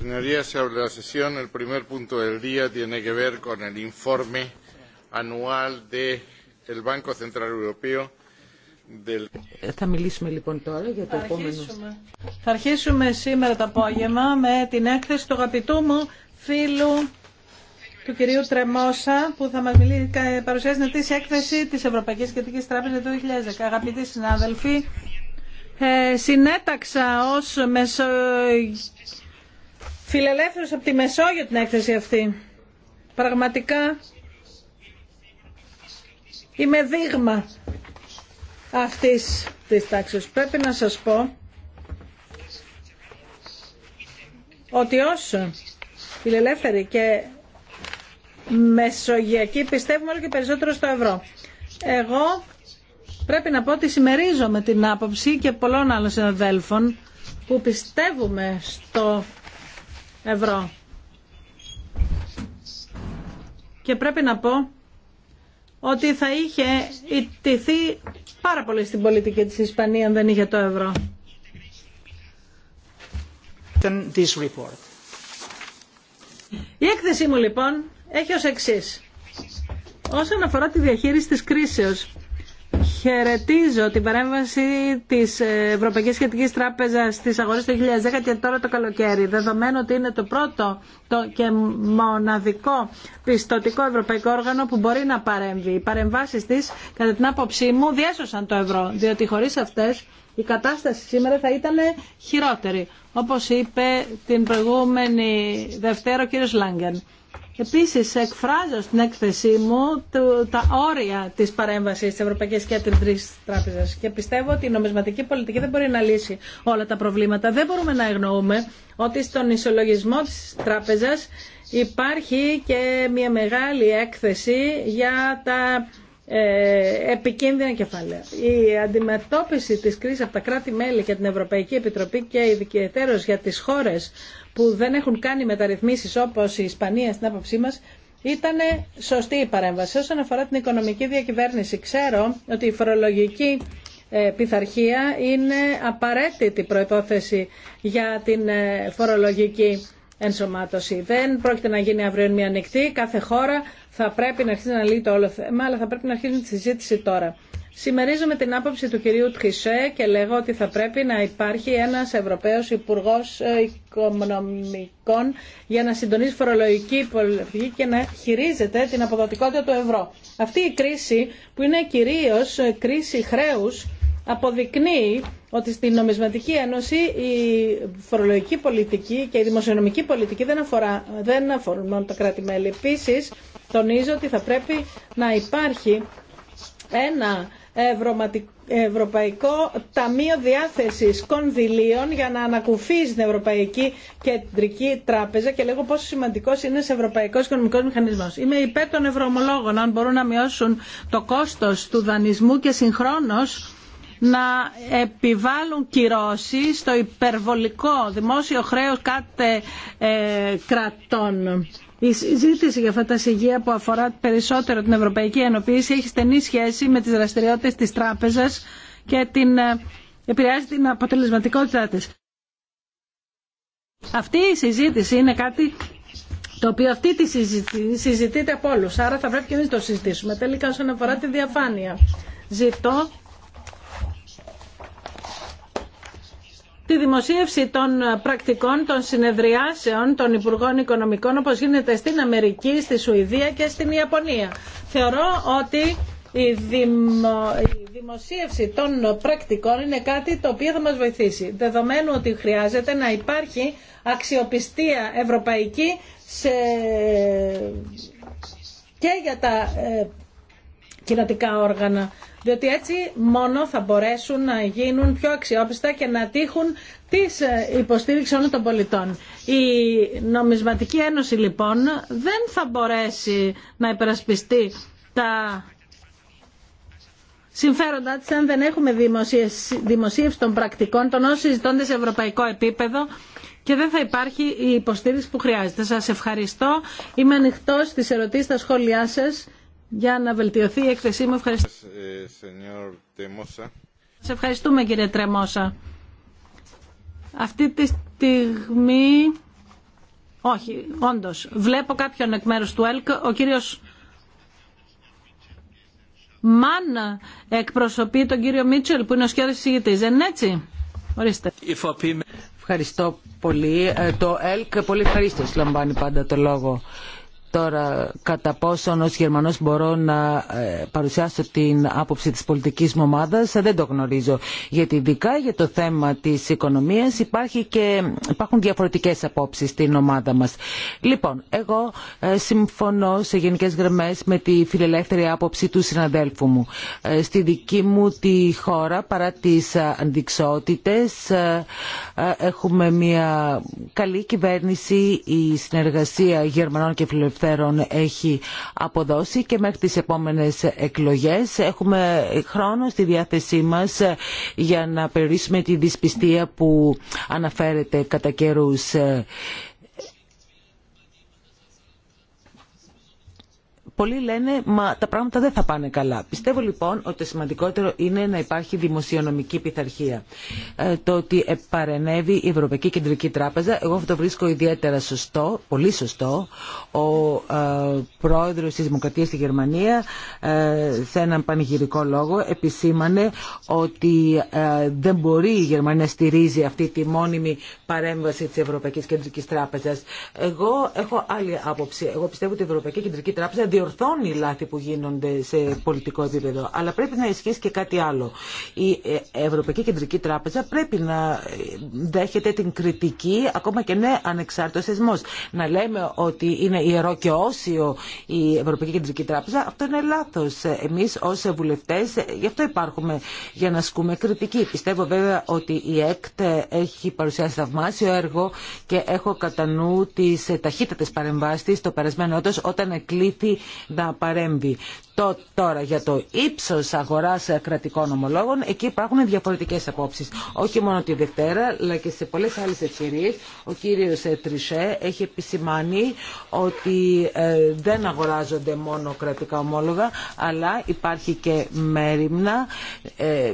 Señorías, del día tiene que ver el informe anual Θα μιλήσουμε λοιπόν τώρα για το επόμενο. Θα αρχίσουμε σήμερα το απόγευμα με την έκθεση του αγαπητού μου φίλου του κυρίου Τρεμόσα που θα μας μιλήσει, παρουσιάσει την ετήσια έκθεση της Ευρωπαϊκής Κεντρικής Τράπεζας του 2010. Αγαπητοί συνάδελφοι, ε, συνέταξα ως μεσο φιλελεύθερος από τη Μεσόγειο την έκθεση αυτή. Πραγματικά είμαι δείγμα αυτής της τάξης. Πρέπει να σας πω ότι όσο φιλελεύθεροι και μεσογειακοί πιστεύουμε όλο και περισσότερο στο ευρώ. Εγώ πρέπει να πω ότι συμμερίζομαι την άποψη και πολλών άλλων συναδέλφων που πιστεύουμε στο ευρώ. Και πρέπει να πω ότι θα είχε ιτηθεί πάρα πολύ στην πολιτική της Ισπανίας αν δεν είχε το ευρώ. This Η έκθεσή μου λοιπόν έχει ως εξής. Όσον αφορά τη διαχείριση της κρίσεως, Χαιρετίζω την παρέμβαση της Ευρωπαϊκής Σχετική Τράπεζας στις αγορές του 2010 και τώρα το καλοκαίρι. Δεδομένου ότι είναι το πρώτο το και μοναδικό πιστοτικό ευρωπαϊκό όργανο που μπορεί να παρέμβει. Οι παρεμβάσει τη κατά την άποψή μου, διέσωσαν το ευρώ, διότι χωρίς αυτές η κατάσταση σήμερα θα ήταν χειρότερη, όπω είπε την προηγούμενη Δευτέρα ο κ. Λάγκεν. Επίσης εκφράζω στην έκθεσή μου τα όρια της παρέμβασης της Ευρωπαϊκής Κέντρης Τράπεζας και πιστεύω ότι η νομισματική πολιτική δεν μπορεί να λύσει όλα τα προβλήματα. Δεν μπορούμε να εγνοούμε ότι στον ισολογισμό της τράπεζας υπάρχει και μια μεγάλη έκθεση για τα ε, επικίνδυνα κεφάλαια. Η αντιμετώπιση της κρίσης από τα κράτη-μέλη και την Ευρωπαϊκή Επιτροπή και ειδικαιτέρως για τις χώρες που δεν έχουν κάνει μεταρρυθμίσεις όπως η Ισπανία στην άποψή μας ήταν σωστή η παρέμβαση. Όσον αφορά την οικονομική διακυβέρνηση, ξέρω ότι η φορολογική ε, πειθαρχία είναι απαραίτητη προϋπόθεση για την ε, φορολογική ενσωμάτωση. Δεν πρόκειται να γίνει αύριο μια ανοιχτή. Κάθε χώρα θα πρέπει να αρχίσει να λύει το όλο θέμα, αλλά θα πρέπει να αρχίσει τη συζήτηση τώρα. Σημερίζομαι την άποψη του κυρίου Τχισέ και λέγω ότι θα πρέπει να υπάρχει ένας Ευρωπαίος Υπουργός ε, Οικονομικών για να συντονίσει φορολογική πολιτική και να χειρίζεται την αποδοτικότητα του ευρώ. Αυτή η κρίση που είναι κυρίως κρίση χρέους αποδεικνύει ότι στην νομισματική ένωση η φορολογική πολιτική και η δημοσιονομική πολιτική δεν, αφορά, δεν αφορούν μόνο τα κράτη-μέλη. Επίσης, τονίζω ότι θα πρέπει να υπάρχει ένα Ευρωπαϊκό Ταμείο Διάθεσης Κονδυλίων για να ανακουφίζει την Ευρωπαϊκή Κεντρική Τράπεζα και λέγω πόσο σημαντικός είναι σε Ευρωπαϊκός Οικονομικός Μηχανισμός. Είμαι υπέρ των ευρωομολόγων αν μπορούν να μειώσουν το κόστος του δανεισμού και συγχρόνως να επιβάλλουν κυρώσεις στο υπερβολικό δημόσιο χρέος κάθε ε, κρατών. Η συζήτηση για αυτά τα που αφορά περισσότερο την Ευρωπαϊκή Ενωπήση έχει στενή σχέση με τις δραστηριότητες της τράπεζας και την, ε, επηρεάζει την αποτελεσματικότητά της. Αυτή η συζήτηση είναι κάτι το οποίο αυτή τη συζήτηση συζητείται από όλους, άρα θα πρέπει και εμείς το συζητήσουμε. Τελικά όσον αφορά τη διαφάνεια. Ζητώ τη δημοσίευση των πρακτικών των συνεδριάσεων των Υπουργών Οικονομικών όπως γίνεται στην Αμερική, στη Σουηδία και στην Ιαπωνία. Θεωρώ ότι η, δημοσίευση των πρακτικών είναι κάτι το οποίο θα μας βοηθήσει. Δεδομένου ότι χρειάζεται να υπάρχει αξιοπιστία ευρωπαϊκή και για τα ε, κοινοτικά όργανα. Διότι έτσι μόνο θα μπορέσουν να γίνουν πιο αξιόπιστα και να τύχουν τη ε, υποστήριξη όλων των πολιτών. Η Νομισματική Ένωση λοιπόν δεν θα μπορέσει να υπερασπιστεί τα συμφέροντά της αν δεν έχουμε δημοσίευση των πρακτικών των όσων συζητώνται σε ευρωπαϊκό επίπεδο και δεν θα υπάρχει η υποστήριξη που χρειάζεται. Σας ευχαριστώ. Είμαι ανοιχτό στις ερωτήσεις, στα σχόλιά σας για να βελτιωθεί η έκθεσή μου. Ευχαριστώ. Ε, Σε ευχαριστούμε κύριε Τρεμόσα. Αυτή τη στιγμή, όχι, όντως, βλέπω κάποιον εκ μέρους του ΕΛΚ, ο κύριος Μαν εκπροσωπεί τον κύριο Μίτσελ που είναι ο σχέδιος συζητητής, δεν είναι έτσι. Ορίστε. Ευχαριστώ πολύ. Ε, το ΕΛΚ πολύ ευχαρίστως λαμβάνει πάντα το λόγο. Τώρα, κατά πόσο ως Γερμανός μπορώ να ε, παρουσιάσω την άποψη της πολιτικής μου ομάδας, ε, δεν το γνωρίζω. Γιατί ειδικά για το θέμα της οικονομίας υπάρχει και, υπάρχουν διαφορετικές απόψεις στην ομάδα μας. Λοιπόν, εγώ ε, συμφωνώ σε γενικές γραμμές με τη φιλελεύθερη άποψη του συναδέλφου μου. στη δική μου τη χώρα, παρά τις αντικσότητες, έχουμε μια καλή κυβέρνηση, η συνεργασία Γερμανών και φιλελευθερών έχει αποδώσει και μέχρι τις επόμενες εκλογές έχουμε χρόνο στη διάθεσή μας για να περιορίσουμε τη δυσπιστία που αναφέρεται κατά καιρούς Πολλοί λένε, μα τα πράγματα δεν θα πάνε καλά. Πιστεύω λοιπόν ότι το σημαντικότερο είναι να υπάρχει δημοσιονομική πειθαρχία. Ε, το ότι παρενεύει η Ευρωπαϊκή Κεντρική Τράπεζα, εγώ αυτό το βρίσκω ιδιαίτερα σωστό, πολύ σωστό. Ο ε, πρόεδρος της Δημοκρατίας στη Γερμανία ε, σε έναν πανηγυρικό λόγο επισήμανε ότι ε, δεν μπορεί η Γερμανία να στηρίζει αυτή τη μόνιμη παρέμβαση της Ευρωπαϊκής Κεντρικής Τράπεζας. Εγώ έχω άλλη άποψη. Εγώ πιστεύω ότι η Ευρωπαϊκή Κεντρική Τράπεζα διορθώνει λάθη που γίνονται σε πολιτικό επίπεδο. Αλλά πρέπει να ισχύσει και κάτι άλλο. Η ε, Ευρωπαϊκή Κεντρική Τράπεζα πρέπει να ε, δέχεται την κριτική, ακόμα και ναι, ανεξάρτητο θεσμό. Να λέμε ότι είναι ιερό και όσιο η Ευρωπαϊκή Κεντρική Τράπεζα, αυτό είναι λάθο. Εμεί ω βουλευτέ ε, γι' αυτό υπάρχουμε, για να ασκούμε κριτική. Πιστεύω βέβαια ότι η ΕΚΤ έχει παρουσιάσει θαυμάσιο έργο και έχω κατά νου τι ταχύτατε παρεμβάσει το περασμένο όταν εκλήθη να παρέμβει. Το, τώρα για το ύψος αγοράς κρατικών ομολόγων, εκεί υπάρχουν διαφορετικές απόψεις. Όχι μόνο τη Δευτέρα, αλλά και σε πολλές άλλες ευκαιρίες. Ο κύριος ε, Τρισέ έχει επισημάνει ότι ε, δεν αγοράζονται μόνο κρατικά ομόλογα, αλλά υπάρχει και μέρημνα. Ε,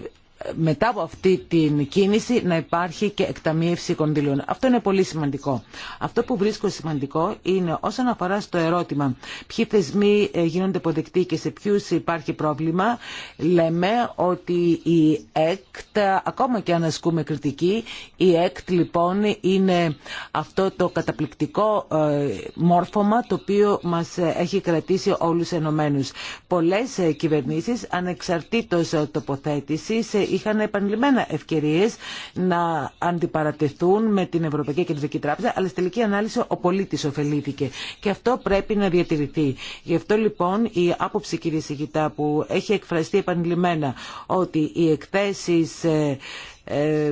μετά από αυτή την κίνηση να υπάρχει και εκταμίευση κονδυλίων. Αυτό είναι πολύ σημαντικό. Αυτό που βρίσκω σημαντικό είναι όσον αφορά στο ερώτημα ποιοι θεσμοί ε, γίνονται υποδεκτοί και σε ποιου υπάρχει πρόβλημα, λέμε ότι η ΕΚΤ, ακόμα και αν ασκούμε κριτική, η ΕΚΤ λοιπόν είναι αυτό το καταπληκτικό ε, μόρφωμα το οποίο μας έχει κρατήσει όλους ενωμένους. Πολλές ε, κυβερνήσεις, ανεξαρτήτως τοποθέτηση είχαν επανειλημμένα ευκαιρίες να αντιπαρατεθούν με την Ευρωπαϊκή Κεντρική Τράπεζα, αλλά στη τελική ανάλυση ο πολίτη ωφελήθηκε. Και αυτό πρέπει να διατηρηθεί. Γι' αυτό λοιπόν η άποψη κύριε Σιγητά που έχει εκφραστεί επανειλημμένα ότι οι εκθέσει ε, ε,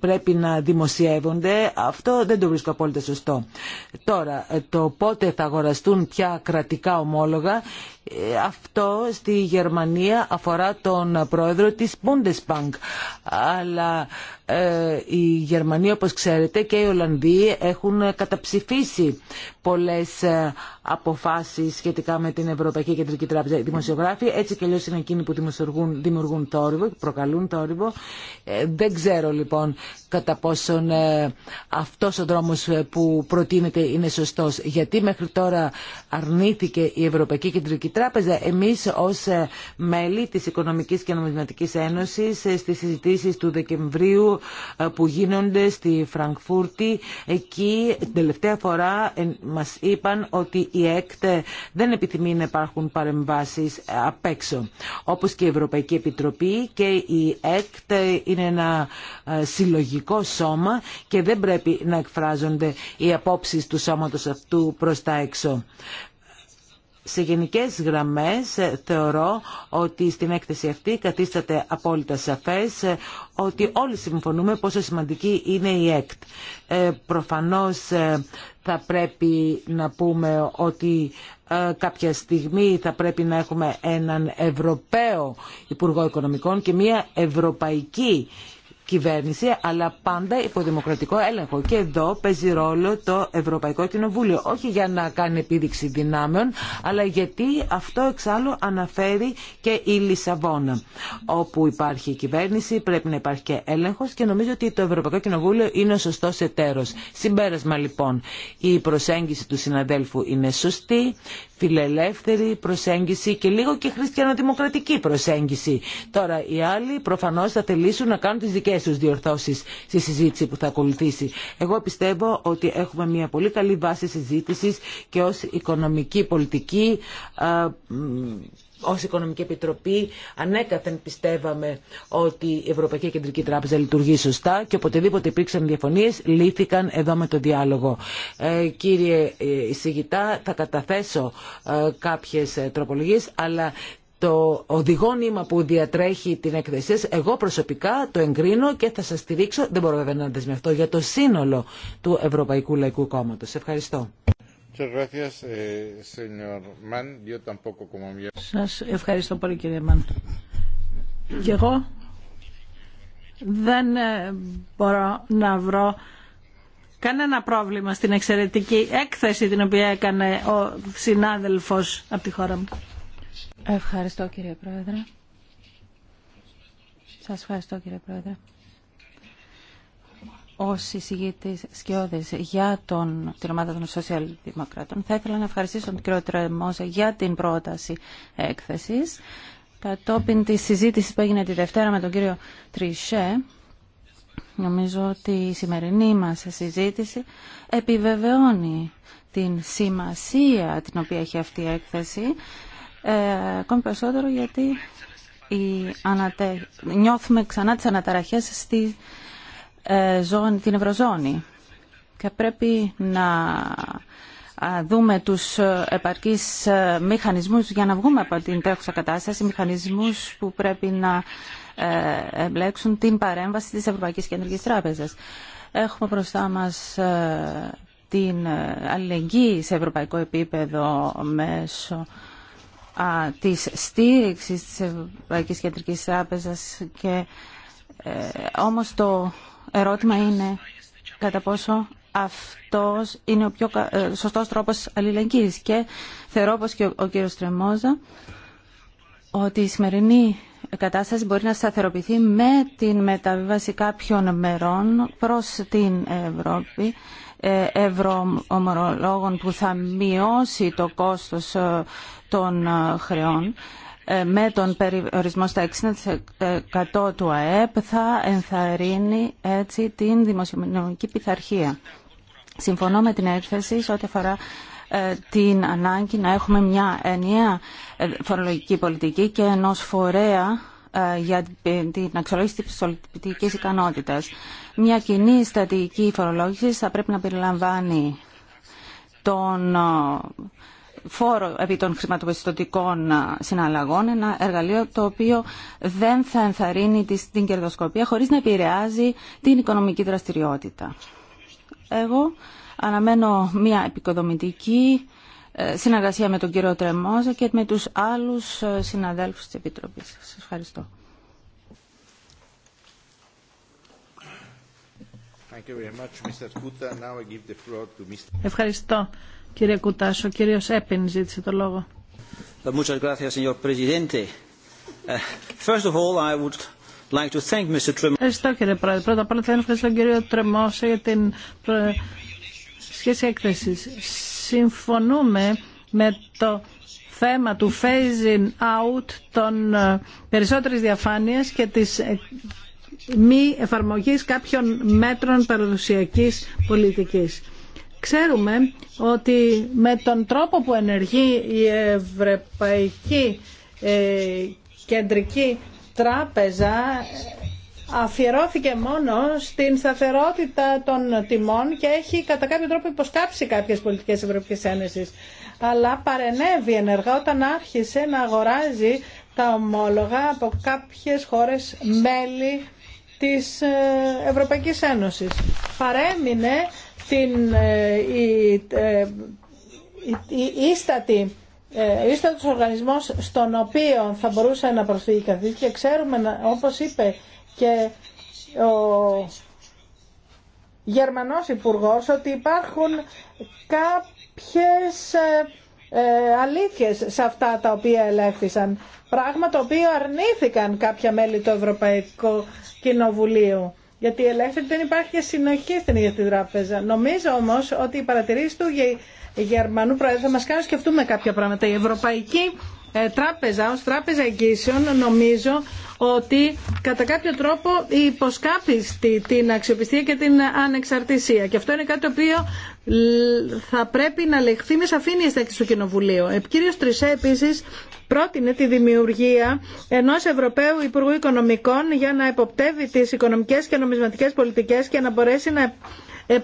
πρέπει να δημοσιεύονται, αυτό δεν το βρίσκω απόλυτα σωστό. Τώρα, το πότε θα αγοραστούν πια κρατικά ομόλογα ε, αυτό στη Γερμανία αφορά τον πρόεδρο της Bundesbank. Αλλά ε, η Γερμανία όπως ξέρετε και οι Ολλανδοί έχουν καταψηφίσει πολλές ε, αποφάσεις σχετικά με την Ευρωπαϊκή Κεντρική Τράπεζα. Οι δημοσιογράφοι έτσι και αλλιώς είναι εκείνοι που δημιουργούν, δημιουργούν θόρυβο, προκαλούν θόρυβο. Ε, δεν ξέρω λοιπόν κατά πόσον ε, αυτός ο δρόμος που προτείνεται είναι σωστός. Γιατί μέχρι τώρα αρνήθηκε η Ευρωπαϊκή Κεντρική τράπεζα. Εμείς ως ε, μέλη της Οικονομικής και Νομισματικής Ένωσης ε, στις συζητήσεις του Δεκεμβρίου ε, που γίνονται στη Φραγκφούρτη εκεί την τελευταία φορά μας είπαν ότι η ΕΚΤ δεν επιθυμεί να υπάρχουν παρεμβάσεις απ' έξω. Όπως και η Ευρωπαϊκή Επιτροπή και η ΕΚΤ είναι ένα συλλογικό σώμα και δεν πρέπει να εκφράζονται οι απόψεις του σώματος αυτού προς τα έξω σε γενικές γραμμές ε, θεωρώ ότι στην έκθεση αυτή καθίσταται απόλυτα σαφές ε, ότι όλοι συμφωνούμε πόσο σημαντική είναι η ΕΚΤ. Ε, προφανώς ε, θα πρέπει να πούμε ότι κάποια στιγμή θα πρέπει να έχουμε έναν Ευρωπαίο Υπουργό Οικονομικών και μια Ευρωπαϊκή κυβέρνηση, αλλά πάντα υπό δημοκρατικό έλεγχο. Και εδώ παίζει ρόλο το Ευρωπαϊκό Κοινοβούλιο. Όχι για να κάνει επίδειξη δυνάμεων, αλλά γιατί αυτό εξάλλου αναφέρει και η Λισαβόνα. Όπου υπάρχει κυβέρνηση, πρέπει να υπάρχει και έλεγχο και νομίζω ότι το Ευρωπαϊκό Κοινοβούλιο είναι ο σωστό εταίρο. Συμπέρασμα λοιπόν, η προσέγγιση του συναδέλφου είναι σωστή φιλελεύθερη προσέγγιση και λίγο και χριστιανοδημοκρατική προσέγγιση. Τώρα οι άλλοι προφανώς θα θελήσουν να κάνουν τις δικές τους διορθώσεις στη συζήτηση που θα ακολουθήσει. Εγώ πιστεύω ότι έχουμε μια πολύ καλή βάση συζήτησης και ως οικονομική πολιτική ως Οικονομική Επιτροπή ανέκαθεν πιστεύαμε ότι η Ευρωπαϊκή Κεντρική Τράπεζα λειτουργεί σωστά και οποτεδήποτε υπήρξαν διαφωνίες λύθηκαν εδώ με το διάλογο. Ε, κύριε ε, Ισηγητά, θα καταθέσω ε, κάποιες ε, τροπολογίες, αλλά το οδηγό νήμα που διατρέχει την έκθεσή εγώ προσωπικά το εγκρίνω και θα σας στηρίξω, δεν μπορώ βέβαια να δεσμευτώ, για το σύνολο του Ευρωπαϊκού Λαϊκού Κόμματος. Ευχαριστώ. Eh, Σας ευχαριστώ πολύ κύριε Μαν. Και εγώ δεν ε, μπορώ να βρω κανένα πρόβλημα στην εξαιρετική έκθεση την οποία έκανε ο συνάδελφος από τη χώρα μου. Ευχαριστώ κύριε Πρόεδρε. Σας ευχαριστώ κύριε Πρόεδρε ω εισηγήτη Σκιώδη για τον, την ομάδα των Σοσιαλδημοκρατών, θα ήθελα να ευχαριστήσω τον κύριο Τρεμόζε για την πρόταση έκθεση. Κατόπιν τη συζήτηση που έγινε τη Δευτέρα με τον κύριο Τρισέ, νομίζω ότι η σημερινή μας συζήτηση επιβεβαιώνει την σημασία την οποία έχει αυτή η έκθεση, ε, ακόμη περισσότερο γιατί ανατε... νιώθουμε ξανά τις αναταραχές στη ε, την Ευρωζώνη. Και πρέπει να δούμε τους ε, επαρκείς ε, μηχανισμούς για να βγούμε από την τρέχουσα κατάσταση, μηχανισμούς που πρέπει να εμπλέξουν την παρέμβαση της Ευρωπαϊκής Κεντρικής Τράπεζας. Έχουμε μπροστά μας την αλληλεγγύη σε ευρωπαϊκό επίπεδο μέσω της στήριξης της Ευρωπαϊκής Κεντρικής Τράπεζας και όμως το ερώτημα είναι κατά πόσο αυτός είναι ο πιο ε, σωστός τρόπος αλληλεγγύης και θεωρώ όπως και ο κύριος Τρεμόζα ότι η σημερινή κατάσταση μπορεί να σταθεροποιηθεί με την μεταβίβαση κάποιων μερών προς την Ευρώπη ε, ευρωομορολόγων που θα μειώσει το κόστος ε, των χρεών ε, με τον περιορισμό στα 60% του ΑΕΠ θα ενθαρρύνει έτσι την δημοσιονομική πειθαρχία. Συμφωνώ με την έκθεση σε ό,τι αφορά ε, την ανάγκη να έχουμε μια ενιαία ε, φορολογική πολιτική και ενός φορέα για την αξιολόγηση της πολιτικής ικανότητας. Μια κοινή στατική φορολόγηση θα πρέπει να περιλαμβάνει τον φόρο επί των χρηματοπιστωτικών συναλλαγών, ένα εργαλείο το οποίο δεν θα ενθαρρύνει την κερδοσκοπία χωρίς να επηρεάζει την οικονομική δραστηριότητα. Εγώ αναμένω μια επικοδομητική ε, συνεργασία με τον κύριο Τρεμόζα και με τους άλλους ε, συναδέλφους της Επιτροπής. Σας ευχαριστώ. Ευχαριστώ. Κύριε Κουτάσο, κύριος Έπιν ζήτησε το λόγο. Ευχαριστώ κύριε Πρόεδρε. Πρώτα απ' όλα θέλω να ευχαριστώ τον κύριο Τρεμόσα για την σχέση έκθεση. Συμφωνούμε με το θέμα του phasing out των uh, περισσότερης διαφάνειας και της ε, μη εφαρμογής κάποιων μέτρων παραδοσιακής πολιτικής. Ξέρουμε ότι με τον τρόπο που ενεργεί η Ευρωπαϊκή ε, Κεντρική Τράπεζα αφιερώθηκε μόνο στην σταθερότητα των τιμών και έχει κατά κάποιο τρόπο υποσκάψει κάποιες πολιτικές Ευρωπαϊκής Ένωσης. Αλλά παρενέβη ενεργά όταν άρχισε να αγοράζει τα ομόλογα από κάποιες χώρες μέλη της ε, Ευρωπαϊκής Ένωσης. Παρέμεινε την, ε, ε, ίστατη ε, ίστατος οργανισμός στον οποίο θα μπορούσε να προσφύγει καθήκη και ξέρουμε όπως είπε και ο Γερμανός Υπουργός ότι υπάρχουν κάποιες αλήθειε αλήθειες σε αυτά τα οποία ελέγχθησαν. Πράγμα το οποίο αρνήθηκαν κάποια μέλη του Ευρωπαϊκού Κοινοβουλίου γιατί ελεύθερη δεν υπάρχει και συνοχή στην ίδια τη τράπεζα. Νομίζω όμως ότι οι παρατηρήσει του Γερμανού Προέδρου θα μας κάνουν σκεφτούμε κάποια πράγματα. Η Ευρωπαϊκή ε, Τράπεζα ως Τράπεζα Εγγύσεων νομίζω ότι κατά κάποιο τρόπο υποσκάπιστη την αξιοπιστία και την ανεξαρτησία. Και αυτό είναι κάτι το οποίο θα πρέπει να λεχθεί με σαφήνεια στέξη του Κοινοβουλίου. Ο ε, κύριος Τρισέ επίσης πρότεινε τη δημιουργία ενός Ευρωπαίου Υπουργού Οικονομικών για να εποπτεύει τις οικονομικές και νομισματικές πολιτικές και να μπορέσει να ε,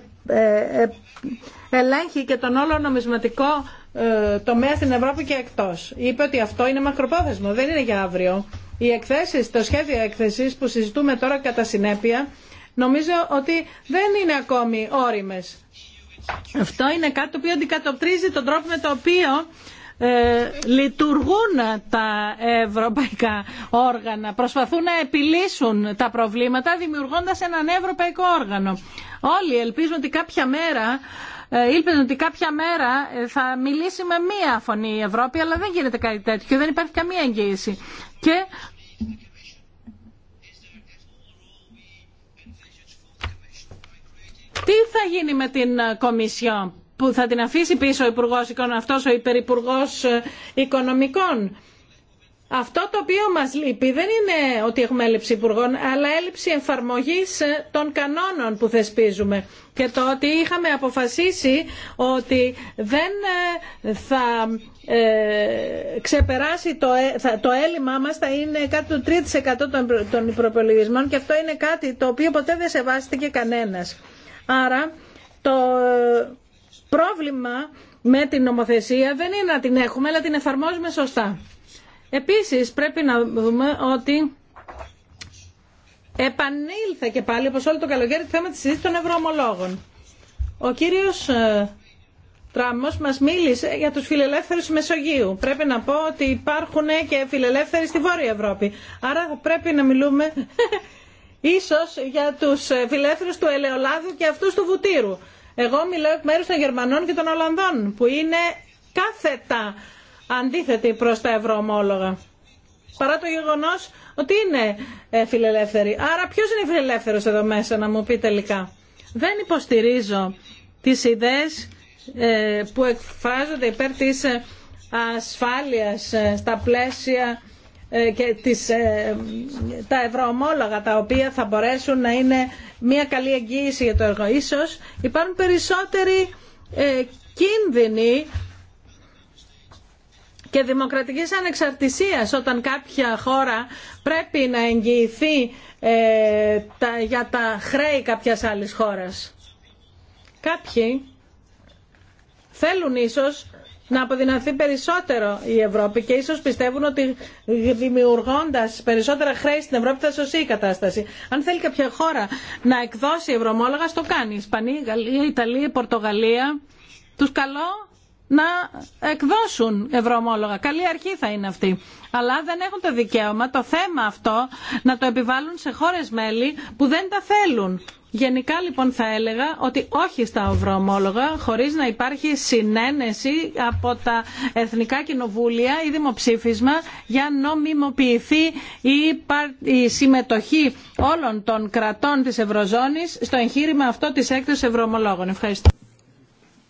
ελέγχει και τον όλο νομισματικό ε, τομέα στην Ευρώπη και εκτός. Είπε ότι αυτό είναι μακροπρόθεσμο, δεν είναι για αύριο. Οι εκθέσεις, το σχέδιο έκθεσης που συζητούμε τώρα κατά συνέπεια, νομίζω ότι δεν είναι ακόμη όριμες αυτό είναι κάτι το οποίο αντικατοπτρίζει τον τρόπο με το οποίο ε, λειτουργούν τα ευρωπαϊκά όργανα. Προσπαθούν να επιλύσουν τα προβλήματα δημιουργώντας έναν ευρωπαϊκό όργανο. Όλοι ελπίζουν ότι κάποια μέρα ε, Ήλπιζαν ότι κάποια μέρα ε, θα μιλήσει με μία φωνή η Ευρώπη, αλλά δεν γίνεται κάτι τέτοιο και δεν υπάρχει καμία εγγύηση. Τι θα γίνει με την ε, Κομισιό που θα την αφήσει πίσω ο Υπουργός Οικονομικών, αυτός ο Υπερυπουργός ε, Οικονομικών. Αυτό το οποίο μας λείπει δεν είναι ότι έχουμε έλλειψη υπουργών, αλλά έλλειψη εφαρμογή ε, των κανόνων που θεσπίζουμε. Και το ότι είχαμε αποφασίσει ότι δεν θα ξεπεράσει το, το έλλειμμα μας, θα είναι κάτω του 3% των, των και αυτό είναι κάτι το οποίο ποτέ δεν σεβάστηκε κανένας. Άρα το πρόβλημα με την νομοθεσία δεν είναι να την έχουμε, αλλά την εφαρμόζουμε σωστά. Επίσης πρέπει να δούμε ότι επανήλθε και πάλι, όπως όλο το καλοκαίρι, το θέμα της συζήτησης των ευρωομολόγων. Ο κύριος ε, Τραμός μας μίλησε για τους φιλελεύθερους Μεσογείου. Πρέπει να πω ότι υπάρχουν και φιλελεύθεροι στη Βόρεια Ευρώπη. Άρα πρέπει να μιλούμε Ίσως για τους ε, φιλεύθερους του ελαιολάδου και αυτούς του βουτύρου. Εγώ μιλάω εκ μέρους των Γερμανών και των Ολλανδών που είναι κάθετα αντίθετοι προς τα ευρωομόλογα. Παρά το γεγονός ότι είναι ε, φιλελεύθεροι. Άρα ποιος είναι φιλελεύθερος εδώ μέσα να μου πει τελικά. Δεν υποστηρίζω τις ιδέες ε, που εκφράζονται υπέρ της ασφάλειας στα πλαίσια ε, και ε, τα ευρωομόλογα τα οποία θα μπορέσουν να είναι μια καλή εγγύηση για το έργο. Ίσως υπάρχουν περισσότεροι ε, κίνδυνοι και δημοκρατικής ανεξαρτησίας όταν κάποια χώρα πρέπει να εγγυηθεί τα, για τα χρέη κάποιας άλλης χώρας. Κάποιοι θέλουν ίσως να αποδυναθεί περισσότερο η Ευρώπη και ίσως πιστεύουν ότι δημιουργώντας περισσότερα χρέη στην Ευρώπη θα σωσεί η κατάσταση. Αν θέλει κάποια χώρα να εκδώσει ευρωμόλογα, στο κάνει. Ισπανία, Γαλλία, Ιταλία, Πορτογαλία. Τους καλώ να εκδώσουν ευρωομόλογα. Καλή αρχή θα είναι αυτή. Αλλά δεν έχουν το δικαίωμα το θέμα αυτό να το επιβάλλουν σε χώρες μέλη που δεν τα θέλουν. Γενικά λοιπόν θα έλεγα ότι όχι στα ευρωομόλογα χωρίς να υπάρχει συνένεση από τα Εθνικά Κοινοβούλια ή δημοψήφισμα για νομιμοποιηθεί η συμμετοχή όλων των κρατών της Ευρωζώνης στο εγχείρημα αυτό της έκδοσης ευρωομολόγων. Ευχαριστώ.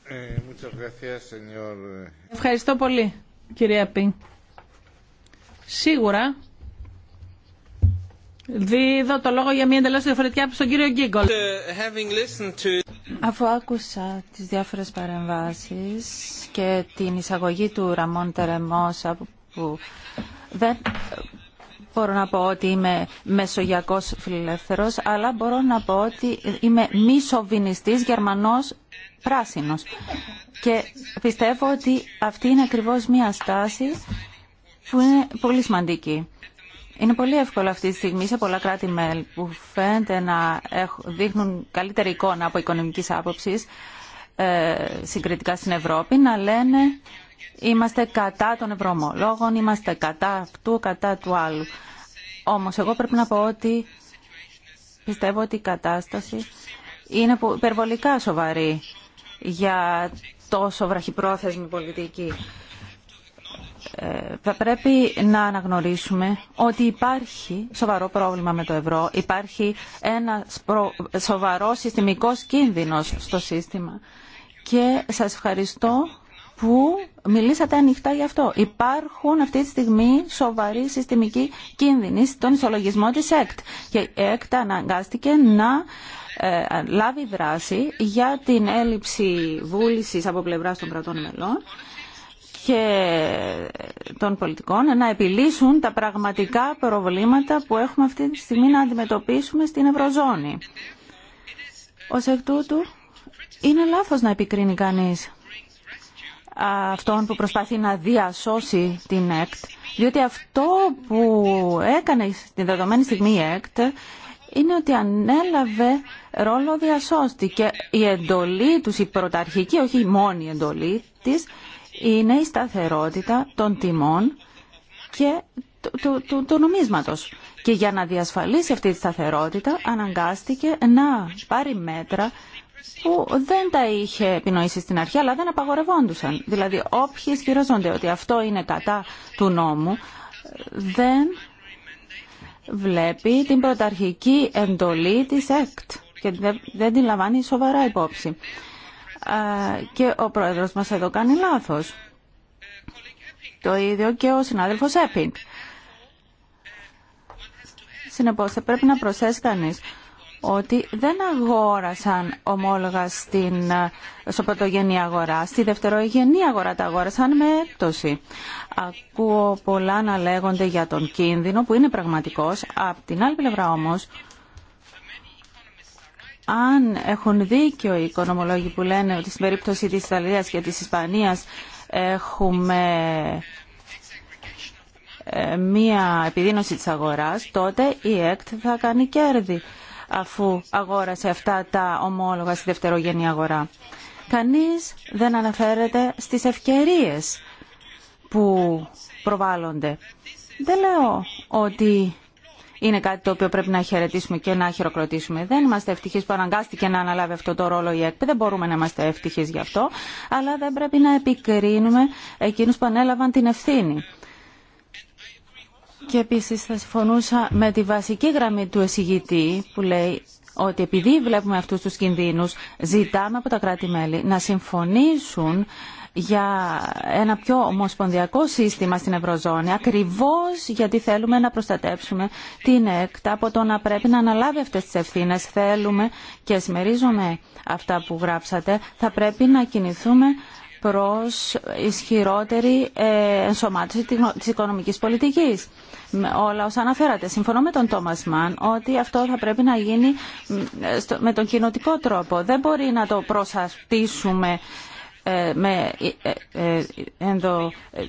Ε, ε. Ευχαριστώ πολύ κυρία Πιν. Σίγουρα Δίδω το λόγο για μια εντελώ διαφορετική άποψη στον κύριο Γκίγκολ. Ε, Αφού άκουσα τις διάφορες παρεμβάσει και την εισαγωγή του Ραμόν Τερεμόσα που δεν μπορώ να πω ότι είμαι μεσογειακός φιλελεύθερος, αλλά μπορώ να πω ότι είμαι μη σοβινιστής γερμανός πράσινος. Και πιστεύω ότι αυτή είναι ακριβώς μια στάση που είναι πολύ σημαντική. Είναι πολύ εύκολο αυτή τη στιγμή σε πολλά κράτη-μέλη που φαίνεται να δείχνουν καλύτερη εικόνα από οικονομικής άποψης ε, συγκριτικά στην Ευρώπη να λένε είμαστε κατά των ευρωομολόγων, είμαστε κατά αυτού, κατά του άλλου. Όμως εγώ πρέπει να πω ότι πιστεύω ότι η κατάσταση είναι υπερβολικά σοβαρή για τόσο βραχυπρόθεσμη πολιτική. Ε, θα πρέπει να αναγνωρίσουμε ότι υπάρχει σοβαρό πρόβλημα με το ευρώ, υπάρχει ένα σοβαρό συστημικό κίνδυνος στο σύστημα. Και σα ευχαριστώ που μιλήσατε ανοιχτά γι' αυτό. Υπάρχουν αυτή τη στιγμή σοβαροί συστημικοί κίνδυνοι στον ισολογισμό της ΕΚΤ. Και η ΕΚΤ αναγκάστηκε να ε, λάβει δράση για την έλλειψη βούλησης από πλευράς των κρατών μελών και των πολιτικών να επιλύσουν τα πραγματικά προβλήματα που έχουμε αυτή τη στιγμή να αντιμετωπίσουμε στην Ευρωζώνη. Ως εκ τούτου, είναι λάθος να επικρίνει κανείς αυτόν που προσπαθεί να διασώσει την ΕΚΤ, διότι αυτό που έκανε την δεδομένη στιγμή η ΕΚΤ είναι ότι ανέλαβε ρόλο διασώστη και η εντολή τους, η πρωταρχική, όχι η μόνη εντολή της, είναι η σταθερότητα των τιμών και του, του, του, νομίσματος. Και για να διασφαλίσει αυτή τη σταθερότητα αναγκάστηκε να πάρει μέτρα που δεν τα είχε επινοήσει στην αρχή, αλλά δεν απαγορευόντουσαν. Δηλαδή, όποιοι ισχυρίζονται ότι αυτό είναι κατά του νόμου, δεν βλέπει την πρωταρχική εντολή της ΕΚΤ και δεν την λαμβάνει σοβαρά υπόψη και ο πρόεδρος μας εδώ κάνει λάθος. Το ίδιο και ο συνάδελφος Έπιν. Συνεπώς θα πρέπει να προσθέσει κανείς ότι δεν αγόρασαν ομόλογα στην, στο πρωτογενή αγορά. Στη δευτερογενή αγορά τα αγόρασαν με έπτωση. Ακούω πολλά να λέγονται για τον κίνδυνο που είναι πραγματικός. Απ' την άλλη πλευρά όμως αν έχουν δίκιο οι οικονομολόγοι που λένε ότι στην περίπτωση της Ιταλίας και της Ισπανίας έχουμε ε, μία επιδείνωση της αγοράς, τότε η ΕΚΤ θα κάνει κέρδη αφού αγόρασε αυτά τα ομόλογα στη δευτερογενή αγορά. Κανείς δεν αναφέρεται στις ευκαιρίες που προβάλλονται. Δεν λέω ότι είναι κάτι το οποίο πρέπει να χαιρετήσουμε και να χειροκροτήσουμε. Δεν είμαστε ευτυχεί που αναγκάστηκε να αναλάβει αυτό το ρόλο η ΕΚΠΕ. Δεν μπορούμε να είμαστε ευτυχεί γι' αυτό. Αλλά δεν πρέπει να επικρίνουμε εκείνου που ανέλαβαν την ευθύνη. Και επίση θα συμφωνούσα με τη βασική γραμμή του εισηγητή που λέει ότι επειδή βλέπουμε αυτούς τους κινδύνους, ζητάμε από τα κράτη-μέλη να συμφωνήσουν για ένα πιο ομοσπονδιακό σύστημα στην Ευρωζώνη, ακριβώς γιατί θέλουμε να προστατέψουμε την έκτα από το να πρέπει να αναλάβει αυτές τις ευθύνες. Θέλουμε και συμμερίζομαι αυτά που γράψατε, θα πρέπει να κινηθούμε προς ισχυρότερη ε, ενσωμάτωση της οικονομικής πολιτικής. Με όλα όσα αναφέρατε. Συμφωνώ με τον Τόμας Μαν ότι αυτό θα πρέπει να γίνει ε, με τον κοινοτικό τρόπο. Δεν μπορεί να το προσαρτήσουμε ε, με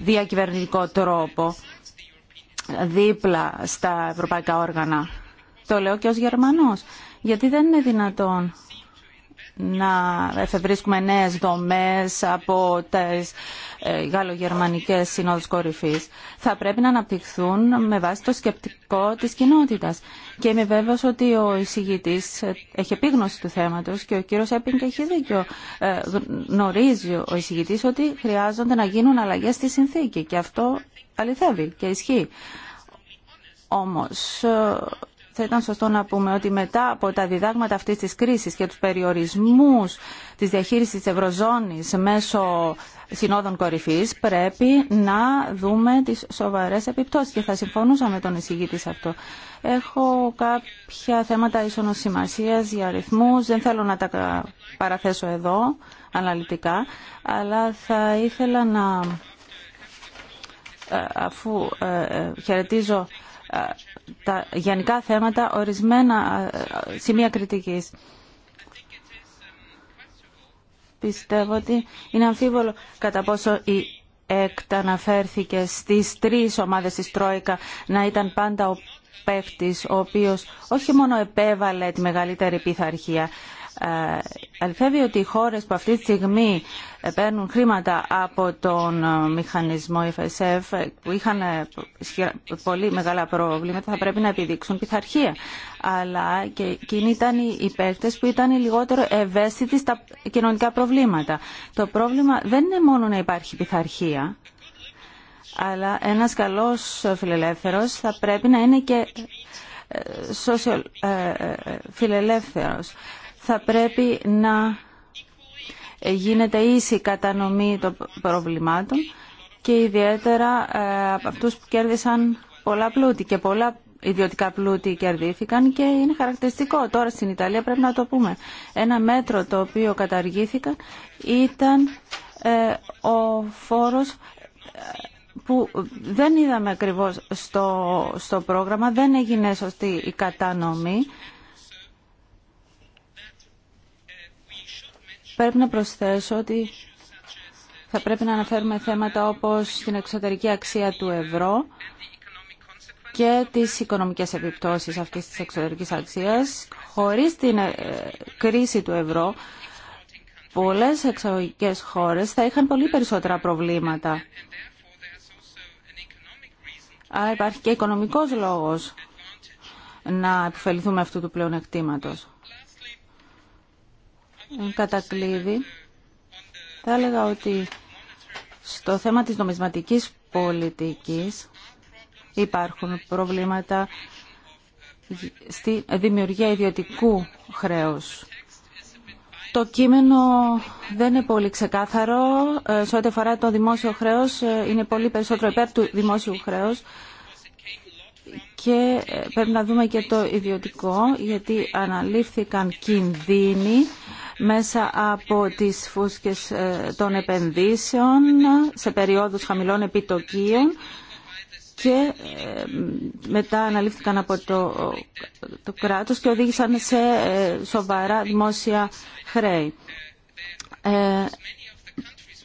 διακυβερνητικό τρόπο δίπλα στα ευρωπαϊκά όργανα. Το λέω και ως Γερμανός. Γιατί δεν είναι δυνατόν να εφευρίσκουμε νέες δομές από τις ε, γαλλογερμανικές συνόδους κορυφής. Θα πρέπει να αναπτυχθούν με βάση το σκεπτικό της κοινότητας. Και είμαι βέβαιος ότι ο εισηγητής έχει επίγνωση του θέματος και ο κύριος Έπινγκ έχει δίκιο. Ε, γνωρίζει ο εισηγητής ότι χρειάζονται να γίνουν αλλαγές στη συνθήκη και αυτό αληθεύει και ισχύει. Όμως ε, θα ήταν σωστό να πούμε ότι μετά από τα διδάγματα αυτής της κρίσης και του περιορισμού της διαχείρισης τη Ευρωζώνης μέσω συνόδων κορυφής πρέπει να δούμε τις σοβαρές επιπτώσεις και θα συμφωνούσα με τον εισηγήτη σε αυτό. Έχω κάποια θέματα ίσονος σημασίας για αριθμού. δεν θέλω να τα παραθέσω εδώ αναλυτικά, αλλά θα ήθελα να ε, αφού ε, ε, χαιρετίζω τα γενικά θέματα ορισμένα σημεία κριτικής. Πιστεύω ότι είναι αμφίβολο κατά πόσο η ΕΚΤ αναφέρθηκε στις τρεις ομάδες της Τρόικα να ήταν πάντα ο παίχτης ο οποίος όχι μόνο επέβαλε τη μεγαλύτερη πειθαρχία, ε, αληθεύει ότι οι χώρες που αυτή τη στιγμή ε, παίρνουν χρήματα από τον ε, μηχανισμό FSF που είχαν πολύ μεγάλα προβλήματα θα πρέπει να επιδείξουν πειθαρχία. Αλλά και εκείνοι ήταν οι παίκτες που ήταν οι λιγότερο ευαίσθητοι στα κοινωνικά προβλήματα. Το πρόβλημα δεν είναι μόνο να υπάρχει πειθαρχία αλλά ένας καλός φιλελεύθερος θα πρέπει να είναι και φιλελεύθερος θα πρέπει να γίνεται ίση κατανομή των προβλημάτων και ιδιαίτερα ε, από αυτούς που κέρδισαν πολλά πλούτη και πολλά ιδιωτικά πλούτη κερδίθηκαν και είναι χαρακτηριστικό. Τώρα στην Ιταλία πρέπει να το πούμε. Ένα μέτρο το οποίο καταργήθηκαν ήταν ε, ο φόρος ε, που δεν είδαμε ακριβώς στο, στο πρόγραμμα, δεν έγινε σωστή η κατανομή Πρέπει να προσθέσω ότι θα πρέπει να αναφέρουμε θέματα όπως την εξωτερική αξία του ευρώ και τις οικονομικές επιπτώσεις αυτής της εξωτερικής αξίας. Χωρίς την ε, κρίση του ευρώ, πολλές εξωτερικές χώρες θα είχαν πολύ περισσότερα προβλήματα. Άρα υπάρχει και οικονομικός λόγος να επιφεληθούμε αυτού του πλεονεκτήματος κατακλείδη, θα έλεγα ότι στο θέμα της νομισματικής πολιτικής υπάρχουν προβλήματα στη δημιουργία ιδιωτικού χρέους. Το κείμενο δεν είναι πολύ ξεκάθαρο. Ε, σε ό,τι αφορά το δημόσιο χρέος, ε, είναι πολύ περισσότερο υπέρ του δημόσιου χρέους και ε, πρέπει να δούμε και το ιδιωτικό γιατί αναλήφθηκαν κινδύνοι μέσα από τις φούσκες ε, των επενδύσεων σε περιόδους χαμηλών επιτοκίων και ε, μετά αναλήφθηκαν από το, το κράτος και οδήγησαν σε σοβαρά δημόσια χρέη.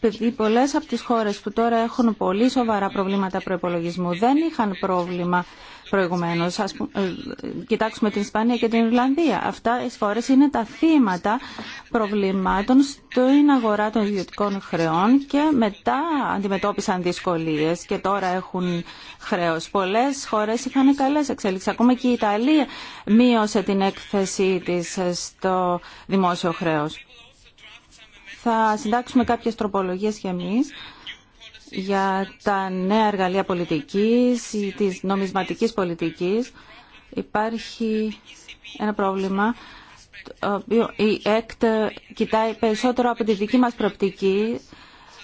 επειδή πολλές από τις χώρες που τώρα έχουν πολύ σοβαρά προβλήματα προϋπολογισμού δεν είχαν πρόβλημα προηγουμένως. Ας ε, κοιτάξουμε την Ισπανία και την Ιρλανδία. Αυτά οι χώρες είναι τα θύματα προβλημάτων στην αγορά των ιδιωτικών χρεών και μετά αντιμετώπισαν δυσκολίες και τώρα έχουν χρέο. Πολλέ χώρες είχαν καλές εξέλιξεις. Ακόμα και η Ιταλία μείωσε την έκθεσή της στο δημόσιο χρέος. Θα συντάξουμε κάποιες τροπολογίες για εμείς για τα νέα εργαλεία πολιτικής, της νομισματικής πολιτικής. Υπάρχει ένα πρόβλημα. Η ΕΚΤ κοιτάει περισσότερο από τη δική μας προπτική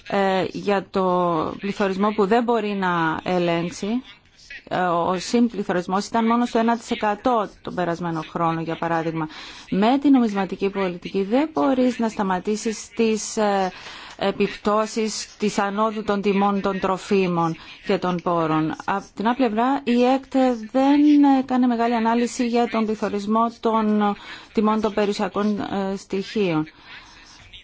ε, για το πληθωρισμό που δεν μπορεί να ελέγξει. Ε, ο συμπληθωρισμός ήταν μόνο στο 1% τον περασμένο χρόνο, για παράδειγμα. Με την νομισματική πολιτική δεν μπορείς να σταματήσεις τις ε, επιπτώσεις της ανόδου των τιμών των τροφίμων και των πόρων. Από την άλλη πλευρά, η ΕΚΤ δεν κάνει μεγάλη ανάλυση για τον πληθωρισμό των τιμών των περιουσιακών ε, στοιχείων.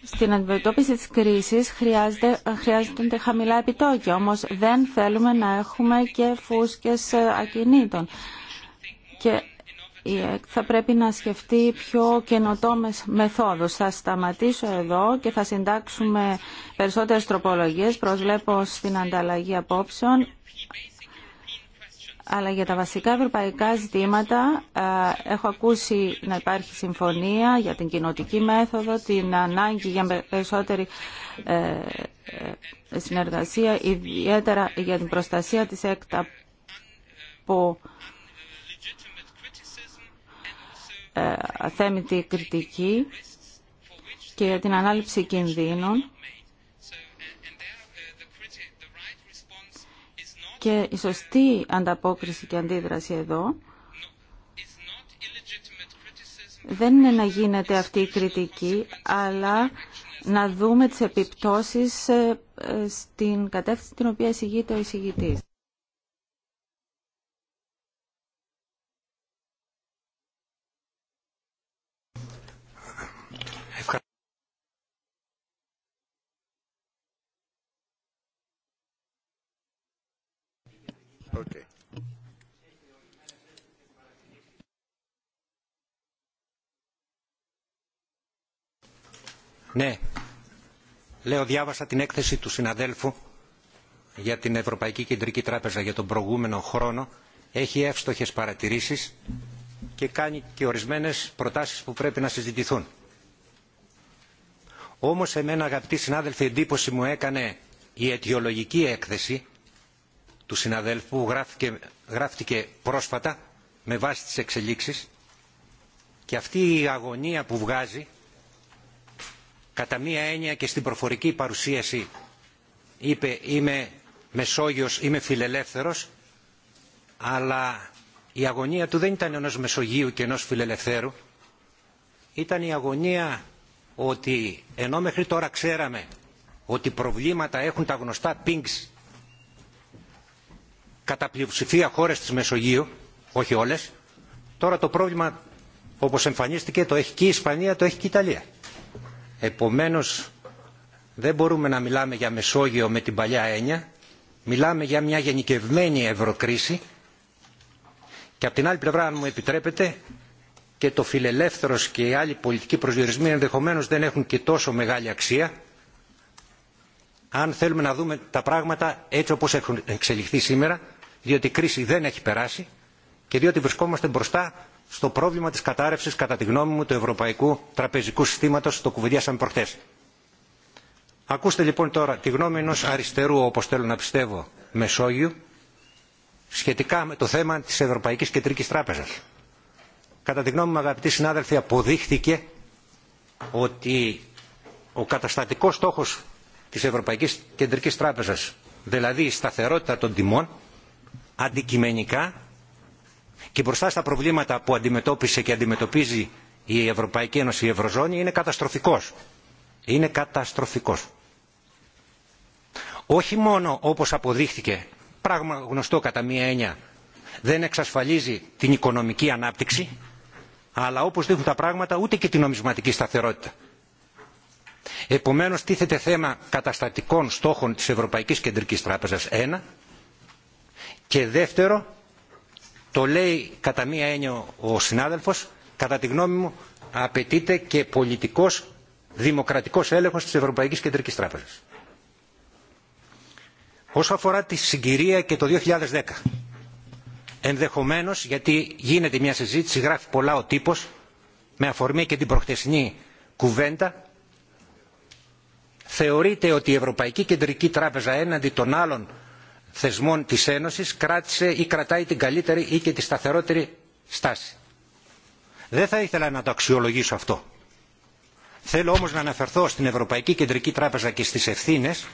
Στην αντιμετώπιση της κρίσης χρειάζεται, χρειάζονται χαμηλά επιτόκια, όμως δεν θέλουμε να έχουμε και φούσκες ε, ακινήτων. Και θα πρέπει να σκεφτεί πιο καινοτόμες μεθόδους. Θα σταματήσω εδώ και θα συντάξουμε περισσότερες τροπολογίες. Προσβλέπω στην ανταλλαγή απόψεων αλλά για τα βασικά ευρωπαϊκά ζητήματα έχω ακούσει να υπάρχει συμφωνία για την κοινοτική μέθοδο, την ανάγκη για περισσότερη ε, ε, συνεργασία, ιδιαίτερα για την προστασία της ΕΚΤΑ αθέμητη κριτική και για την ανάληψη κινδύνων και η σωστή ανταπόκριση και αντίδραση εδώ δεν είναι να γίνεται αυτή η κριτική, αλλά να δούμε τις επιπτώσεις ε, ε, στην κατεύθυνση την οποία εισηγείται ο εισηγητής. Ναι. Λέω, διάβασα την έκθεση του συναδέλφου για την Ευρωπαϊκή Κεντρική Τράπεζα για τον προηγούμενο χρόνο. Έχει εύστοχες παρατηρήσεις και κάνει και ορισμένες προτάσεις που πρέπει να συζητηθούν. Όμως εμένα αγαπητοί συνάδελφοι εντύπωση μου έκανε η αιτιολογική έκθεση του συναδέλφου που γράφτηκε πρόσφατα με βάση τις εξελίξεις και αυτή η αγωνία που βγάζει κατά μία έννοια και στην προφορική παρουσίαση είπε είμαι Μεσόγειος, είμαι φιλελεύθερος αλλά η αγωνία του δεν ήταν ενός Μεσογείου και ενός φιλελευθέρου ήταν η αγωνία ότι ενώ μέχρι τώρα ξέραμε ότι προβλήματα έχουν τα γνωστά pinks κατά πλειοψηφία χώρες της Μεσογείου, όχι όλες. Τώρα το πρόβλημα, όπως εμφανίστηκε, το έχει και η Ισπανία, το έχει και η Ιταλία. Επομένως, δεν μπορούμε να μιλάμε για Μεσόγειο με την παλιά έννοια. Μιλάμε για μια γενικευμένη ευρωκρίση και από την άλλη πλευρά, αν μου επιτρέπετε, και το φιλελεύθερος και οι άλλοι πολιτικοί προσδιορισμοί ενδεχομένως δεν έχουν και τόσο μεγάλη αξία αν θέλουμε να δούμε τα πράγματα έτσι όπως έχουν εξελιχθεί σήμερα διότι η κρίση δεν έχει περάσει και διότι βρισκόμαστε μπροστά στο πρόβλημα της κατάρρευσης, κατά τη γνώμη μου, του ευρωπαϊκού τραπεζικού συστήματος, το κουβεντιάσαμε προχθές. Ακούστε λοιπόν τώρα τη γνώμη ενός αριστερού, όπως θέλω να πιστεύω, Μεσόγειου, σχετικά με το θέμα της Ευρωπαϊκής Κεντρικής Τράπεζας. Κατά τη γνώμη μου, αγαπητοί συνάδελφοι, αποδείχθηκε ότι ο καταστατικός στόχος της Ευρωπαϊκής Κεντρικής Τράπεζας, δηλαδή η σταθερότητα των τιμών, αντικειμενικά και μπροστά στα προβλήματα που αντιμετώπισε και αντιμετωπίζει η Ευρωπαϊκή Ένωση, η Ευρωζώνη, είναι καταστροφικός. Είναι καταστροφικός. Όχι μόνο όπως αποδείχθηκε, πράγμα γνωστό κατά μία έννοια, δεν εξασφαλίζει την οικονομική ανάπτυξη, αλλά όπως δείχνουν τα πράγματα ούτε και την νομισματική σταθερότητα. Επομένως τίθεται θέμα καταστατικών στόχων της Ευρωπαϊκής Κεντρικής Τράπεζας ένα, και δεύτερο, το λέει κατά μία έννοια ο συνάδελφος, κατά τη γνώμη μου απαιτείται και πολιτικός δημοκρατικός έλεγχος της Ευρωπαϊκής Κεντρικής Τράπεζας. Όσο αφορά τη συγκυρία και το 2010, ενδεχομένως γιατί γίνεται μια συζήτηση, γράφει πολλά ο τύπος, με αφορμή και την προχτεσινή κουβέντα, θεωρείται ότι η Ευρωπαϊκή Κεντρική Τράπεζα έναντι των άλλων θεσμών της Ένωσης κράτησε ή κρατάει την καλύτερη ή και τη σταθερότερη στάση. Δεν θα ήθελα να το αξιολογήσω αυτό. Θέλω όμως να αναφερθώ στην Ευρωπαϊκή Κεντρική Τράπεζα και στις ευθύνες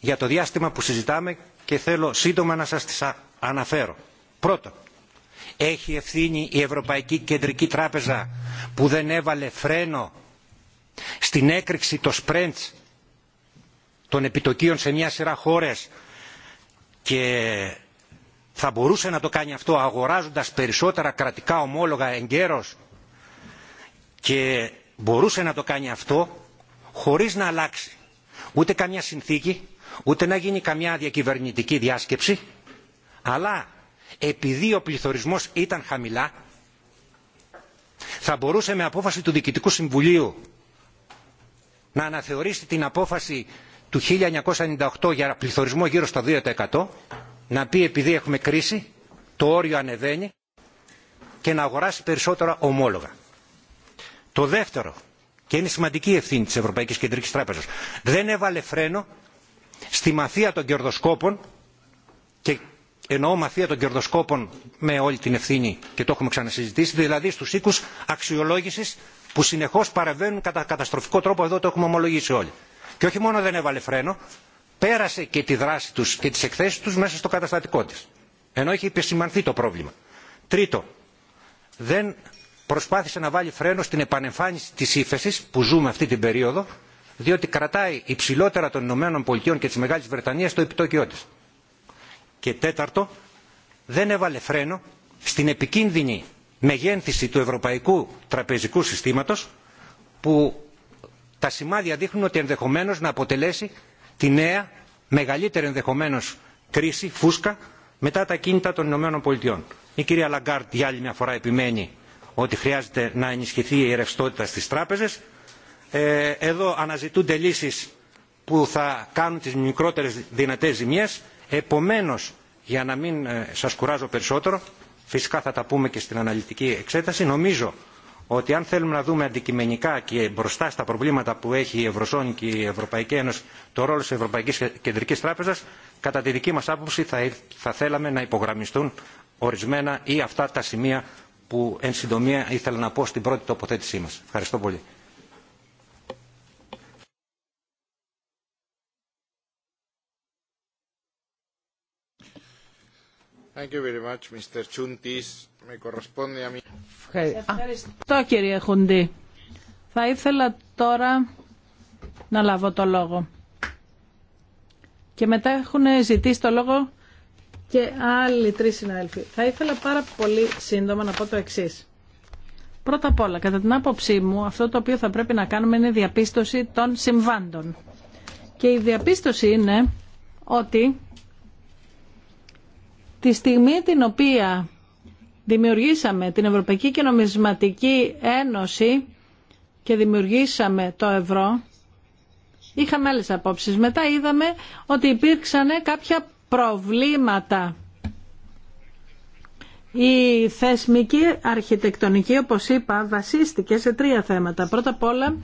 για το διάστημα που συζητάμε και θέλω σύντομα να σας τις αναφέρω. Πρώτον, έχει ευθύνη η Ευρωπαϊκή Κεντρική Τράπεζα που δεν έβαλε φρένο στην έκρηξη των σπρέντς των επιτοκίων σε μια σειρά χώρες και θα μπορούσε να το κάνει αυτό αγοράζοντας περισσότερα κρατικά ομόλογα εγκαίρως και μπορούσε να το κάνει αυτό χωρίς να αλλάξει ούτε καμιά συνθήκη, ούτε να γίνει καμιά διακυβερνητική διάσκεψη, αλλά επειδή ο πληθωρισμός ήταν χαμηλά, θα μπορούσε με απόφαση του Διοικητικού Συμβουλίου να αναθεωρήσει την απόφαση του 1998 για πληθωρισμό γύρω στο 2% να πει επειδή έχουμε κρίση το όριο ανεβαίνει και να αγοράσει περισσότερα ομόλογα. Το δεύτερο, και είναι σημαντική ευθύνη της Ευρωπαϊκής Κεντρικής Τράπεζας, δεν έβαλε φρένο στη μαφία των κερδοσκόπων και εννοώ μαφία των κερδοσκόπων με όλη την ευθύνη και το έχουμε ξανασυζητήσει, δηλαδή στους οίκους αξιολόγησης που συνεχώς παραβαίνουν κατά καταστροφικό τρόπο, εδώ το έχουμε ομολογήσει όλοι και όχι μόνο δεν έβαλε φρένο πέρασε και τη δράση τους και τις εκθέσεις τους μέσα στο καταστατικό της ενώ είχε επισημανθεί το πρόβλημα. τρίτο δεν προσπάθησε να βάλει φρένο στην επανεμφάνιση της ύφεση που ζούμε αυτή την περίοδο διότι κρατάει υψηλότερα των ηνωμένων πολιτειών και της μεγάλης βρετανίας το επιτόκιό της. και τέταρτο δεν έβαλε φρένο στην επικίνδυνη μεγένθηση του ευρωπαϊκού τραπεζικού συστήματος που τα σημάδια δείχνουν ότι ενδεχομένως να αποτελέσει τη νέα μεγαλύτερη ενδεχομένως κρίση, φούσκα, μετά τα κίνητα των Ηνωμένων Πολιτειών. Η κυρία Λαγκάρτ για άλλη μια φορά επιμένει ότι χρειάζεται να ενισχυθεί η ρευστότητα στις τράπεζες. Ε, εδώ αναζητούνται λύσεις που θα κάνουν τις μικρότερες δυνατές ζημιές. Επομένως, για να μην ε, σας κουράζω περισσότερο, φυσικά θα τα πούμε και στην αναλυτική εξέταση, νομίζω ότι αν θέλουμε να δούμε αντικειμενικά και μπροστά στα προβλήματα που έχει η Ευρωζώνη και η Ευρωπαϊκή Ένωση το ρόλο της Ευρωπαϊκής Κεντρικής Τράπεζας, κατά τη δική μας άποψη θα, θα θέλαμε να υπογραμμιστούν ορισμένα ή αυτά τα σημεία που εν συντομία ήθελα να πω στην πρώτη τοποθέτησή μας. Ευχαριστώ πολύ. Ευχαριστώ κύριε Χουντή. Θα ήθελα τώρα να λάβω το λόγο. Και μετά έχουν ζητήσει το λόγο και άλλοι τρεις συνάδελφοι. Θα ήθελα πάρα πολύ σύντομα να πω το εξή. Πρώτα απ' όλα, κατά την άποψή μου, αυτό το οποίο θα πρέπει να κάνουμε είναι διαπίστωση των συμβάντων. Και η διαπίστωση είναι ότι Τη στιγμή την οποία δημιουργήσαμε την Ευρωπαϊκή και Νομισματική Ένωση και δημιουργήσαμε το ευρώ, είχαμε άλλες απόψεις. Μετά είδαμε ότι υπήρξαν κάποια προβλήματα. Η θεσμική αρχιτεκτονική, όπως είπα, βασίστηκε σε τρία θέματα. Πρώτα απ' όλα,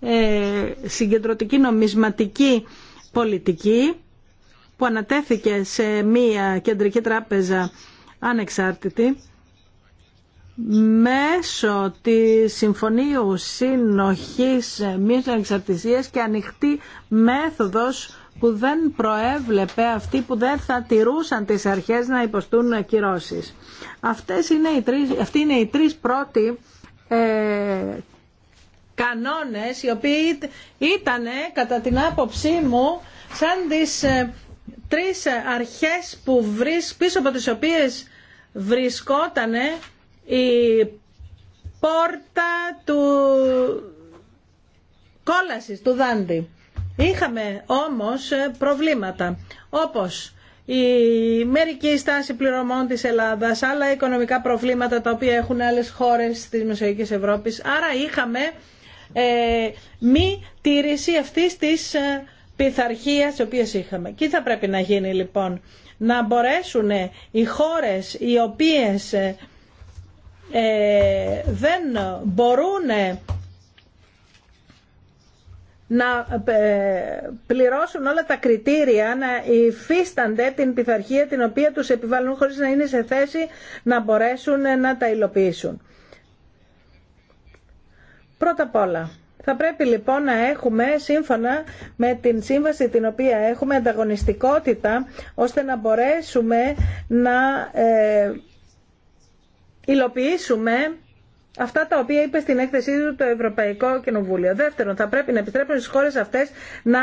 ε, συγκεντρωτική νομισματική πολιτική, που ανατέθηκε σε μία κεντρική τράπεζα ανεξάρτητη μέσω τη συμφωνίου συνοχής μίας ανεξαρτησίας και ανοιχτή μέθοδος που δεν προέβλεπε αυτή που δεν θα τηρούσαν τις αρχές να υποστούν ακυρώσεις. Αυτές είναι οι τρεις, αυτοί είναι οι τρεις πρώτοι ε, κανόνες οι οποίοι ήταν κατά την άποψή μου σαν τις ε, τρεις αρχές που βρίσ, πίσω από τις οποίες βρισκόταν η πόρτα του κόλασης του Δάντη. Είχαμε όμως προβλήματα όπως η μερική στάση πληρωμών της Ελλάδας, άλλα οικονομικά προβλήματα τα οποία έχουν άλλες χώρες της Μεσογειακής Ευρώπης. Άρα είχαμε ε, μη τήρηση αυτής της ε, πειθαρχία οι οποίες είχαμε. Τι θα πρέπει να γίνει λοιπόν να μπορέσουν οι χώρες οι οποίες ε, ε, δεν μπορούν ε, να πληρώσουν όλα τα κριτήρια, να υφίστανται την πειθαρχία την οποία τους επιβάλλουν χωρίς να είναι σε θέση να μπορέσουν να τα υλοποιήσουν. Πρώτα απ' όλα, θα πρέπει λοιπόν να έχουμε σύμφωνα με την σύμβαση την οποία έχουμε ανταγωνιστικότητα ώστε να μπορέσουμε να ε, υλοποιήσουμε αυτά τα οποία είπε στην έκθεσή του το Ευρωπαϊκό Κοινοβούλιο. Δεύτερον, θα πρέπει να επιτρέπουν στι χώρε αυτέ να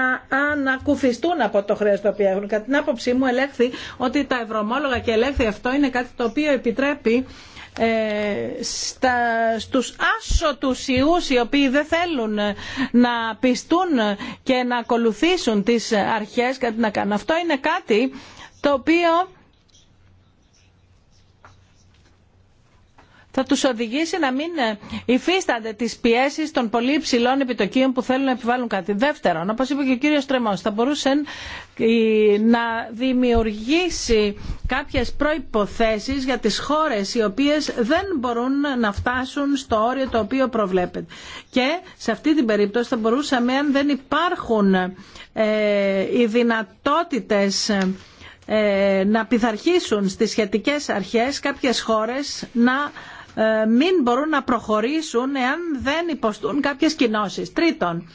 ανακουφιστούν από το χρέο το οποίο έχουν. Κατά την άποψή μου, ελέγχθη ότι τα ευρωμόλογα και ελέγχθη αυτό είναι κάτι το οποίο επιτρέπει ε, στα, στους άσωτους ιούς οι οποίοι δεν θέλουν να πιστούν και να ακολουθήσουν τις αρχές κάτι να κάνουν. Αυτό είναι κάτι το οποίο θα του οδηγήσει να μην ε, υφίστανται τι πιέσει των πολύ υψηλών επιτοκίων που θέλουν να επιβάλλουν κάτι. Δεύτερον, όπω είπε και ο κύριο Τρεμό, θα μπορούσε να δημιουργήσει κάποιε προποθέσει για τι χώρε οι οποίε δεν μπορούν να φτάσουν στο όριο το οποίο προβλέπεται. Και σε αυτή την περίπτωση θα μπορούσαμε, αν δεν υπάρχουν ε, οι δυνατότητες ε, να πειθαρχήσουν στις σχετικές αρχές κάποιες χώρες να ε, μην μπορούν να προχωρήσουν εάν δεν υποστούν κάποιες κοινώσεις. Τρίτον,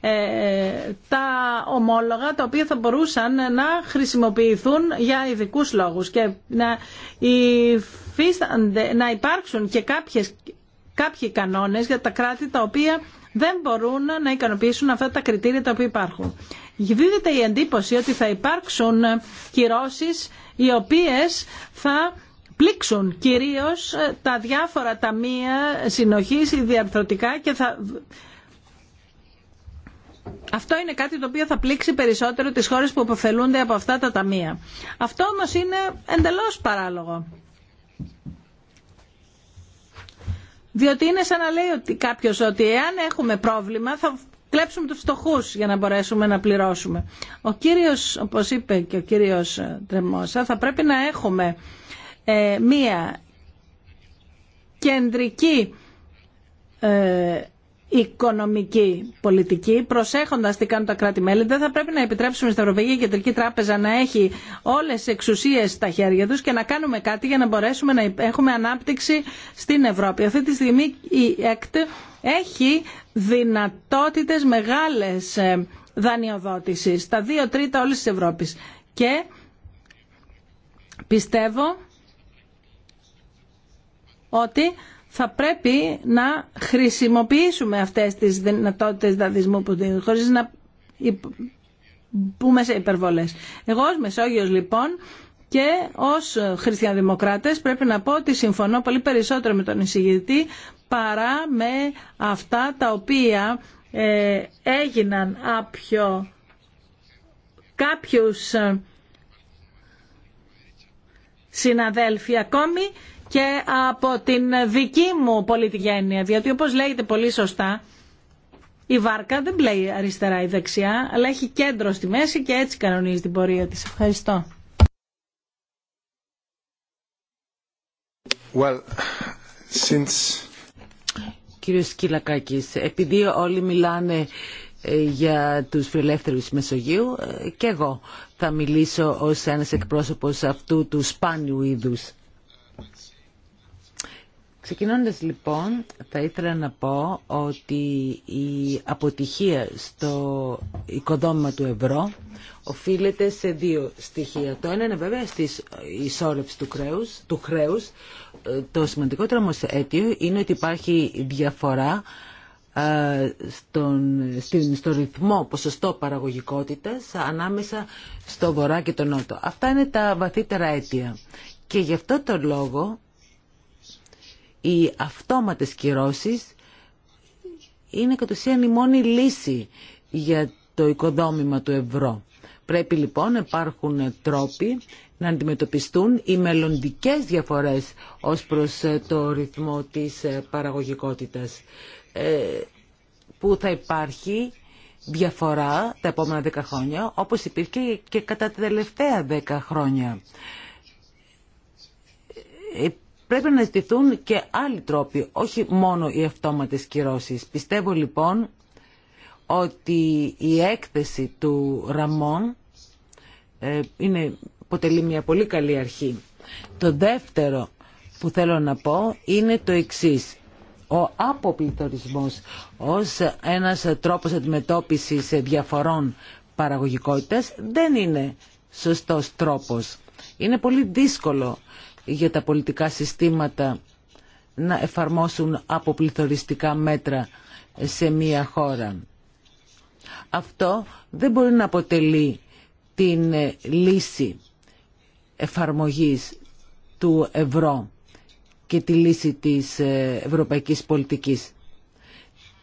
ε, τα ομόλογα τα οποία θα μπορούσαν να χρησιμοποιηθούν για ειδικούς λόγους και να, να υπάρξουν και κάποιες, κάποιοι κανόνες για τα κράτη τα οποία δεν μπορούν να ικανοποιήσουν αυτά τα κριτήρια τα οποία υπάρχουν. Δίδεται η εντύπωση ότι θα υπάρξουν κυρώσεις οι οποίες θα πλήξουν κυρίως ε, τα διάφορα ταμεία συνοχής, διαρθρωτικά και θα... Αυτό είναι κάτι το οποίο θα πλήξει περισσότερο τις χώρες που αποφελούνται από αυτά τα ταμεία. Αυτό όμως είναι εντελώς παράλογο. Διότι είναι σαν να λέει ότι κάποιος ότι εάν έχουμε πρόβλημα θα κλέψουμε τους φτωχούς για να μπορέσουμε να πληρώσουμε. Ο κύριος, όπως είπε και ο κύριος ε, Τρεμόσα, θα πρέπει να έχουμε ε, μία κεντρική ε, οικονομική πολιτική, προσέχοντα τι κάνουν τα κράτη-μέλη. Δεν θα πρέπει να επιτρέψουμε στην Ευρωπαϊκή Κεντρική Τράπεζα να έχει όλε τι εξουσίε στα χέρια του και να κάνουμε κάτι για να μπορέσουμε να έχουμε ανάπτυξη στην Ευρώπη. Αυτή τη στιγμή η ΕΚΤ έχει δυνατότητε μεγάλε δανειοδότηση, στα δύο τρίτα όλη τη Ευρώπη. Και πιστεύω ότι θα πρέπει να χρησιμοποιήσουμε αυτές τις δυνατότητες δαδισμού που δίνουν, χωρίς να πούμε σε υπερβολές. Εγώ ως Μεσόγειος λοιπόν και ως χριστιανδημοκράτες πρέπει να πω ότι συμφωνώ πολύ περισσότερο με τον εισηγητή παρά με αυτά τα οποία ε, έγιναν από κάποιους ε, συναδέλφοι ακόμη και από την δική μου πολιτική έννοια. Διότι όπως λέγεται πολύ σωστά, η βάρκα δεν πλέει αριστερά ή δεξιά, αλλά έχει κέντρο στη μέση και έτσι κανονίζει την πορεία της. Ευχαριστώ. Well, since... Κύριε Σκυλακάκης, επειδή όλοι μιλάνε ε, για τους φιλελεύθερους Μεσογείου, ε, και εγώ θα μιλήσω ως ένας εκπρόσωπος αυτού του σπάνιου είδους Ξεκινώντας λοιπόν, θα ήθελα να πω ότι η αποτυχία στο οικοδόμημα του ευρώ οφείλεται σε δύο στοιχεία. Το ένα είναι βέβαια στη ισόρρευση του χρέους, του χρέους. Το σημαντικότερο όμως αίτιο είναι ότι υπάρχει διαφορά ε, στον, στο ρυθμό ποσοστό παραγωγικότητας ανάμεσα στο βορρά και τον νότο. Αυτά είναι τα βαθύτερα αίτια. Και γι' αυτό το λόγο οι αυτόματες κυρώσεις είναι κατ' ουσίαν η μόνη λύση για το οικοδόμημα του ευρώ. Πρέπει λοιπόν να υπάρχουν τρόποι να αντιμετωπιστούν οι μελλοντικές διαφορές ως προς ε, το ρυθμό της ε, παραγωγικότητας ε, που θα υπάρχει διαφορά τα επόμενα δέκα χρόνια όπως υπήρχε και κατά τα τελευταία δέκα χρόνια Πρέπει να ζητηθούν και άλλοι τρόποι, όχι μόνο οι αυτόματες κυρώσεις. Πιστεύω λοιπόν ότι η έκθεση του Ραμόν ε, είναι, αποτελεί μια πολύ καλή αρχή. Το δεύτερο που θέλω να πω είναι το εξής. Ο αποπληθωρισμός ως ένας τρόπος αντιμετώπισης διαφορών παραγωγικότητας δεν είναι σωστός τρόπος. Είναι πολύ δύσκολο για τα πολιτικά συστήματα να εφαρμόσουν αποπληθωριστικά μέτρα σε μία χώρα. Αυτό δεν μπορεί να αποτελεί την ε, λύση εφαρμογής του ευρώ και τη λύση της ε, ευρωπαϊκής πολιτικής.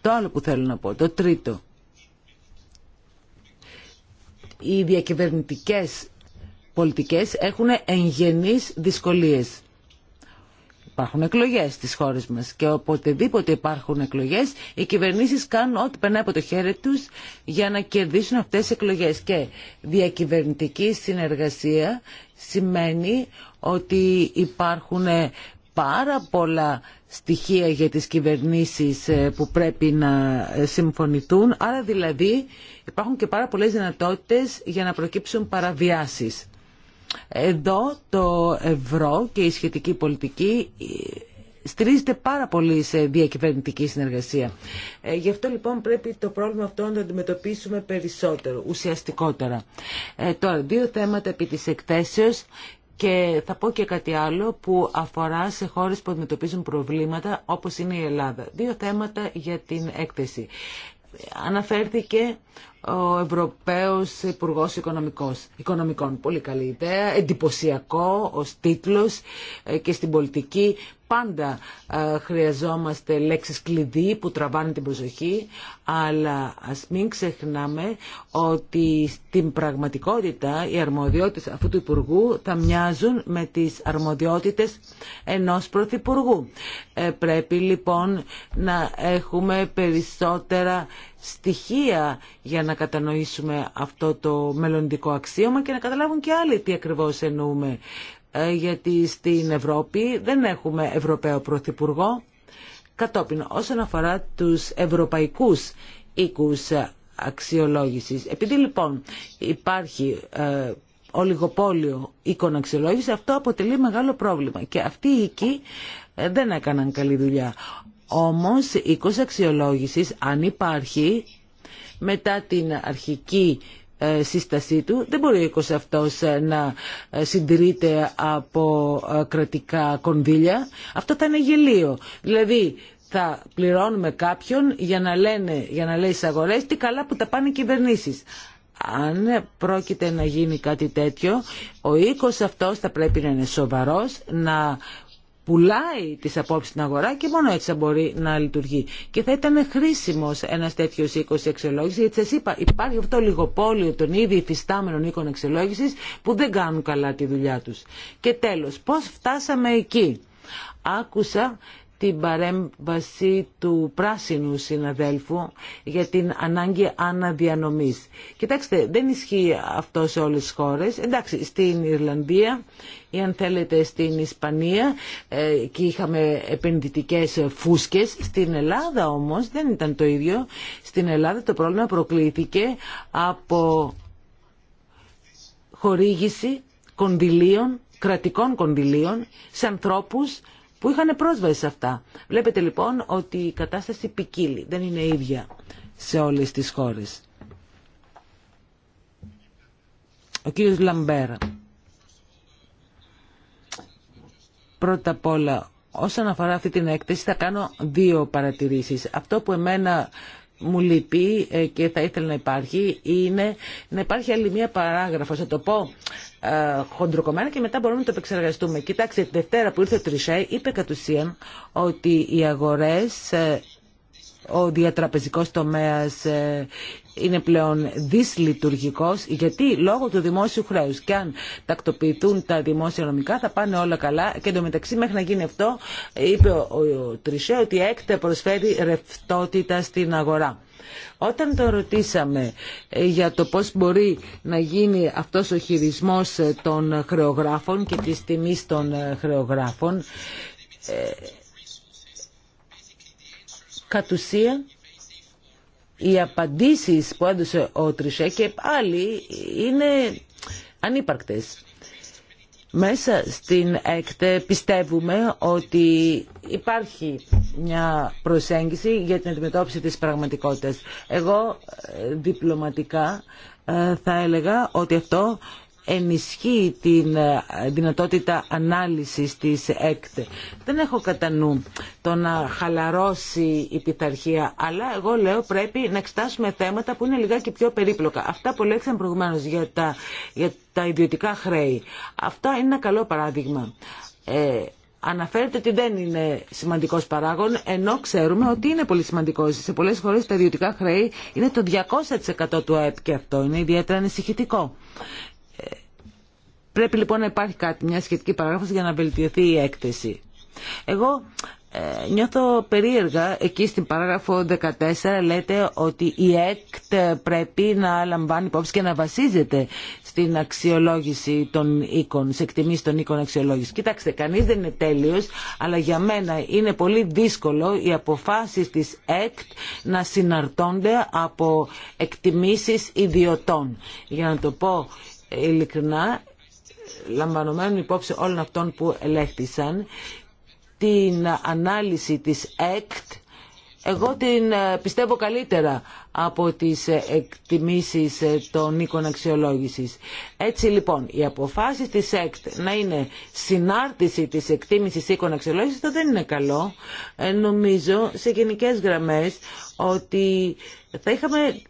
Το άλλο που θέλω να πω, το τρίτο. Οι διακυβερνητικές πολιτικές έχουν εγγενείς δυσκολίες. Υπάρχουν εκλογές στις χώρες μας και οποτεδήποτε υπάρχουν εκλογές οι κυβερνήσεις κάνουν ό,τι περνάει από το χέρι τους για να κερδίσουν αυτές τις εκλογές. Και διακυβερνητική συνεργασία σημαίνει ότι υπάρχουν πάρα πολλά στοιχεία για τις κυβερνήσεις ε, που πρέπει να ε, συμφωνηθούν, άρα δηλαδή υπάρχουν και πάρα πολλές δυνατότητες για να προκύψουν παραβιάσεις. Εδώ το ευρώ και η σχετική πολιτική ε, στηρίζεται πάρα πολύ σε διακυβερνητική συνεργασία. Ε, γι' αυτό λοιπόν πρέπει το πρόβλημα αυτό να το αντιμετωπίσουμε περισσότερο, ουσιαστικότερα. Ε, τώρα, δύο θέματα επί της εκθέσεως και θα πω και κάτι άλλο που αφορά σε χώρες που αντιμετωπίζουν προβλήματα όπως είναι η Ελλάδα. Δύο θέματα για την έκθεση. Αναφέρθηκε ο Ευρωπαίος Υπουργό Οικονομικών. Πολύ καλή ιδέα, εντυπωσιακό ο τίτλος ε, και στην πολιτική πάντα ε, χρειαζόμαστε λέξεις κλειδί που τραβάνε την προσοχή, αλλά ας μην ξεχνάμε ότι στην πραγματικότητα οι αρμοδιότητες αυτού του Υπουργού θα μοιάζουν με τις αρμοδιότητες ενός Πρωθυπουργού. Ε, πρέπει λοιπόν να έχουμε περισσότερα στοιχεία για να κατανοήσουμε αυτό το μελλοντικό αξίωμα και να καταλάβουν και άλλοι τι ακριβώς εννοούμε. Ε, γιατί στην Ευρώπη δεν έχουμε Ευρωπαίο Πρωθυπουργό. Κατόπιν, όσον αφορά τους ευρωπαϊκούς οίκους αξιολόγησης, επειδή λοιπόν υπάρχει ε, ολιγοπόλιο οίκων αξιολόγηση, αυτό αποτελεί μεγάλο πρόβλημα. Και αυτοί οι οίκοι ε, δεν έκαναν καλή δουλειά. Όμως, οίκος αξιολόγηση αν υπάρχει, μετά την αρχική ε, σύστασή του. Δεν μπορεί ο οίκος αυτός ε, να ε, συντηρείται από κρατικά κονδύλια. Αυτό θα είναι γελίο. Δηλαδή θα πληρώνουμε κάποιον για να, λένε, για να λέει στις αγορές τι καλά που τα πάνε οι κυβερνήσεις. Αν πρόκειται να γίνει κάτι τέτοιο, ο οίκος αυτός θα πρέπει να είναι σοβαρός, να πουλάει τις απόψεις στην αγορά και μόνο έτσι θα μπορεί να λειτουργεί. Και θα ήταν χρήσιμος ένας τέτοιος οίκος εξελόγησης γιατί σας είπα υπάρχει αυτό λιγοπόλιο των ήδη υφιστάμενων οίκων εξελόγησης που δεν κάνουν καλά τη δουλειά τους. Και τέλος, πώς φτάσαμε εκεί. Άκουσα την παρέμβαση του πράσινου συναδέλφου για την ανάγκη αναδιανομής. Κοιτάξτε, δεν ισχύει αυτό σε όλες τις χώρες. Εντάξει, στην Ιρλανδία ή αν θέλετε στην Ισπανία ε, και είχαμε επενδυτικές φούσκες. Στην Ελλάδα όμως δεν ήταν το ίδιο. Στην Ελλάδα το πρόβλημα προκλήθηκε από χορήγηση κονδυλίων, κρατικών κονδυλίων σε ανθρώπους που είχαν πρόσβαση σε αυτά. Βλέπετε λοιπόν ότι η κατάσταση ποικίλει, δεν είναι ίδια σε όλες τις χώρες. Ο κύριος Λαμπέρα. Πρώτα απ' όλα, όσον αφορά αυτή την έκθεση, θα κάνω δύο παρατηρήσεις. Αυτό που εμένα μου λυπεί ε, και θα ήθελα να υπάρχει είναι να υπάρχει άλλη μία παράγραφος, θα το πω, ε, χοντροκομμένα και μετά μπορούμε να το επεξεργαστούμε. Κοιτάξτε, τη Δευτέρα που ήρθε ο Τρισέ είπε κατ' ουσίαν ότι οι αγορές, ε, ο διατραπεζικός τομέας ε, είναι πλέον δυσλειτουργικό γιατί λόγω του δημόσιου χρέου, και αν τακτοποιηθούν τα δημόσια νομικά, θα πάνε όλα καλά και εντωμεταξύ μέχρι να γίνει αυτό είπε ο, ο, ο Τρισέ ότι η προσφέρει ρευστότητα στην αγορά. Όταν το ρωτήσαμε ε, για το πώς μπορεί να γίνει αυτός ο χειρισμός ε, των χρεογράφων και της τιμής των ε, χρεογράφων, κατ' ουσία οι απαντήσεις που έδωσε ο Τρισέ και πάλι είναι ανύπαρκτες. Μέσα στην ΕΚΤΕ πιστεύουμε ότι υπάρχει μια προσέγγιση για την αντιμετώπιση της πραγματικότητας. Εγώ ε, διπλωματικά ε, θα έλεγα ότι αυτό ενισχύει την ε, δυνατότητα ανάλυσης της ΕΚΤ. Δεν έχω κατά νου το να χαλαρώσει η πειθαρχία, αλλά εγώ λέω πρέπει να εξετάσουμε θέματα που είναι λιγάκι πιο περίπλοκα. Αυτά που λέξαμε προηγουμένως για τα, για τα ιδιωτικά χρέη. Αυτά είναι ένα καλό παράδειγμα. Ε, Αναφέρεται ότι δεν είναι σημαντικό παράγον, ενώ ξέρουμε ότι είναι πολύ σημαντικό. Σε πολλέ χώρε τα ιδιωτικά χρέη είναι το 200% του ΑΕΠ και αυτό είναι ιδιαίτερα ανησυχητικό. Πρέπει λοιπόν να υπάρχει κάτι, μια σχετική παράγραφος για να βελτιωθεί η έκθεση. Εγώ ε, νιώθω περίεργα, εκεί στην παράγραφο 14 λέτε ότι η ΕΚΤ πρέπει να λαμβάνει υπόψη και να βασίζεται στην αξιολόγηση των οίκων, σε εκτιμήσει των οίκων αξιολόγηση. Κοιτάξτε, κανείς δεν είναι τέλειος, αλλά για μένα είναι πολύ δύσκολο οι αποφάσεις της ΕΚΤ να συναρτώνται από εκτιμήσεις ιδιωτών. Για να το πω ειλικρινά, λαμβανωμένων υπόψη όλων αυτών που ελέγχθησαν, την ανάλυση της ΕΚΤ, εγώ την ε, πιστεύω καλύτερα από τις ε, εκτιμήσεις ε, των οίκων αξιολόγησης. Έτσι λοιπόν, οι αποφάσεις της ΕΚΤ να είναι συνάρτηση της εκτίμησης οίκων αξιολόγησης, αυτό δεν είναι καλό. νομίζω σε γενικές γραμμές ότι θα είχαμε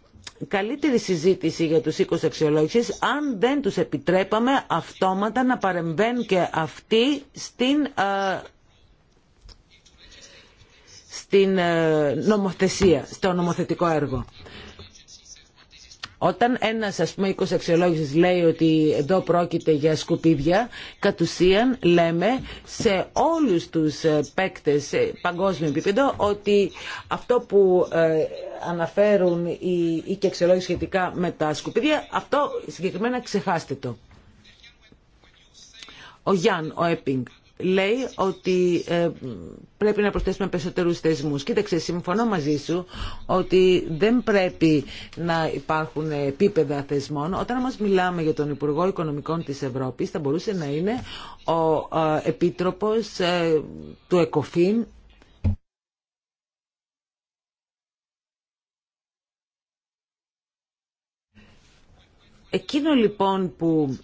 καλύτερη συζήτηση για τους οίκους αξιολόγησης αν δεν τους επιτρέπαμε αυτόματα να παρεμβαίνουν και αυτοί στην, ε, στην ε, νομοθεσία, στο νομοθετικό έργο. Όταν ένα ας πούμε λέει ότι εδώ πρόκειται για σκουπίδια, κατ' ουσίαν λέμε σε όλους τους ε, παίκτε σε παγκόσμιο επίπεδο ότι αυτό που ε, αναφέρουν οι οίκοι αξιολόγηση σχετικά με τα σκουπίδια, αυτό συγκεκριμένα ξεχάστε το. Ο Γιάν, ο Έπινγκ λέει ότι ε, πρέπει να προσθέσουμε περισσότερου θεσμού. Κοίταξε, συμφωνώ μαζί σου ότι δεν πρέπει να υπάρχουν επίπεδα θεσμών. Όταν όμω μιλάμε για τον Υπουργό Οικονομικών τη Ευρώπη, θα μπορούσε να είναι ο ε, Επίτροπος ε, του ΕΚΟΦΗΝ Εκείνο λοιπόν που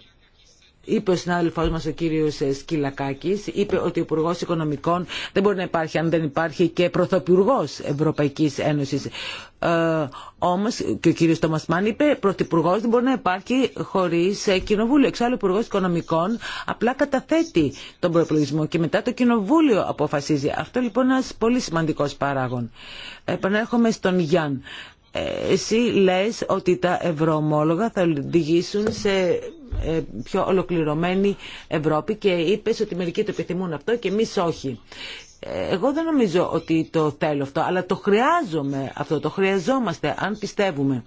είπε ο συνάδελφό μα ο κύριο ε, Σκυλακάκη, είπε ότι ο Υπουργό Οικονομικών δεν μπορεί να υπάρχει αν δεν υπάρχει και πρωθυπουργό Ευρωπαϊκή Ένωση. Ε, όμως και ο κύριος Τόμασμάν είπε Πρωθυπουργό δεν μπορεί να υπάρχει χωρί ε, Κοινοβούλιο. Εξάλλου ο Υπουργό Οικονομικών απλά καταθέτει τον προπολογισμό και μετά το Κοινοβούλιο αποφασίζει. Αυτό λοιπόν είναι ένα πολύ σημαντικό παράγον. Επανέρχομαι στον Γιάν. Ε, εσύ λες ότι τα ευρωομόλογα θα οδηγήσουν σε ε, πιο ολοκληρωμένη Ευρώπη και είπε ότι μερικοί το επιθυμούν αυτό και εμεί όχι. Ε, εγώ δεν νομίζω ότι το θέλω αυτό, αλλά το χρειάζομαι αυτό, το χρειαζόμαστε αν πιστεύουμε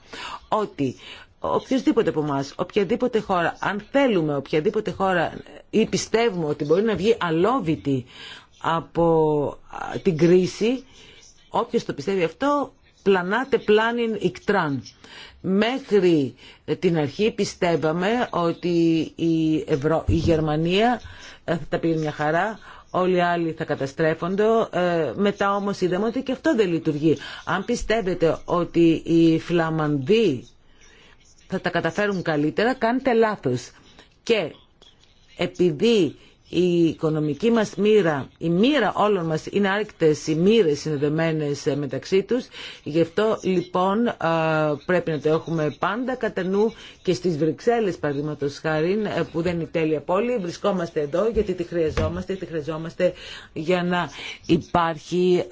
ότι οποιοδήποτε από εμά, οποιαδήποτε χώρα, αν θέλουμε οποιαδήποτε χώρα ή πιστεύουμε ότι μπορεί να βγει αλόβητη από την κρίση, όποιος το πιστεύει αυτό πλανάτε πλάνιν ικτράν. Μέχρι την αρχή πιστεύαμε ότι η, Γερμανία ε, θα τα πήρε μια χαρά, όλοι οι άλλοι θα καταστρέφονται. Ε, μετά όμως είδαμε ότι και αυτό δεν λειτουργεί. Αν πιστεύετε ότι οι Φλαμανδοί θα τα καταφέρουν καλύτερα, κάνετε λάθος. Και επειδή η οικονομική μας μοίρα, η μοίρα όλων μας είναι άρκτες οι μοίρε συνδεμένες ε, μεταξύ τους. Γι' αυτό λοιπόν πρέπει να το έχουμε πάντα κατά νου και στις Βρυξέλλες παραδείγματος χάρη ε, που δεν είναι τέλεια πόλη. Βρισκόμαστε εδώ γιατί τη χρειαζόμαστε, τη χρειαζόμαστε για να υπάρχει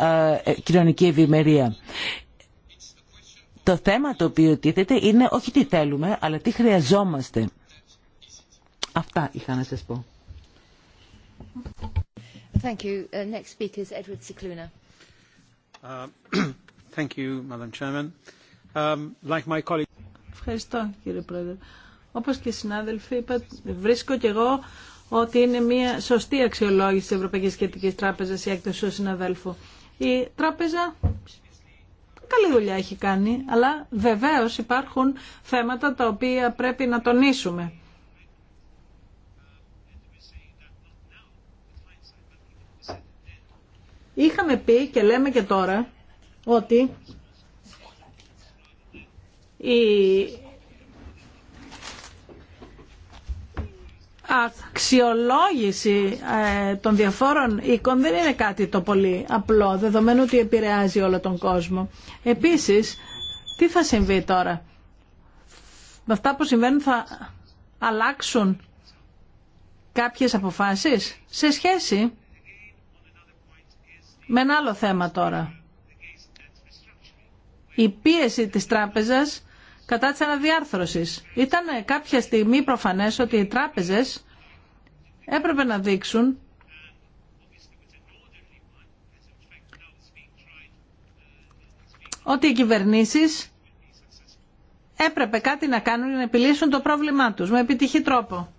ε, κοινωνική ευημερία. Το θέμα το οποίο τίθεται είναι όχι τι θέλουμε, αλλά τι χρειαζόμαστε. Αυτά είχα να σας πω. Ευχαριστώ, κύριε Πρόεδρε. Όπως και οι συνάδελφοι, είπα, βρίσκω και εγώ ότι είναι μια σωστή αξιολόγηση της Ευρωπαϊκής Σχετικής Τράπεζας η έκδοση του συναδέλφου. Η τράπεζα καλή δουλειά έχει κάνει, αλλά βεβαίως υπάρχουν θέματα τα οποία πρέπει να τονίσουμε. Είχαμε πει και λέμε και τώρα ότι η αξιολόγηση ε, των διαφόρων οίκων δεν είναι κάτι το πολύ απλό, δεδομένου ότι επηρεάζει όλο τον κόσμο. Επίσης, τι θα συμβεί τώρα. Με αυτά που συμβαίνουν θα αλλάξουν κάποιες αποφάσεις σε σχέση με ένα άλλο θέμα τώρα. Η πίεση της τράπεζας κατά της αναδιάρθρωσης. Ήταν κάποια στιγμή προφανές ότι οι τράπεζες έπρεπε να δείξουν ότι οι κυβερνήσεις έπρεπε κάτι να κάνουν για να επιλύσουν το πρόβλημά τους με επιτυχή τρόπο.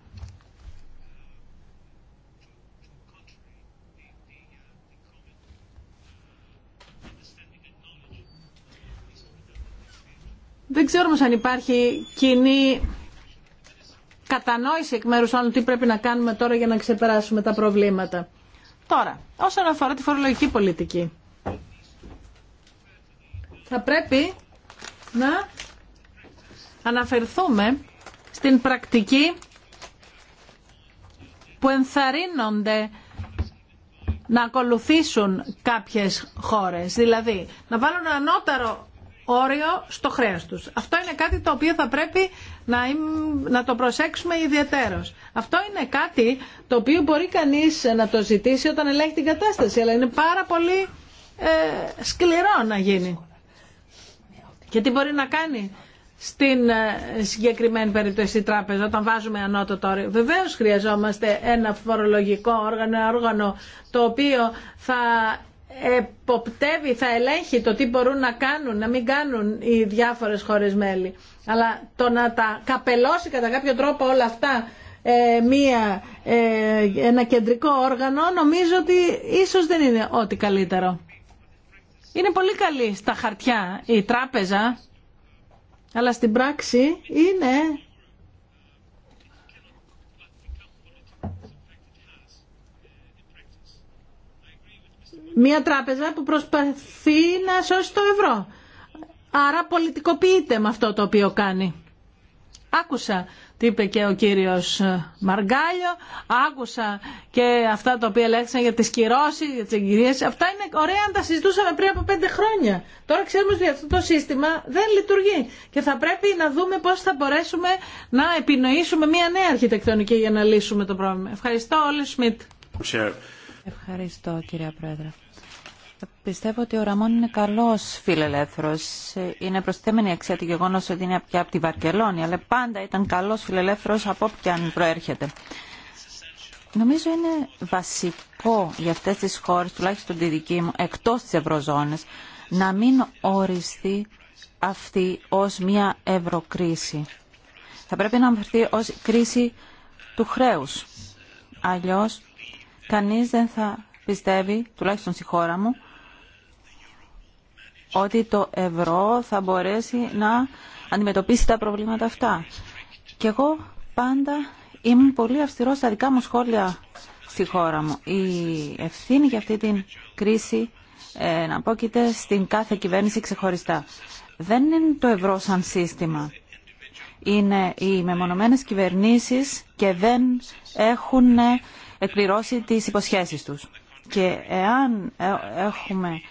Δεν ξέρουμε αν υπάρχει κοινή κατανόηση εκ μέρους όλων τι πρέπει να κάνουμε τώρα για να ξεπεράσουμε τα προβλήματα. Τώρα, όσον αφορά τη φορολογική πολιτική, θα πρέπει να αναφερθούμε στην πρακτική που ενθαρρύνονται να ακολουθήσουν κάποιες χώρες. Δηλαδή, να βάλουν ανώτερο όριο στο χρέος τους. Αυτό είναι κάτι το οποίο θα πρέπει να, να το προσέξουμε ιδιαίτερος. Αυτό είναι κάτι το οποίο μπορεί κανείς να το ζητήσει όταν ελέγχει την κατάσταση, αλλά είναι πάρα πολύ ε, σκληρό να γίνει. Και τι μπορεί να κάνει στην ε, συγκεκριμένη περίπτωση τράπεζα όταν βάζουμε ανώτοτο όριο. Βεβαίως χρειαζόμαστε ένα φορολογικό όργανο, όργανο το οποίο θα εποπτεύει, θα ελέγχει το τι μπορούν να κάνουν, να μην κάνουν οι διάφορες χώρες μέλη. Αλλά το να τα καπελώσει κατά κάποιο τρόπο όλα αυτά ε, μία, ε, ένα κεντρικό όργανο νομίζω ότι ίσως δεν είναι ό,τι καλύτερο. Είναι πολύ καλή στα χαρτιά η τράπεζα, αλλά στην πράξη είναι Μία τράπεζα που προσπαθεί να σώσει το ευρώ. Άρα πολιτικοποιείται με αυτό το οποίο κάνει. Άκουσα τι είπε και ο κύριος Μαργκάλιο, άκουσα και αυτά τα οποία λέξαν για τις κυρώσεις, για τις εγκυρίες. Αυτά είναι ωραία αν τα συζητούσαμε πριν από πέντε χρόνια. Τώρα ξέρουμε ότι αυτό το σύστημα δεν λειτουργεί και θα πρέπει να δούμε πώς θα μπορέσουμε να επινοήσουμε μια νέα αρχιτεκτονική για να λύσουμε το πρόβλημα. Ευχαριστώ όλοι Σμιτ. Ευχαριστώ κυρία Πρόεδρε. Πιστεύω ότι ο Ραμόν είναι καλό φιλελεύθερο. Είναι προσθέμενη αξία του γεγονό ότι είναι πια από τη Βαρκελόνη, αλλά πάντα ήταν καλό φιλελεύθερο από αν προέρχεται. Νομίζω είναι βασικό για αυτέ τι χώρε τουλάχιστον τη δική μου, εκτό τη Ευρωζώνης, να μην οριστεί αυτή ω μια ευρωκρίση. Θα πρέπει να αναφερθεί ω κρίση του χρέου. Αλλιώ, κανεί δεν θα πιστεύει, τουλάχιστον στη χώρα μου, ότι το ευρώ θα μπορέσει να αντιμετωπίσει τα προβλήματα αυτά. Και εγώ πάντα ήμουν πολύ αυστηρό στα δικά μου σχόλια στη χώρα μου. Η ευθύνη για αυτή την κρίση ε, να απόκειται στην κάθε κυβέρνηση ξεχωριστά. Δεν είναι το ευρώ σαν σύστημα. Είναι οι μεμονωμένες κυβερνήσεις και δεν έχουν ε, εκπληρώσει τις υποσχέσεις τους. Και εάν ε, έχουμε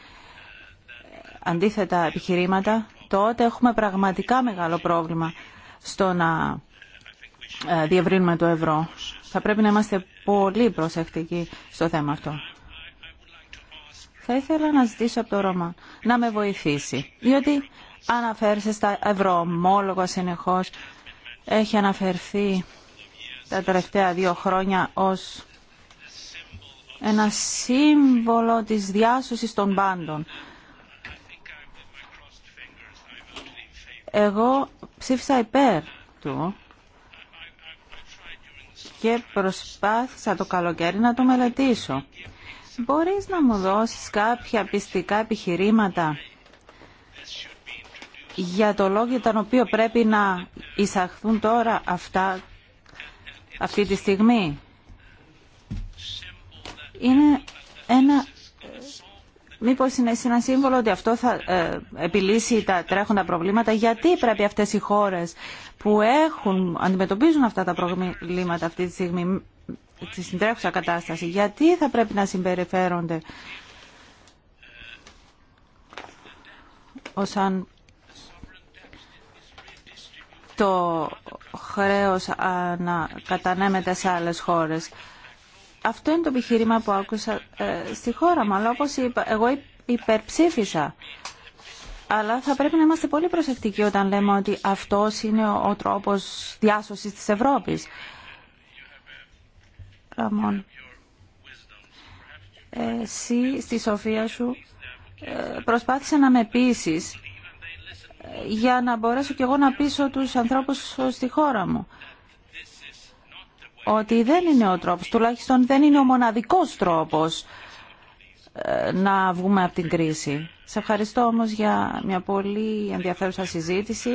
αντίθετα επιχειρήματα, τότε έχουμε πραγματικά μεγάλο πρόβλημα στο να ε, διευρύνουμε το ευρώ. Θα πρέπει να είμαστε πολύ προσεκτικοί στο θέμα αυτό. Θα ήθελα να ζητήσω από το Ρώμα να με βοηθήσει, διότι αναφέρθηκε στα ευρωομόλογα συνεχώς. Έχει αναφερθεί τα τελευταία δύο χρόνια ως ένα σύμβολο της διάσωσης των πάντων. εγώ ψήφισα υπέρ του και προσπάθησα το καλοκαίρι να το μελετήσω. Μπορείς να μου δώσεις κάποια πιστικά επιχειρήματα για το λόγο για τον οποίο πρέπει να εισαχθούν τώρα αυτά αυτή τη στιγμή. Είναι ένα Μήπως είναι ένα σύμβολο ότι αυτό θα ε, επιλύσει τα τρέχοντα προβλήματα. Γιατί πρέπει αυτές οι χώρες που έχουν, αντιμετωπίζουν αυτά τα προβλήματα αυτή τη στιγμή, τη συντρέχουσα κατάσταση, γιατί θα πρέπει να συμπεριφέρονται ως αν το χρέος να κατανέμεται σε άλλες χώρες. Αυτό είναι το επιχείρημα που άκουσα ε, στη χώρα μου, αλλά όπως είπα, εγώ υπερψήφισα. Αλλά θα πρέπει να είμαστε πολύ προσεκτικοί όταν λέμε ότι αυτός είναι ο, ο τρόπος διάσωσης της Ευρώπης. Ραμόν, εσύ στη σοφία σου ε, προσπάθησε να με πείσεις ε, για να μπορέσω κι εγώ να πείσω τους ανθρώπους ε, στη χώρα μου ότι δεν είναι ο τρόπος, τουλάχιστον δεν είναι ο μοναδικός τρόπος ε, να βγούμε από την κρίση. Σε ευχαριστώ όμως για μια πολύ ενδιαφέρουσα συζήτηση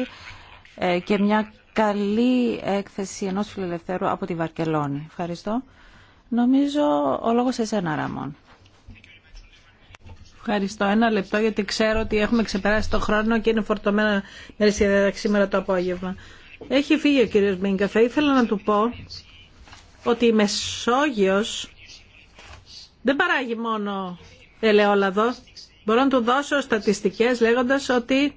ε, και μια καλή έκθεση ενός φιλελευθέρου από τη Βαρκελόνη. Ευχαριστώ. Νομίζω ο λόγος σε εσένα, Ραμόν. Ευχαριστώ. Ένα λεπτό γιατί ξέρω ότι έχουμε ξεπεράσει το χρόνο και είναι φορτωμένα μέρες σήμερα το απόγευμα. Έχει φύγει ο κύριος Μπίνκα. Θα ήθελα να του πω ότι η Μεσόγειος δεν παράγει μόνο ελαιόλαδο. Μπορώ να του δώσω στατιστικές λέγοντας ότι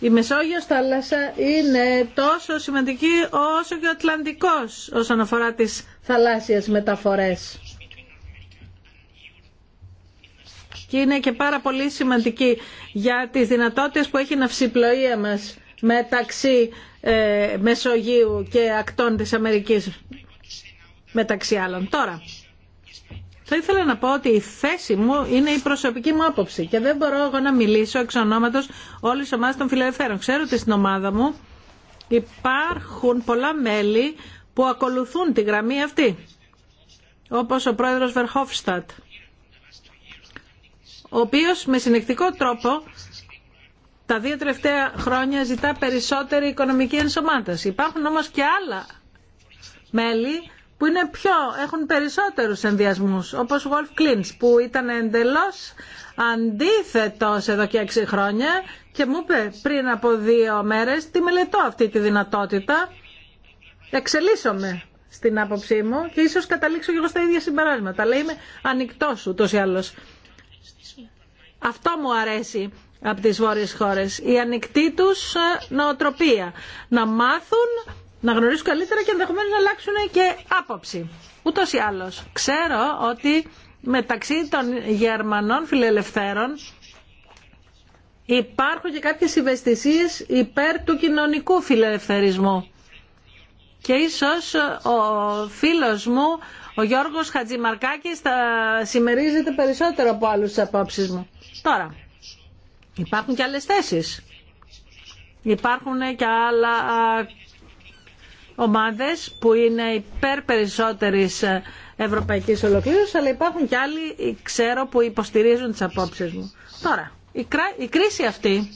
η Μεσόγειος θάλασσα είναι τόσο σημαντική όσο και ο Ατλαντικός όσον αφορά τις θαλάσσιες μεταφορές. Και είναι και πάρα πολύ σημαντική για τις δυνατότητες που έχει η ναυσιπλοεία μας μεταξύ ε, Μεσογείου και ακτών της Αμερικής μεταξύ άλλων. Τώρα, θα ήθελα να πω ότι η θέση μου είναι η προσωπική μου άποψη και δεν μπορώ εγώ να μιλήσω εξ ονόματος όλης ομάδας των φιλελευθέρων. Ξέρω ότι στην ομάδα μου υπάρχουν πολλά μέλη που ακολουθούν τη γραμμή αυτή, όπως ο πρόεδρος Βερχόφστατ, ο οποίος με συνεκτικό τρόπο τα δύο τελευταία χρόνια ζητά περισσότερη οικονομική ενσωμάτωση. Υπάρχουν όμως και άλλα μέλη που είναι πιο, έχουν περισσότερους ενδιασμούς, όπως ο Wolf Klintz, που ήταν εντελώς αντίθετος εδώ και έξι χρόνια και μου είπε πριν από δύο μέρες τι μελετώ αυτή τη δυνατότητα, εξελίσσομαι στην άποψή μου και ίσως καταλήξω και εγώ στα ίδια συμπεράσματα, αλλά είμαι ανοιχτός ούτως ή άλλως. Αυτό μου αρέσει από τις βόρειες χώρες. Η ανοιχτή τους ε, νοοτροπία. Να μάθουν, να γνωρίσουν καλύτερα και ενδεχομένω να αλλάξουν και άποψη. Ούτως ή άλλως. Ξέρω ότι μεταξύ των Γερμανών φιλελευθέρων υπάρχουν και κάποιες ευαισθησίες υπέρ του κοινωνικού φιλελευθερισμού. Και ίσως ο φίλος μου, ο Γιώργος Χατζημαρκάκης, θα συμμερίζεται περισσότερο από άλλους απόψεις μου. Τώρα, Υπάρχουν και άλλες θέσεις. Υπάρχουν και άλλα ομάδες που είναι υπέρ περισσότερης ε, ευρωπαϊκής ολοκλήρωσης, αλλά υπάρχουν και άλλοι, ξέρω, που υποστηρίζουν τις απόψεις μου. Τώρα, η κρίση αυτή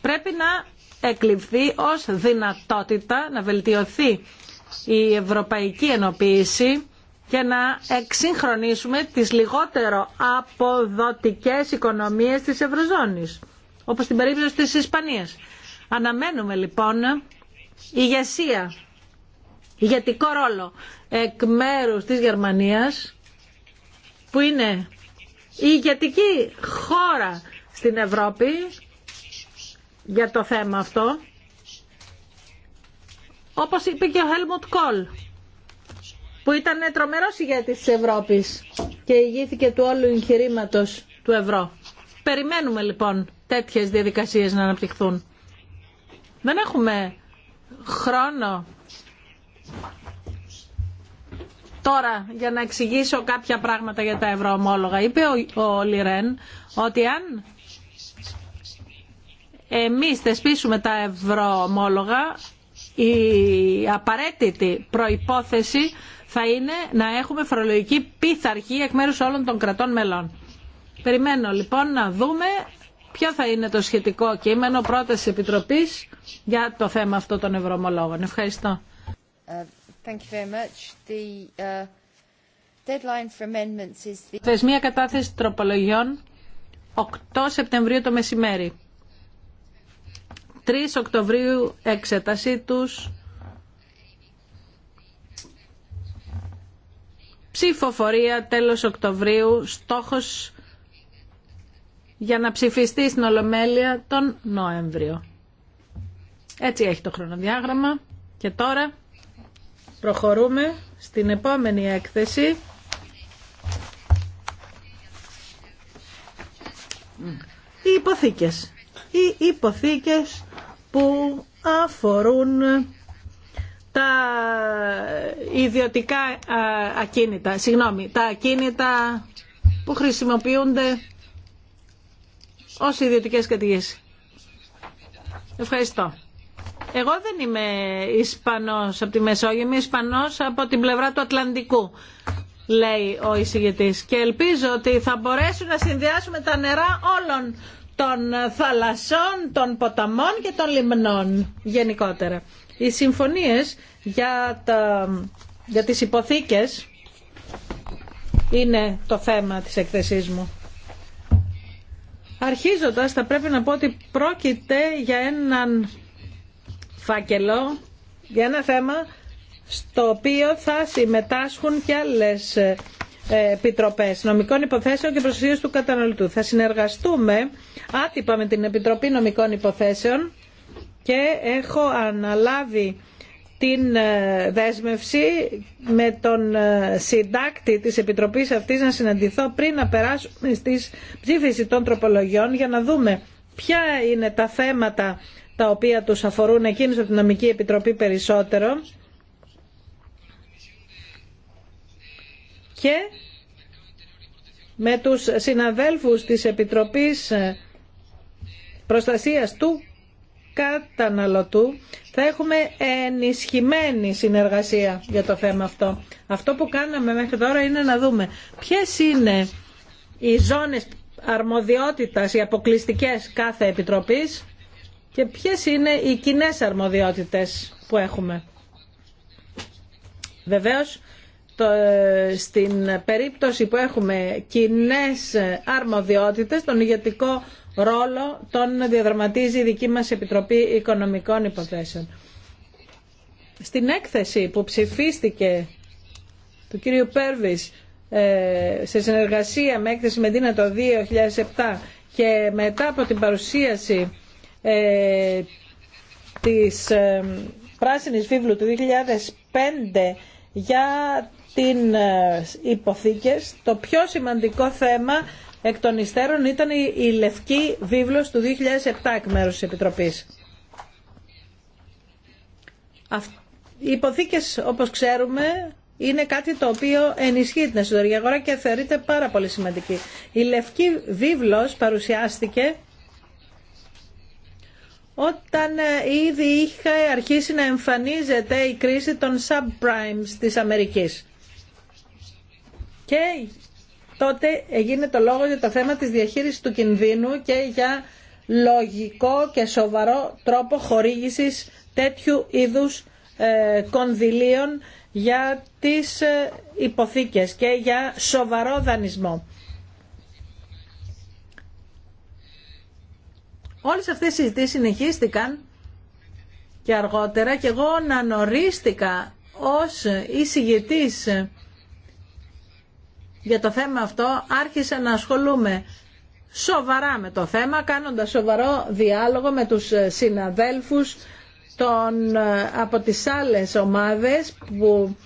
πρέπει να εκλειφθεί ως δυνατότητα να βελτιωθεί η ευρωπαϊκή ενοποίηση και να εξυγχρονίσουμε τις λιγότερο αποδοτικές οικονομίες της Ευρωζώνης, όπως στην περίπτωση της Ισπανίας. Αναμένουμε λοιπόν ηγεσία, ηγετικό ρόλο εκ μέρους της Γερμανίας, που είναι η ηγετική χώρα στην Ευρώπη για το θέμα αυτό, όπως είπε και ο Helmut Kohl που ήταν τρομερός ηγέτης τη Ευρώπης και ηγήθηκε του όλου εγχειρήματο του ευρώ. Περιμένουμε λοιπόν τέτοιε διαδικασίες να αναπτυχθούν. Δεν έχουμε χρόνο τώρα για να εξηγήσω κάποια πράγματα για τα ευρωομόλογα. Είπε ο, ο Λιρέν ότι αν εμείς θεσπίσουμε τα ευρωομόλογα η απαραίτητη προϋπόθεση θα είναι να έχουμε φορολογική πειθαρχία εκ μέρους όλων των κρατών μελών. Περιμένω λοιπόν να δούμε ποιο θα είναι το σχετικό κείμενο πρόταση Επιτροπής για το θέμα αυτό των ευρωομολόγων. Ευχαριστώ. Θεσμία κατάθεση τροπολογιών 8 Σεπτεμβρίου το μεσημέρι. 3 Οκτωβρίου εξέτασή τους ψηφοφορία τέλος Οκτωβρίου, στόχος για να ψηφιστεί στην Ολομέλεια τον Νοέμβριο. Έτσι έχει το χρονοδιάγραμμα και τώρα προχωρούμε στην επόμενη έκθεση. Οι υποθήκες. Οι υποθήκες που αφορούν τα ιδιωτικά ακίνητα, συγγνώμη, τα ακίνητα που χρησιμοποιούνται ως ιδιωτικές κατηγές. Ευχαριστώ. Εγώ δεν είμαι Ισπανός από τη Μεσόγειο, είμαι Ισπανός από την πλευρά του Ατλαντικού, λέει ο εισηγητής. Και ελπίζω ότι θα μπορέσουν να συνδυάσουμε τα νερά όλων των θαλασσών, των ποταμών και των λιμνών γενικότερα. Οι συμφωνίες για, τα, για τις υποθήκες είναι το θέμα της εκθεσής μου. Αρχίζοντας θα πρέπει να πω ότι πρόκειται για έναν φάκελο, για ένα θέμα στο οποίο θα συμμετάσχουν και άλλες ε, επιτροπές νομικών υποθέσεων και προστασίας του καταναλωτού. Θα συνεργαστούμε άτυπα με την Επιτροπή Νομικών Υποθέσεων και έχω αναλάβει την ε, δέσμευση με τον ε, συντάκτη της Επιτροπής αυτής να συναντηθώ πριν να περάσουμε στις ψήφιση των τροπολογιών για να δούμε ποια είναι τα θέματα τα οποία τους αφορούν εκείνους από την Νομική Επιτροπή περισσότερο και με τους συναδέλφους της Επιτροπής ε, Προστασίας του καταναλωτού θα έχουμε ενισχυμένη συνεργασία για το θέμα αυτό. Αυτό που κάναμε μέχρι τώρα είναι να δούμε ποιες είναι οι ζώνες αρμοδιότητας, οι αποκλειστικές κάθε επιτροπής και ποιες είναι οι κοινέ αρμοδιότητες που έχουμε. Βεβαίως, στην περίπτωση που έχουμε κοινέ αρμοδιότητες, τον ηγετικό ρόλο τον διαδραματίζει η δική μας Επιτροπή Οικονομικών Υποθέσεων. Στην έκθεση που ψηφίστηκε του κύριου Πέρβης ε, σε συνεργασία με έκθεση με Δίνα το 2007 και μετά από την παρουσίαση ε, της ε, Πράσινης Βίβλου του 2005 για την ε, υποθήκες, το πιο σημαντικό θέμα εκ των υστέρων ήταν η Λευκή Βίβλος του 2007 εκ μέρους της Επιτροπής. Οι υποθήκες, όπως ξέρουμε, είναι κάτι το οποίο ενισχύει την εσωτερική αγορά και θεωρείται πάρα πολύ σημαντική. Η Λευκή Βίβλος παρουσιάστηκε όταν ε, ήδη είχε αρχίσει να εμφανίζεται η κρίση των subprimes της Αμερικής. Και τότε έγινε το λόγο για το θέμα της διαχείρισης του κινδύνου και για λογικό και σοβαρό τρόπο χορήγησης τέτοιου είδους ε, κονδυλίων για τις ε, υποθήκες και για σοβαρό δανεισμό. Όλες αυτές οι συζητήσεις συνεχίστηκαν και αργότερα και εγώ ανανορίστηκα ως εισηγητής για το θέμα αυτό άρχισα να ασχολούμαι σοβαρά με το θέμα, κάνοντας σοβαρό διάλογο με τους ε, συναδέλφους των, ε, από τις άλλες ομάδες που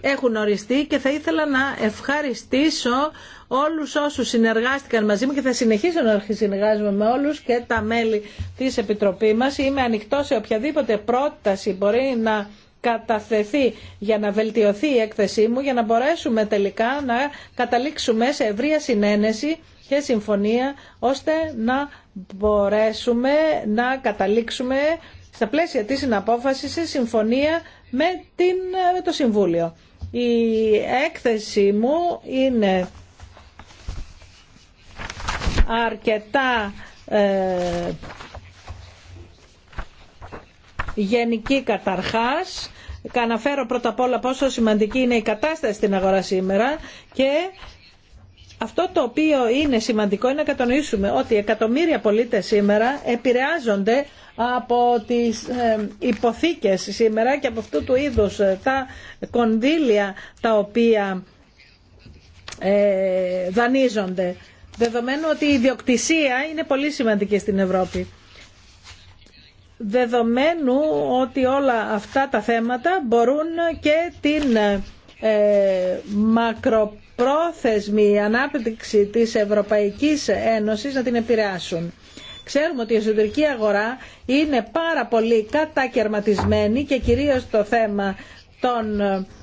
έχουν οριστεί και θα ήθελα να ευχαριστήσω όλους όσους συνεργάστηκαν μαζί μου και θα συνεχίσω να συνεργάζομαι με όλους και τα μέλη της Επιτροπής μας. Είμαι ανοιχτό σε οποιαδήποτε πρόταση μπορεί να καταθεθεί για να βελτιωθεί η έκθεσή μου, για να μπορέσουμε τελικά να καταλήξουμε σε ευρεία συνένεση και συμφωνία, ώστε να μπορέσουμε να καταλήξουμε στα πλαίσια της συναπόφασης σε συμφωνία με, το Συμβούλιο. Η έκθεση μου είναι αρκετά ε, γενική καταρχάς. Καναφέρω πρώτα απ' όλα πόσο σημαντική είναι η κατάσταση στην αγορά σήμερα και αυτό το οποίο είναι σημαντικό είναι να κατανοήσουμε ότι εκατομμύρια πολίτες σήμερα επηρεάζονται από τις ε, υποθήκες σήμερα και από αυτού του είδους ε, τα κονδύλια τα οποία ε, δανείζονται. Δεδομένου ότι η ιδιοκτησία είναι πολύ σημαντική στην Ευρώπη δεδομένου ότι όλα αυτά τα θέματα μπορούν και την ε, μακροπρόθεσμη ανάπτυξη της Ευρωπαϊκής Ένωσης να την επηρεάσουν. Ξέρουμε ότι η εσωτερική αγορά είναι πάρα πολύ κατακαιρματισμένη και κυρίως το θέμα των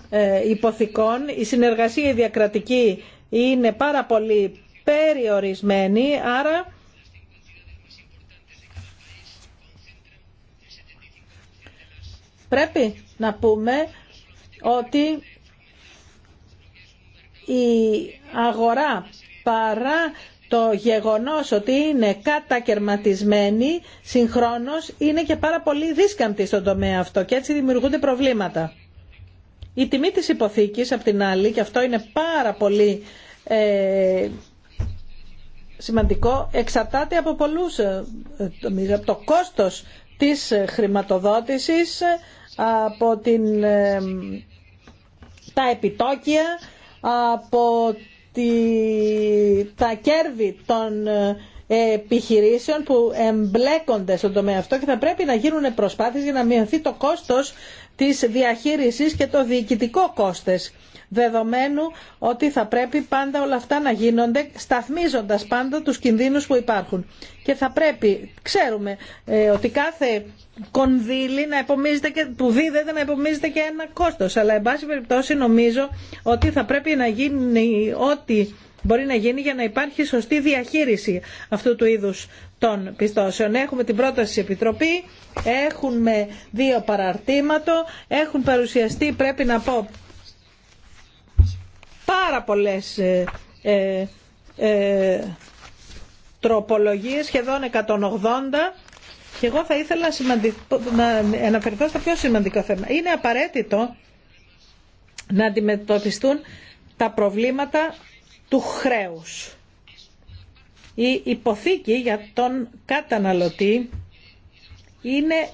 ε, υποθηκών. Η συνεργασία διακρατική είναι πάρα πολύ περιορισμένη, άρα Πρέπει να πούμε ότι η αγορά παρά το γεγονός ότι είναι κατακερματισμένη συγχρόνως είναι και πάρα πολύ δίσκαμπτη στον τομέα αυτό και έτσι δημιουργούνται προβλήματα. Η τιμή της υποθήκης απ' την άλλη και αυτό είναι πάρα πολύ ε, σημαντικό εξαρτάται από πολλούς, ε, το κόστος της χρηματοδότησης από την, τα επιτόκια, από τη, τα κέρδη των ε, επιχειρήσεων που εμπλέκονται στον τομέα αυτό και θα πρέπει να γίνουν προσπάθειες για να μειωθεί το κόστος της διαχείρισης και το διοικητικό κόστος δεδομένου ότι θα πρέπει πάντα όλα αυτά να γίνονται σταθμίζοντας πάντα τους κινδύνους που υπάρχουν. Και θα πρέπει, ξέρουμε ε, ότι κάθε κονδύλι να και, που δίδεται να επομίζεται και ένα κόστος. Αλλά εν πάση περιπτώσει νομίζω ότι θα πρέπει να γίνει ό,τι μπορεί να γίνει για να υπάρχει σωστή διαχείριση αυτού του είδους των πιστώσεων. Έχουμε την πρόταση της Επιτροπή, έχουμε δύο παραρτήματο, έχουν παρουσιαστεί πρέπει να πω πάρα πολλές ε, ε, ε τροπολογίες, σχεδόν 180 και εγώ θα ήθελα να αναφερθώ στο πιο σημαντικό θέμα. Είναι απαραίτητο να αντιμετωπιστούν τα προβλήματα του χρέους. Η υποθήκη για τον καταναλωτή είναι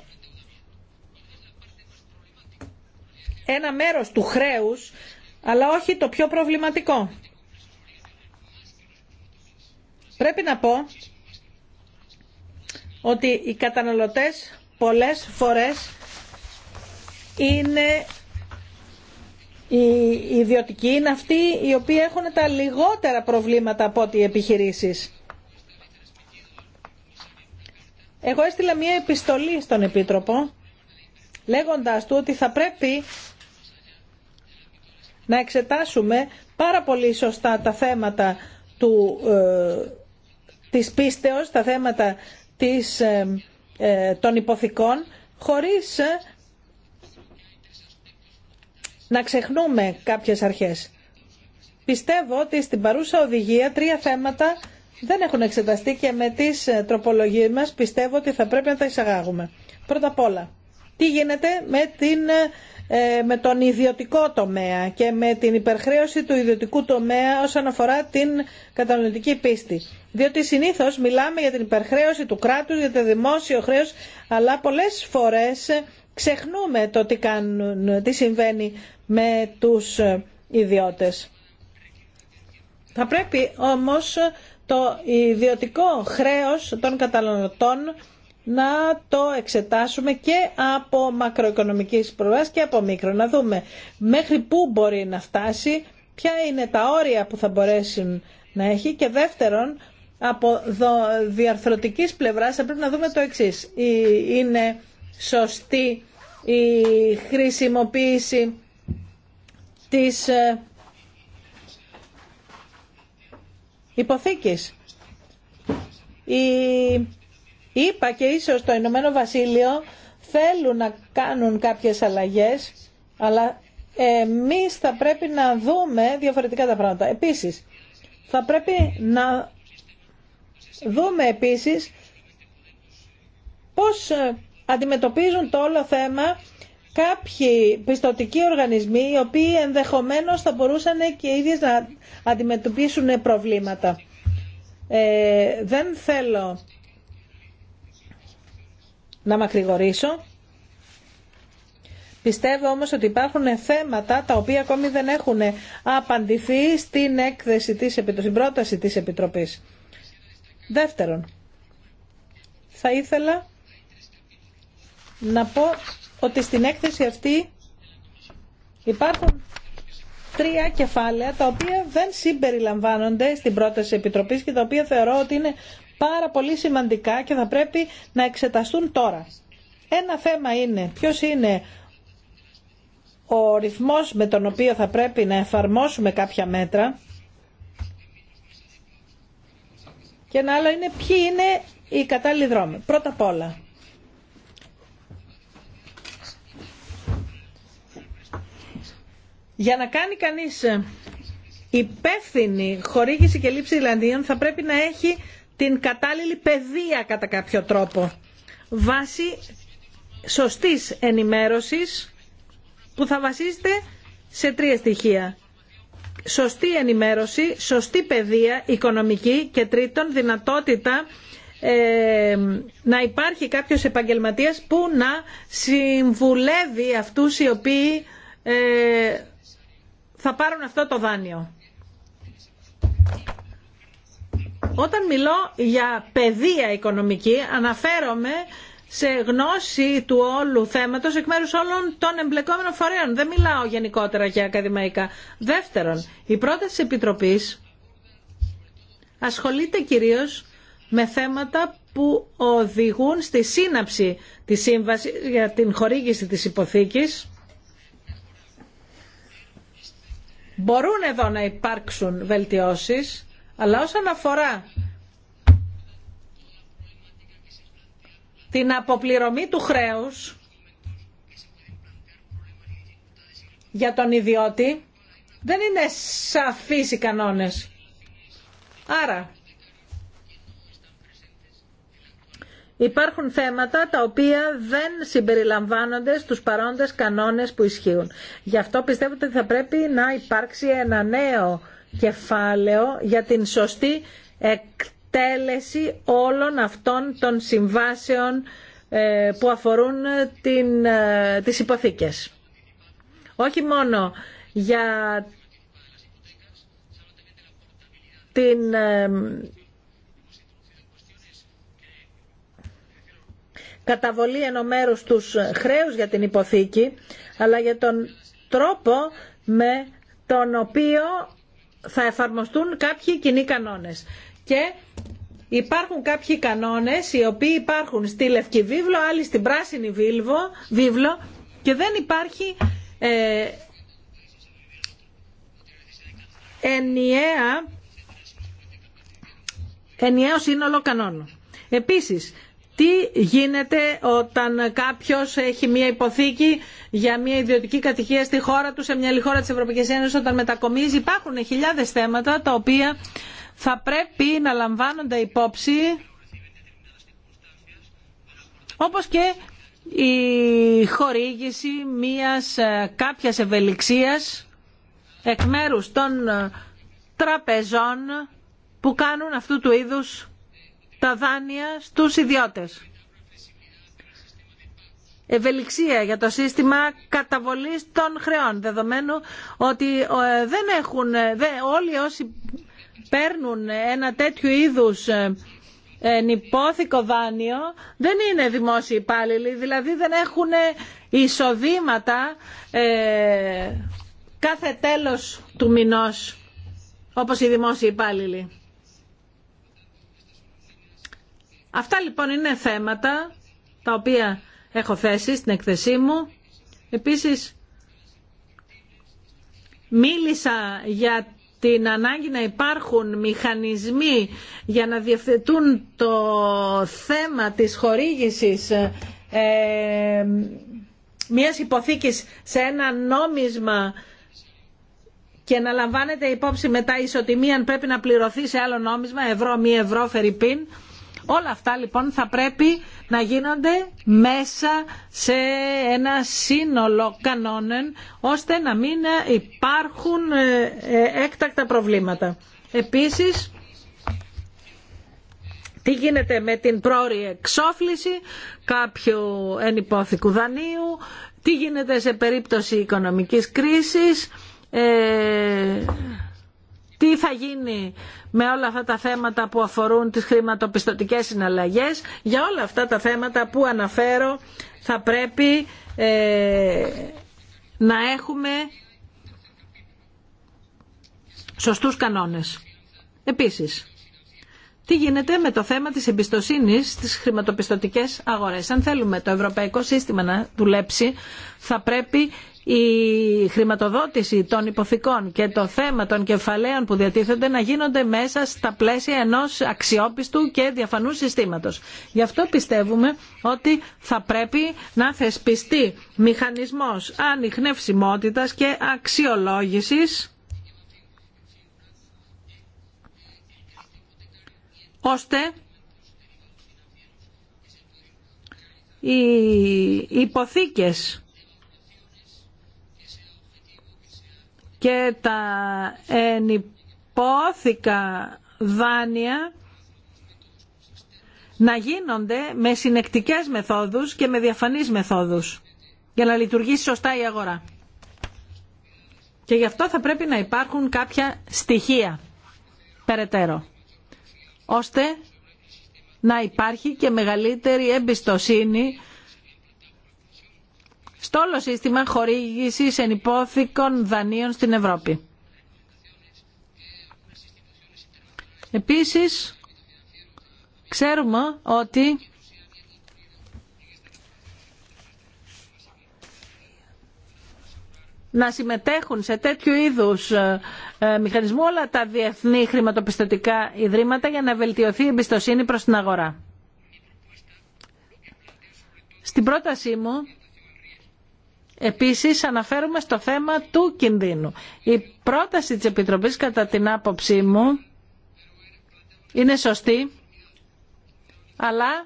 ένα μέρος του χρέους αλλά όχι το πιο προβληματικό. Πρέπει να πω ότι οι καταναλωτές πολλές φορές είναι οι ιδιωτικοί, είναι αυτοί οι οποίοι έχουν τα λιγότερα προβλήματα από ό,τι οι επιχειρήσεις. Εγώ έστειλα μια επιστολή στον Επίτροπο λέγοντας του ότι θα πρέπει να εξετάσουμε πάρα πολύ σωστά τα θέματα του, ε, της πίστεως, τα θέματα της, ε, ε, των υποθηκών, χωρίς να ξεχνούμε κάποιες αρχές. Πιστεύω ότι στην παρούσα οδηγία τρία θέματα δεν έχουν εξεταστεί και με τις τροπολογίες μας πιστεύω ότι θα πρέπει να τα εισαγάγουμε. Πρώτα απ' όλα, τι γίνεται με την ε, με τον ιδιωτικό τομέα και με την υπερχρέωση του ιδιωτικού τομέα όσον αφορά την κατανοητική πίστη. Διότι συνήθως μιλάμε για την υπερχρέωση του κράτους, για το δημόσιο χρέος, αλλά πολλές φορές ξεχνούμε το τι, κάνουν, τι συμβαίνει με τους ιδιώτες. Θα πρέπει όμως το ιδιωτικό χρέος των καταναλωτών να το εξετάσουμε και από μακροοικονομικής προβάσεις και από μικρο. Να δούμε μέχρι πού μπορεί να φτάσει, ποια είναι τα όρια που θα μπορέσουν να έχει και δεύτερον από διαρθρωτικής πλευράς θα πρέπει να δούμε το εξής. Είναι σωστή η χρησιμοποίηση της ε, υποθήκης. Η είπα και ίσως το Ηνωμένο Βασίλειο θέλουν να κάνουν κάποιες αλλαγές, αλλά εμείς θα πρέπει να δούμε διαφορετικά τα πράγματα. Επίσης, θα πρέπει να δούμε επίσης πώς αντιμετωπίζουν το όλο θέμα κάποιοι πιστοτικοί οργανισμοί οι οποίοι ενδεχομένως θα μπορούσαν και οι ίδιες να αντιμετωπίσουν προβλήματα. Ε, δεν θέλω να μακρηγορήσω. Πιστεύω όμως ότι υπάρχουν θέματα τα οποία ακόμη δεν έχουν απαντηθεί στην έκθεση της, στην πρόταση της Επιτροπής. Δεύτερον, θα ήθελα να πω ότι στην έκθεση αυτή υπάρχουν τρία κεφάλαια τα οποία δεν συμπεριλαμβάνονται στην πρόταση Επιτροπής και τα οποία θεωρώ ότι είναι πάρα πολύ σημαντικά και θα πρέπει να εξεταστούν τώρα. Ένα θέμα είναι ποιος είναι ο ρυθμός με τον οποίο θα πρέπει να εφαρμόσουμε κάποια μέτρα και ένα άλλο είναι ποιοι είναι οι κατάλληλοι δρόμοι. Πρώτα απ' όλα, για να κάνει κανείς υπεύθυνη χορήγηση και λήψη λαντίων θα πρέπει να έχει την κατάλληλη παιδεία κατά κάποιο τρόπο βάσει σωστής ενημέρωσης που θα βασίζεται σε τρία στοιχεία. Σωστή ενημέρωση, σωστή παιδεία, οικονομική και τρίτον δυνατότητα ε, να υπάρχει κάποιος επαγγελματίας που να συμβουλεύει αυτούς οι οποίοι ε, θα πάρουν αυτό το δάνειο. Όταν μιλώ για παιδεία οικονομική αναφέρομαι σε γνώση του όλου θέματος εκ μέρους όλων των εμπλεκόμενων φορέων. Δεν μιλάω γενικότερα για ακαδημαϊκά. Δεύτερον, η πρόταση της Επιτροπής ασχολείται κυρίως με θέματα που οδηγούν στη σύναψη της σύμβασης για την χορήγηση της υποθήκης. Μπορούν εδώ να υπάρξουν βελτιώσεις αλλά όσον αφορά την αποπληρωμή του χρέους για τον ιδιώτη, δεν είναι σαφείς οι κανόνες. Άρα, υπάρχουν θέματα τα οποία δεν συμπεριλαμβάνονται στους παρόντες κανόνες που ισχύουν. Γι' αυτό πιστεύω ότι θα πρέπει να υπάρξει ένα νέο κεφάλαιο για την σωστή εκτέλεση όλων αυτών των συμβάσεων ε, που αφορούν την, ε, τις υποθήκες. Όχι μόνο για την ε, καταβολή ενωμέρους τους χρέους για την υποθήκη, αλλά για τον τρόπο με τον οποίο θα εφαρμοστούν κάποιοι κοινοί κανόνες. Και υπάρχουν κάποιοι κανόνες οι οποίοι υπάρχουν στη Λευκή Βίβλο, άλλοι στην Πράσινη Βίβλο, και δεν υπάρχει ε, ενιαία, ενιαίο σύνολο κανόνων. Επίσης, τι γίνεται όταν κάποιος έχει μια υποθήκη για μια ιδιωτική κατοικία στη χώρα του, σε μια άλλη χώρα της Ευρωπαϊκής Ένωσης, όταν μετακομίζει. Υπάρχουν χιλιάδες θέματα τα οποία θα πρέπει να λαμβάνονται υπόψη, όπως και η χορήγηση μιας ε, κάποιας ευελιξίας εκ μέρους των ε, τραπεζών που κάνουν αυτού του είδους τα δάνεια στους ιδιώτες. Ευελιξία για το σύστημα καταβολής των χρεών, δεδομένου ότι ε, δεν έχουν, ε, όλοι όσοι παίρνουν ένα τέτοιο είδους ε, νυπόθηκο δάνειο δεν είναι δημόσιοι υπάλληλοι, δηλαδή δεν έχουν εισοδήματα κάθε τέλος του μηνός, όπως οι δημόσιοι υπάλληλοι. Αυτά λοιπόν είναι θέματα τα οποία έχω θέσει στην εκθεσή μου. Επίσης μίλησα για την ανάγκη να υπάρχουν μηχανισμοί για να διευθετούν το θέμα της χορήγησης ε, μιας υποθήκης σε ένα νόμισμα και να λαμβάνεται υπόψη μετά ισοτιμία αν πρέπει να πληρωθεί σε άλλο νόμισμα, ευρώ, μη ευρώ, φερρυπίν. Όλα αυτά λοιπόν θα πρέπει να γίνονται μέσα σε ένα σύνολο κανόνων ώστε να μην υπάρχουν ε, ε, έκτακτα προβλήματα. Επίσης, τι γίνεται με την πρόορη εξόφληση κάποιου ενυπόθηκου δανείου, τι γίνεται σε περίπτωση οικονομικής κρίσης, ε, τι θα γίνει με όλα αυτά τα θέματα που αφορούν τις χρηματοπιστωτικές συναλλαγές. Για όλα αυτά τα θέματα που αναφέρω θα πρέπει ε, να έχουμε σωστούς κανόνες. Επίσης, τι γίνεται με το θέμα της εμπιστοσύνης στις χρηματοπιστωτικές αγορές. Αν θέλουμε το ευρωπαϊκό σύστημα να δουλέψει, θα πρέπει η χρηματοδότηση των υποθηκών και το θέμα των κεφαλαίων που διατίθενται να γίνονται μέσα στα πλαίσια ενός αξιόπιστου και διαφανού συστήματος. Γι' αυτό πιστεύουμε ότι θα πρέπει να θεσπιστεί μηχανισμός ανιχνευσιμότητας και αξιολόγησης ώστε οι υποθήκες και τα ενυπόθηκα δάνεια να γίνονται με συνεκτικές μεθόδους και με διαφανείς μεθόδους για να λειτουργήσει σωστά η αγορά. Και γι' αυτό θα πρέπει να υπάρχουν κάποια στοιχεία περαιτέρω, ώστε να υπάρχει και μεγαλύτερη εμπιστοσύνη όλο σύστημα χορήγησης ενυπόθηκων δανείων στην Ευρώπη. Επίσης, ξέρουμε ότι να συμμετέχουν σε τέτοιου είδους ε, ε, μηχανισμού όλα τα διεθνή χρηματοπιστωτικά ιδρύματα για να βελτιωθεί η εμπιστοσύνη προς την αγορά. Στην πρότασή μου Επίσης αναφέρουμε στο θέμα του κινδύνου. Η πρόταση της Επιτροπής κατά την άποψή μου είναι σωστή, αλλά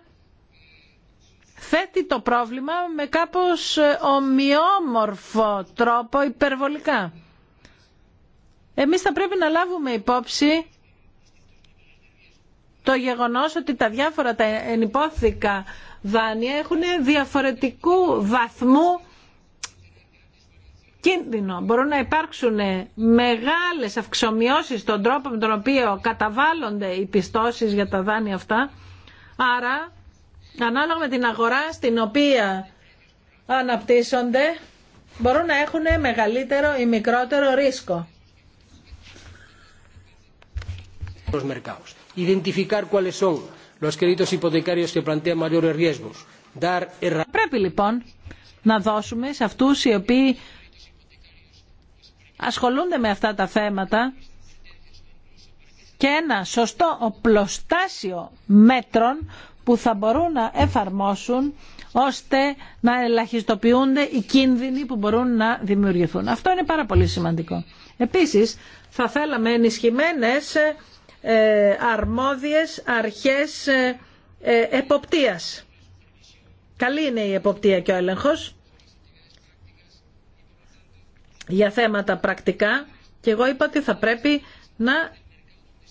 θέτει το πρόβλημα με κάπως ε, ομοιόμορφο τρόπο υπερβολικά. Εμείς θα πρέπει να λάβουμε υπόψη το γεγονός ότι τα διάφορα τα ενυπόθηκα δάνεια έχουν διαφορετικού βαθμού κίνδυνο. Μπορούν να υπάρξουν ε, μεγάλες αυξομοιώσεις στον τρόπο με τον οποίο καταβάλλονται οι πιστώσεις για τα δάνεια αυτά. Άρα, ανάλογα με την αγορά στην οποία αναπτύσσονται, μπορούν να έχουν μεγαλύτερο ή μικρότερο ρίσκο. Los mercados. Identificar cuáles son los créditos hipotecarios que plantean mayores riesgos. Πρέπει λοιπόν να δώσουμε σε αυτούς οι οποίοι ασχολούνται με αυτά τα θέματα και ένα σωστό οπλοστάσιο μέτρων που θα μπορούν να εφαρμόσουν ώστε να ελαχιστοποιούνται οι κίνδυνοι που μπορούν να δημιουργηθούν. Αυτό είναι πάρα πολύ σημαντικό. Επίσης, θα θέλαμε ενισχυμένες ε, αρμόδιες αρχές ε, ε, εποπτείας. Καλή είναι η εποπτεία και ο έλεγχος για θέματα πρακτικά και εγώ είπα ότι θα πρέπει να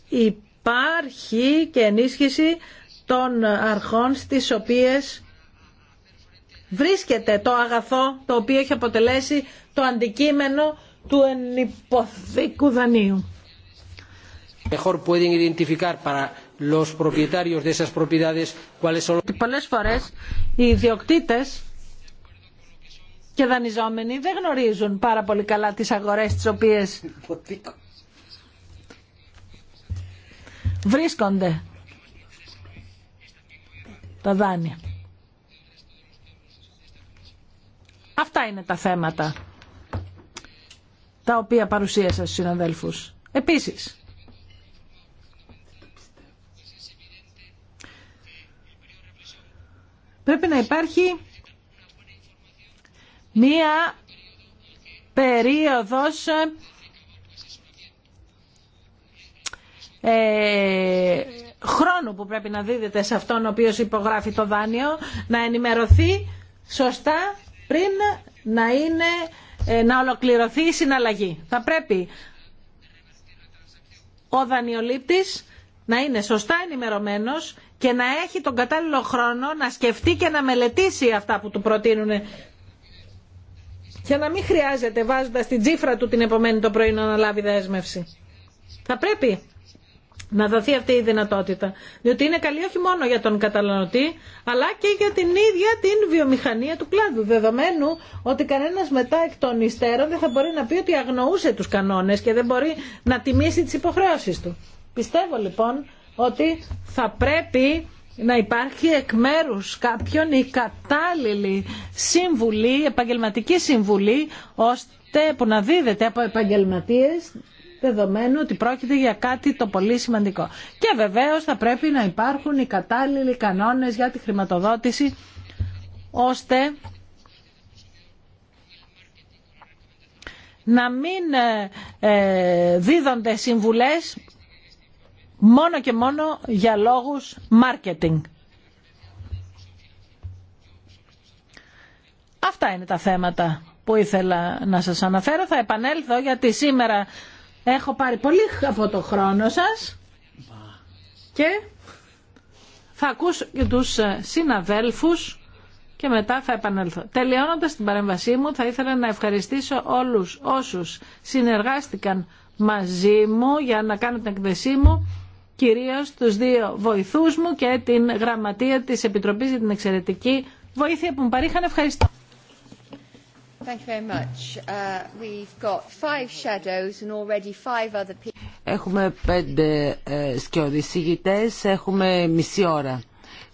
υπάρχει και ενίσχυση των αρχών στις οποίες βρίσκεται το αγαθό το οποίο έχει αποτελέσει το αντικείμενο του ενυποθήκου δανείου. Πολλές φορές οι ιδιοκτήτες και δανειζόμενοι δεν γνωρίζουν πάρα πολύ καλά τις αγορές τις οποίες βρίσκονται τα δάνεια. Αυτά είναι τα θέματα τα οποία παρουσίασα στους συναδέλφους. Επίσης, πρέπει να υπάρχει μία περίοδος ε, χρόνου που πρέπει να δίδεται σε αυτόν ο οποίος υπογράφει το δάνειο να ενημερωθεί σωστά πριν να, είναι, ε, να ολοκληρωθεί η συναλλαγή. Θα πρέπει ο δανειολήπτης να είναι σωστά ενημερωμένος και να έχει τον κατάλληλο χρόνο να σκεφτεί και να μελετήσει αυτά που του προτείνουν για να μην χρειάζεται βάζοντα την τσίφρα του την επομένη το πρωί να αναλάβει δέσμευση. Θα πρέπει να δοθεί αυτή η δυνατότητα. Διότι είναι καλή όχι μόνο για τον καταναλωτή, αλλά και για την ίδια την βιομηχανία του κλάδου. Δεδομένου ότι κανένα μετά εκ των υστέρων δεν θα μπορεί να πει ότι αγνοούσε του κανόνε και δεν μπορεί να τιμήσει τι υποχρεώσει του. Πιστεύω λοιπόν ότι θα πρέπει να υπάρχει εκ μέρου κάποιον η κατάλληλη συμβουλή, επαγγελματική συμβουλή, ώστε που να δίδεται από επαγγελματίε δεδομένου ότι πρόκειται για κάτι το πολύ σημαντικό. Και βεβαίως θα πρέπει να υπάρχουν οι κατάλληλοι κανόνες για τη χρηματοδότηση ώστε να μην ε, ε, δίδονται συμβουλές μόνο και μόνο για λόγους marketing. Αυτά είναι τα θέματα που ήθελα να σας αναφέρω. Θα επανέλθω γιατί σήμερα έχω πάρει πολύ από το χρόνο σας και θα ακούσω και τους ε, συναδέλφους και μετά θα επανέλθω. Τελειώνοντας την παρέμβασή μου θα ήθελα να ευχαριστήσω όλους όσους συνεργάστηκαν μαζί μου για να κάνω την εκδεσή μου κυρίως τους δύο βοηθούς μου και την γραμματεία της Επιτροπής για την εξαιρετική βοήθεια που μου παρήχαν. Ευχαριστώ. Έχουμε πέντε ε, σκιωδησίγητες, έχουμε μισή ώρα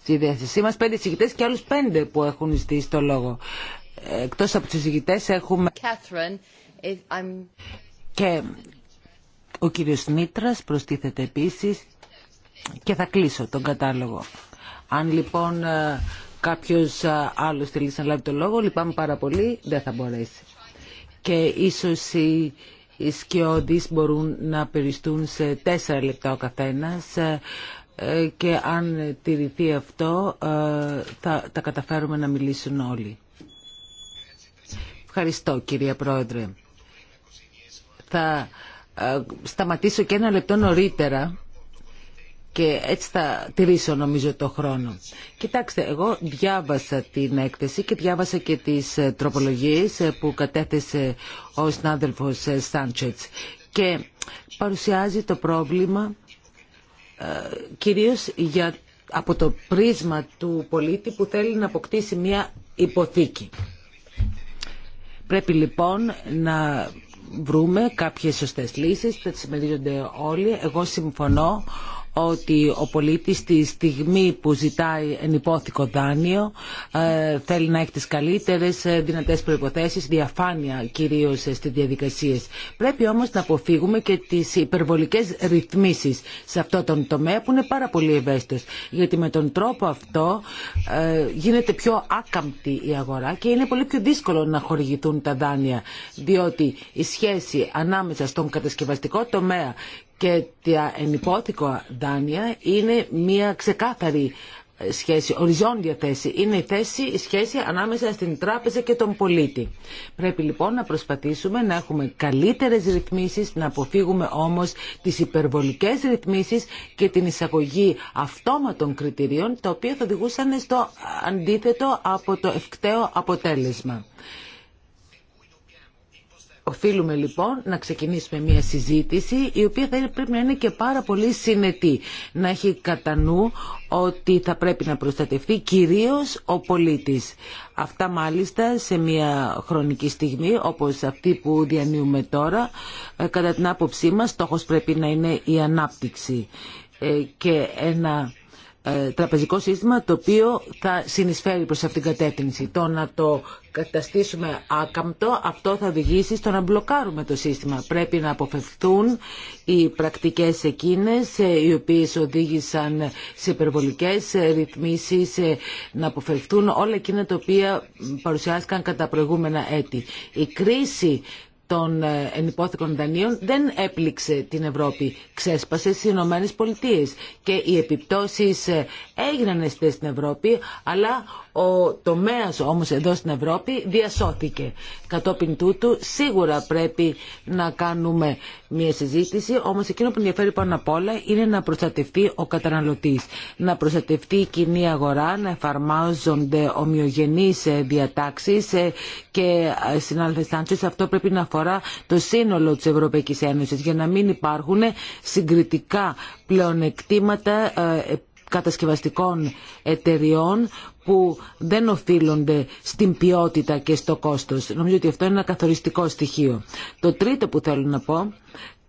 στη διάθεσή μας, πέντε συγητές και άλλους πέντε που έχουν ειστεί το λόγο. Εκτός από τους συγητές έχουμε... Και ο κύριος Νίτρας προστίθεται επίσης και θα κλείσω τον κατάλογο. Αν λοιπόν ε, κάποιος ε, άλλος θέλει να λάβει το λόγο, λυπάμαι πάρα πολύ, δεν θα μπορέσει. Και ίσως οι, οι μπορούν να περιστούν σε τέσσερα λεπτά ο καθένας ε, και αν τηρηθεί αυτό θα τα καταφέρουμε να μιλήσουν όλοι. Ευχαριστώ κυρία Πρόεδρε. Θα σταματήσω και ένα λεπτό νωρίτερα και έτσι θα τηρήσω νομίζω το χρόνο. Κοιτάξτε, εγώ διάβασα την έκθεση και διάβασα και τις ε, τροπολογίες ε, που κατέθεσε ο συνάδελφος ε, Σάντσετς και παρουσιάζει το πρόβλημα κυρίως για, από το πρίσμα του πολίτη που θέλει να αποκτήσει μια υποθήκη. Πρέπει λοιπόν να βρούμε κάποιες σωστές λύσεις, θα τις όλοι. Εγώ συμφωνώ ότι ο πολίτης τη στιγμή που ζητάει ενυπόθηκο δάνειο ε, θέλει να έχει τις καλύτερες ε, δυνατές προϋποθέσεις, διαφάνεια κυρίως ε, στις διαδικασίες. Πρέπει όμως να αποφύγουμε και τις υπερβολικές ρυθμίσεις σε αυτό τον τομέα που είναι πάρα πολύ ευαίσθητος. Γιατί με τον τρόπο αυτό γίνεται πιο άκαμπτη η αγορά και είναι πολύ πιο δύσκολο να χορηγηθούν τα δάνεια. Διότι η σχέση ανάμεσα στον κατασκευαστικό τομέα και τα ενυπόθηκα δάνεια είναι μια ξεκάθαρη ε, σχέση, οριζόντια θέση. Είναι η θέση, η σχέση ανάμεσα στην τράπεζα και τον πολίτη. Πρέπει λοιπόν να προσπαθήσουμε να έχουμε καλύτερες ρυθμίσεις, να αποφύγουμε όμως τις υπερβολικές ρυθμίσεις και την εισαγωγή αυτόματων κριτηρίων, τα οποία θα οδηγούσαν στο αντίθετο από το ευκταίο αποτέλεσμα. Οφείλουμε λοιπόν να ξεκινήσουμε μια συζήτηση η οποία θα πρέπει να είναι και πάρα πολύ συνετή. Να έχει κατά νου ότι θα πρέπει να προστατευτεί κυρίως ο πολίτης. Αυτά μάλιστα σε μια χρονική στιγμή όπως αυτή που διανύουμε τώρα. Ε, κατά την άποψή μας στόχος πρέπει να είναι η ανάπτυξη ε, και ένα ε, τραπεζικό σύστημα το οποίο θα συνεισφέρει προς αυτήν την κατεύθυνση. Το να το καταστήσουμε άκαμπτο, αυτό θα οδηγήσει στο να μπλοκάρουμε το σύστημα. Πρέπει να αποφευθούν οι πρακτικές εκείνες ε, οι οποίες οδήγησαν σε υπερβολικές ε, ρυθμίσεις, να αποφευθούν όλα εκείνα τα οποία παρουσιάστηκαν κατά προηγούμενα έτη. Η κρίση των ε, ενυπόθηκων δανείων δεν έπληξε την Ευρώπη. Ξέσπασε στι Ηνωμένε Πολιτείε και οι επιπτώσει ε, έγιναν στην Ευρώπη, αλλά ο τομέας όμως εδώ στην Ευρώπη διασώθηκε. Κατόπιν τούτου σίγουρα πρέπει να κάνουμε μια συζήτηση, όμως εκείνο που ενδιαφέρει πάνω απ' όλα είναι να προστατευτεί ο καταναλωτής, να προστατευτεί η κοινή αγορά, να εφαρμάζονται ομοιογενείς διατάξεις και συναλφεστάνσεις. Αυτό πρέπει να αφορά το σύνολο της Ευρωπαϊκής Ένωσης για να μην υπάρχουν συγκριτικά πλεονεκτήματα ε, κατασκευαστικών εταιριών που δεν οφείλονται στην ποιότητα και στο κόστος. Νομίζω ότι αυτό είναι ένα καθοριστικό στοιχείο. Το τρίτο που θέλω να πω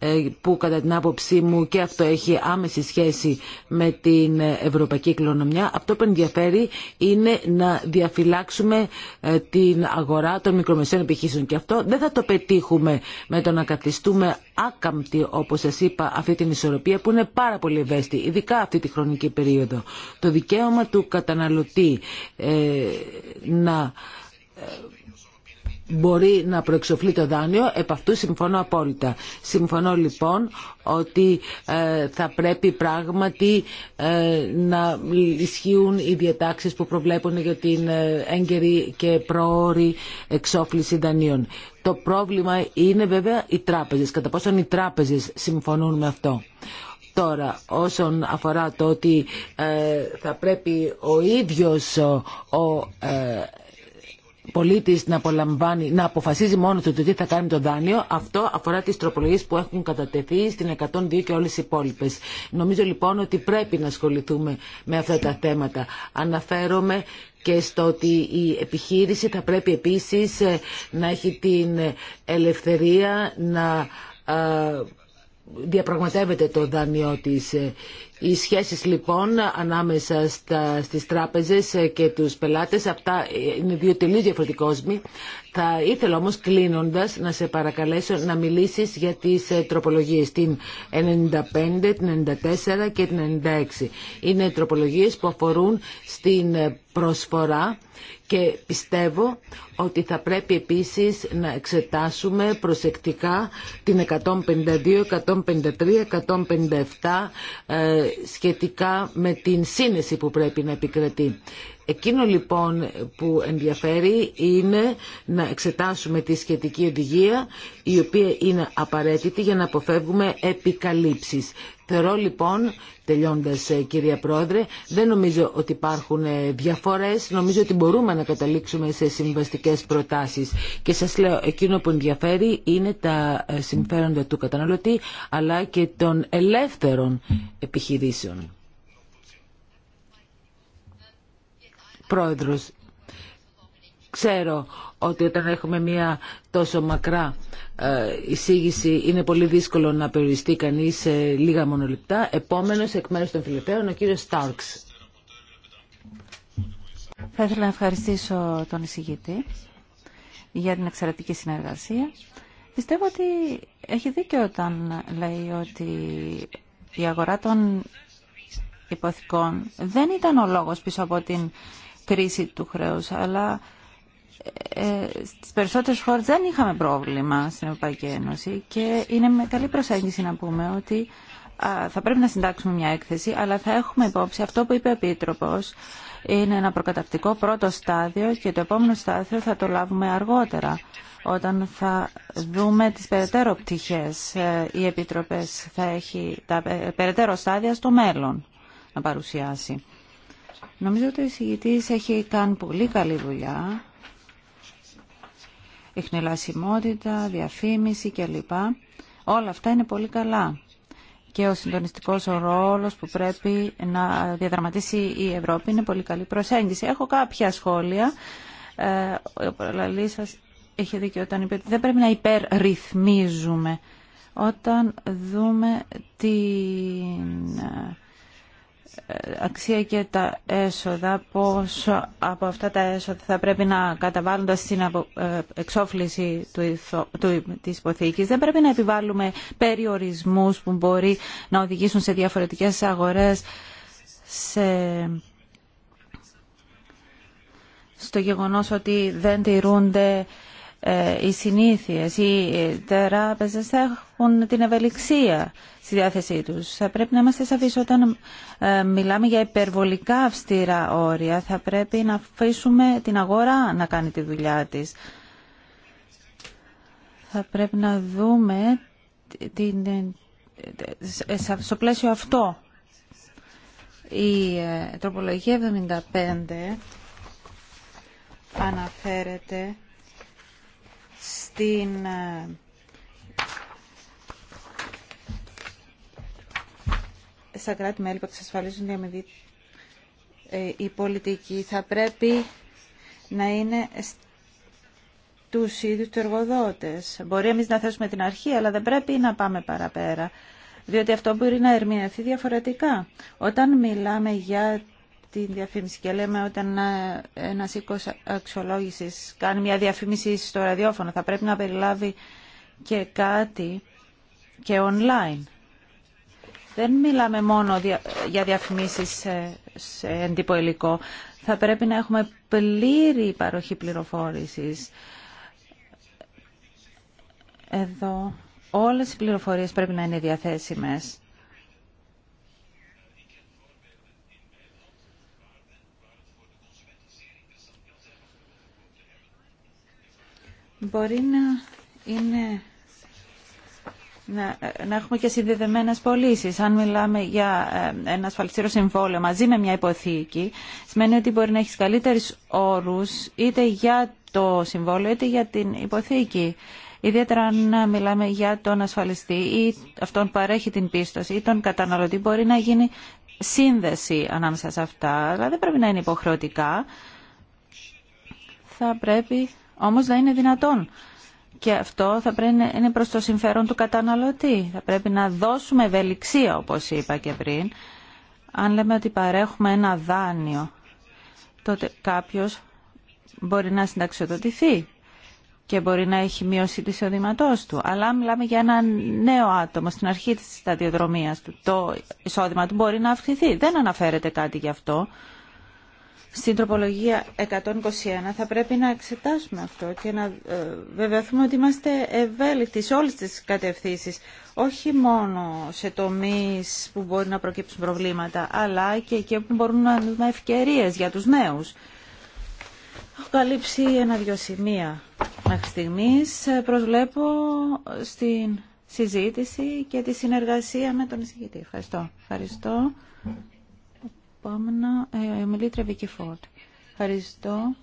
ε, που κατά την άποψή μου και αυτό έχει άμεση σχέση με την ευρωπαϊκή κληρονομιά. Αυτό που ενδιαφέρει είναι να διαφυλάξουμε ε, την αγορά των μικρομεσαίων επιχείρησεων και αυτό δεν θα το πετύχουμε με το να καθιστούμε άκαμπτη, όπως σας είπα, αυτή την ισορροπία που είναι πάρα πολύ ευαίσθητη, ειδικά αυτή τη χρονική περίοδο. Το δικαίωμα του καταναλωτή ε, να μπορεί να προεξοφλεί το δάνειο, επ' αυτού συμφωνώ απόλυτα. Συμφωνώ λοιπόν ότι ε, θα πρέπει πράγματι ε, να ισχύουν οι διατάξεις που προβλέπουν για την ε, έγκαιρη και προώρη εξόφληση δανείων. Το πρόβλημα είναι βέβαια οι τράπεζες, κατά πόσον οι τράπεζες συμφωνούν με αυτό. Τώρα, όσον αφορά το ότι θα πρέπει ο ίδιος ο πολίτης να, να αποφασίζει μόνο του το τι θα κάνει το δάνειο, αυτό αφορά τις τροπολογίες που έχουν κατατεθεί στην 102 και όλες οι υπόλοιπε. Νομίζω λοιπόν ότι πρέπει να ασχοληθούμε με αυτά τα θέματα. Αναφέρομαι και στο ότι η επιχείρηση θα πρέπει επίσης ε, να έχει την ελευθερία να ε, διαπραγματεύεται το δάνειό της οι σχέσεις λοιπόν ανάμεσα στα, στις τράπεζες και τους πελάτες, αυτά είναι δύο τελείως διαφορετικοί Θα ήθελα όμως κλείνοντας να σε παρακαλέσω να μιλήσεις για τις ε, τροπολογίες, την 95, την 94 και την 96. Είναι τροπολογίες που αφορούν στην ε, προσφορά και πιστεύω ότι θα πρέπει επίσης να εξετάσουμε προσεκτικά την 152, 153, 157 σχετικά με την σύνεση που πρέπει να επικρατεί. Εκείνο λοιπόν που ενδιαφέρει είναι να εξετάσουμε τη σχετική οδηγία η οποία είναι απαραίτητη για να αποφεύγουμε επικαλύψεις. Θεωρώ λοιπόν, τελειώντας ε, κυρία Πρόεδρε, δεν νομίζω ότι υπάρχουν ε, διαφορές, νομίζω ότι μπορούμε να καταλήξουμε σε συμβαστικές προτάσεις. Και σας λέω, εκείνο που ενδιαφέρει είναι τα ε, συμφέροντα του καταναλωτή, αλλά και των ελεύθερων επιχειρήσεων. Πρόεδρος, Ξέρω ότι όταν έχουμε μία τόσο μακρά ε, εισήγηση είναι πολύ δύσκολο να περιοριστεί κανείς σε λίγα μονολεπτά. Επόμενος εκ μέρους των Φιλιππέων ο κύριος Στάρξ. Θα ήθελα να ευχαριστήσω τον εισηγητή για την εξαιρετική συνεργασία. Πιστεύω ότι έχει δίκιο όταν λέει ότι η αγορά των υποθηκών δεν ήταν ο λόγος πίσω από την κρίση του χρέους, αλλά ε, στις περισσότερες χώρες δεν είχαμε πρόβλημα στην Ευρωπαϊκή Ένωση και είναι με καλή προσέγγιση να πούμε ότι θα πρέπει να συντάξουμε μια έκθεση, αλλά θα έχουμε υπόψη αυτό που είπε ο Επίτροπος είναι ένα προκαταπτικό πρώτο στάδιο και το επόμενο στάδιο θα το λάβουμε αργότερα όταν θα δούμε τις περαιτέρω πτυχές. Ε, οι Επίτροπες θα έχει τα ε, περαιτέρω στάδια στο μέλλον να παρουσιάσει. Νομίζω ότι ο εισηγητής έχει κάνει πολύ καλή δουλειά ιχνηλασιμότητα, διαφήμιση κλπ. Όλα αυτά είναι πολύ καλά και ο συντονιστικός ρόλος που πρέπει να διαδραματίσει η Ευρώπη είναι πολύ καλή προσέγγιση. Έχω κάποια σχόλια. Ε, ο Παραλαλής σας είχε δίκιο όταν είπε ότι δεν πρέπει να υπερρυθμίζουμε. Όταν δούμε την ε, αξία και τα έσοδα, πόσο από αυτά τα έσοδα θα πρέπει να καταβάλλονται στην ε, εξόφληση του της υποθήκης. Δεν πρέπει να επιβάλλουμε περιορισμούς που μπορεί να οδηγήσουν σε διαφορετικές αγορές, στο γεγονός ότι δεν τηρούνται ε, οι συνήθειες. Οι ε, τεράπεζες έχουν την ευελιξία στη διάθεσή του. Θα πρέπει να είμαστε σαφεί όταν ε, μιλάμε για υπερβολικά αυστηρά όρια. Θα πρέπει να αφήσουμε την αγορά να κάνει τη δουλειά της. Θα πρέπει να δούμε την, ε, στο πλαίσιο αυτό η ε, τροπολογία 75 αναφέρεται στην στα κράτη-μέλη που εξασφαλίζουν ε, η πολιτική θα πρέπει να είναι τους ίδιους του εργοδότες. Μπορεί εμείς να θέσουμε την αρχή, αλλά δεν πρέπει να πάμε παραπέρα, διότι αυτό μπορεί να ερμηνευθεί διαφορετικά. Όταν μιλάμε για την διαφήμιση και λέμε όταν ένα οίκο αξιολόγηση κάνει μια διαφήμιση στο ραδιόφωνο, θα πρέπει να περιλάβει και κάτι και online. Δεν μιλάμε μόνο για διαφημίσεις σε, εντύπω υλικό. Θα πρέπει να έχουμε πλήρη παροχή πληροφόρησης. Εδώ όλες οι πληροφορίες πρέπει να είναι διαθέσιμες. Μπορεί να είναι να, έχουμε και συνδεδεμένες πωλήσει. Αν μιλάμε για ε, ένα ασφαλιστήριο συμβόλαιο μαζί με μια υποθήκη, σημαίνει ότι μπορεί να έχει καλύτερους όρους είτε για το συμβόλαιο είτε για την υποθήκη. Ιδιαίτερα αν μιλάμε για τον ασφαλιστή ή αυτόν που παρέχει την πίστοση ή τον καταναλωτή, μπορεί να γίνει σύνδεση ανάμεσα σε αυτά, αλλά δεν πρέπει να είναι υποχρεωτικά. Θα πρέπει όμως να είναι δυνατόν και αυτό θα πρέπει να είναι προς το συμφέρον του καταναλωτή. Θα πρέπει να δώσουμε ευελιξία, όπως είπα και πριν. Αν λέμε ότι παρέχουμε ένα δάνειο, τότε κάποιος μπορεί να συνταξιοδοτηθεί και μπορεί να έχει μείωση του εισοδήματό του. Αλλά μιλάμε για ένα νέο άτομο στην αρχή της σταδιοδρομίας του. Το εισόδημα του μπορεί να αυξηθεί. Δεν αναφέρεται κάτι γι' αυτό στην τροπολογία 121 θα πρέπει να εξετάσουμε αυτό και να ε, βεβαιωθούμε ότι είμαστε ευέλικτοι σε όλες τις κατευθύνσεις, όχι μόνο σε τομείς που μπορεί να προκύψουν προβλήματα, αλλά και εκεί που μπορούν να δούμε ευκαιρίες για τους νέους. Έχω καλύψει ένα-δυο σημεία μέχρι στιγμής. Προσβλέπω στην συζήτηση και τη συνεργασία με τον εισηγητή. Ευχαριστώ. Ευχαριστώ. Ε, Φόρτ. Ευχαριστώ.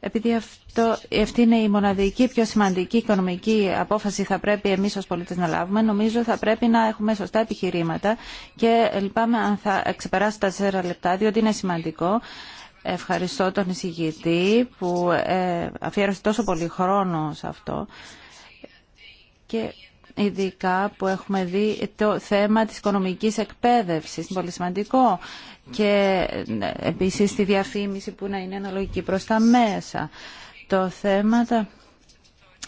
Επειδή αυτό, αυτή είναι η μοναδική πιο σημαντική οικονομική απόφαση θα πρέπει εμείς ως πολίτες να λάβουμε, νομίζω θα πρέπει να έχουμε σωστά επιχειρήματα και λυπάμαι αν θα ξεπεράσει τα τέσσερα λεπτά, διότι είναι σημαντικό. Ευχαριστώ τον εισηγητή που ε, αφιέρωσε τόσο πολύ χρόνο σε αυτό. Και ειδικά που έχουμε δει το θέμα της οικονομικής εκπαίδευσης, πολύ σημαντικό και ε, επίσης τη διαφήμιση που να είναι αναλογική προς τα μέσα. Το θέμα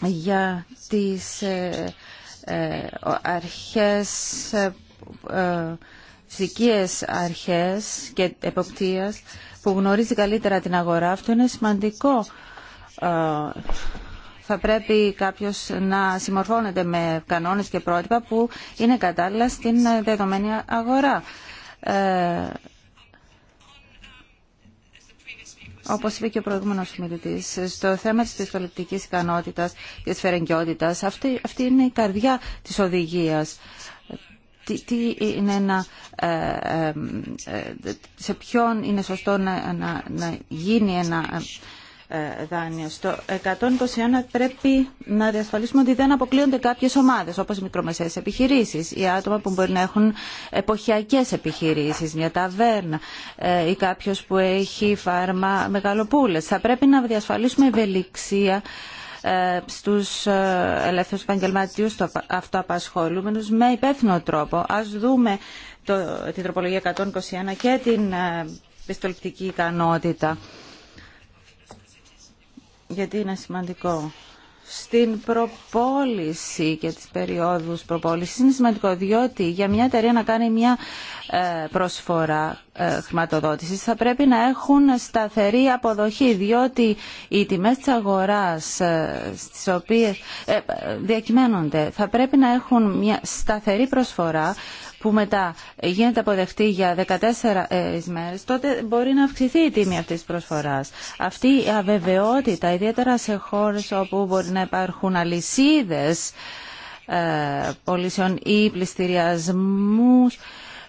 για τις ε, ε, αρχές δικέ αρχές και εποπτείας που γνωρίζει καλύτερα την αγορά. Αυτό είναι σημαντικό θα πρέπει κάποιο να συμμορφώνεται με κανόνες και πρότυπα που είναι κατάλληλα στην δεδομένη αγορά. Ε, όπως είπε και ο προηγούμενο μιλητή, στο θέμα της πιστοληπτικής ικανότητας, της φερενκιότητας, αυτή, αυτή είναι η καρδιά της οδηγία. Τι, είναι ένα, ε, ε, ε, σε ποιον είναι σωστό να, να, να γίνει ένα δάνειο. Στο 121 πρέπει να διασφαλίσουμε ότι δεν αποκλείονται κάποιες ομάδες, όπως οι μικρομεσαίες επιχειρήσεις, οι άτομα που μπορεί να έχουν εποχιακές επιχειρήσεις, μια ταβέρνα ε, ή κάποιος που έχει φάρμα μεγαλοπούλες. Θα πρέπει να διασφαλίσουμε ευελιξία ε, στους ε, ελεύθερους επαγγελματίους αυτοαπασχολούμενους με υπεύθυνο τρόπο. Ας δούμε την τροπολογία 121 και την πιστοληπτική ικανότητα γιατί είναι σημαντικό. Στην προπόληση και τις περιόδους προπόλησης είναι σημαντικό διότι για μια εταιρεία να κάνει μια ε, προσφορά ε, χρηματοδότησης θα πρέπει να έχουν σταθερή αποδοχή διότι οι τιμές της αγοράς ε, στις οποίες διακυμαίνονται θα πρέπει να έχουν μια σταθερή προσφορά που μετά γίνεται αποδεκτή για 14 ε, μέρες, τότε μπορεί να αυξηθεί η τιμή αυτής της προσφοράς. Αυτή η αβεβαιότητα, ιδιαίτερα σε χώρες όπου μπορεί να υπάρχουν αλυσίδες ε, πωλήσεων ή πληστηριασμούς,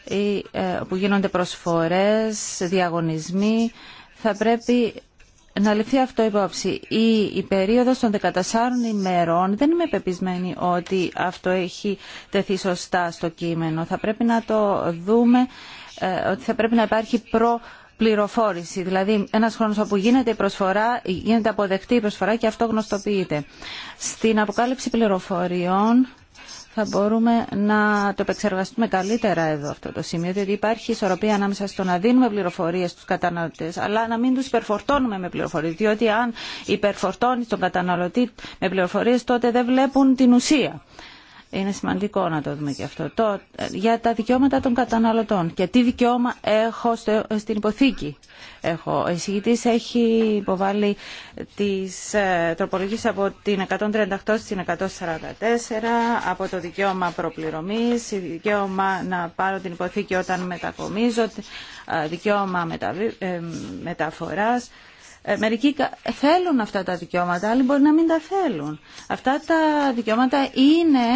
ε, που γίνονται προσφορές, διαγωνισμοί, θα πρέπει να ληφθεί αυτό υπόψη. Η, η περίοδος των 14 ημερών δεν είμαι πεπισμένη ότι αυτό έχει τεθεί σωστά στο κείμενο. Θα πρέπει να το δούμε ε, ότι θα πρέπει να υπάρχει προ πληροφόρηση. Δηλαδή, ένας χρόνος όπου γίνεται, η προσφορά, γίνεται αποδεκτή η προσφορά και αυτό γνωστοποιείται. Στην αποκάλυψη πληροφοριών θα μπορούμε να το επεξεργαστούμε καλύτερα εδώ αυτό το σημείο, διότι υπάρχει ισορροπία ανάμεσα στο να δίνουμε πληροφορίες στους καταναλωτές, αλλά να μην τους υπερφορτώνουμε με πληροφορίες, διότι αν υπερφορτώνει τον καταναλωτή με πληροφορίες, τότε δεν βλέπουν την ουσία. Είναι σημαντικό να το δούμε και αυτό. Το, για τα δικαιώματα των καταναλωτών και τι δικαιώμα έχω στην υποθήκη. Έχω. Ο εισηγητή έχει υποβάλει τι ε, από την 138 στην 144, από το δικαίωμα προπληρωμής, δικαίωμα να πάρω την υποθήκη όταν μετακομίζω, ε, δικαίωμα μεταβι, ε, μεταφοράς ε, μερικοί θέλουν αυτά τα δικαιώματα, άλλοι μπορεί να μην τα θέλουν. Αυτά τα δικαιώματα είναι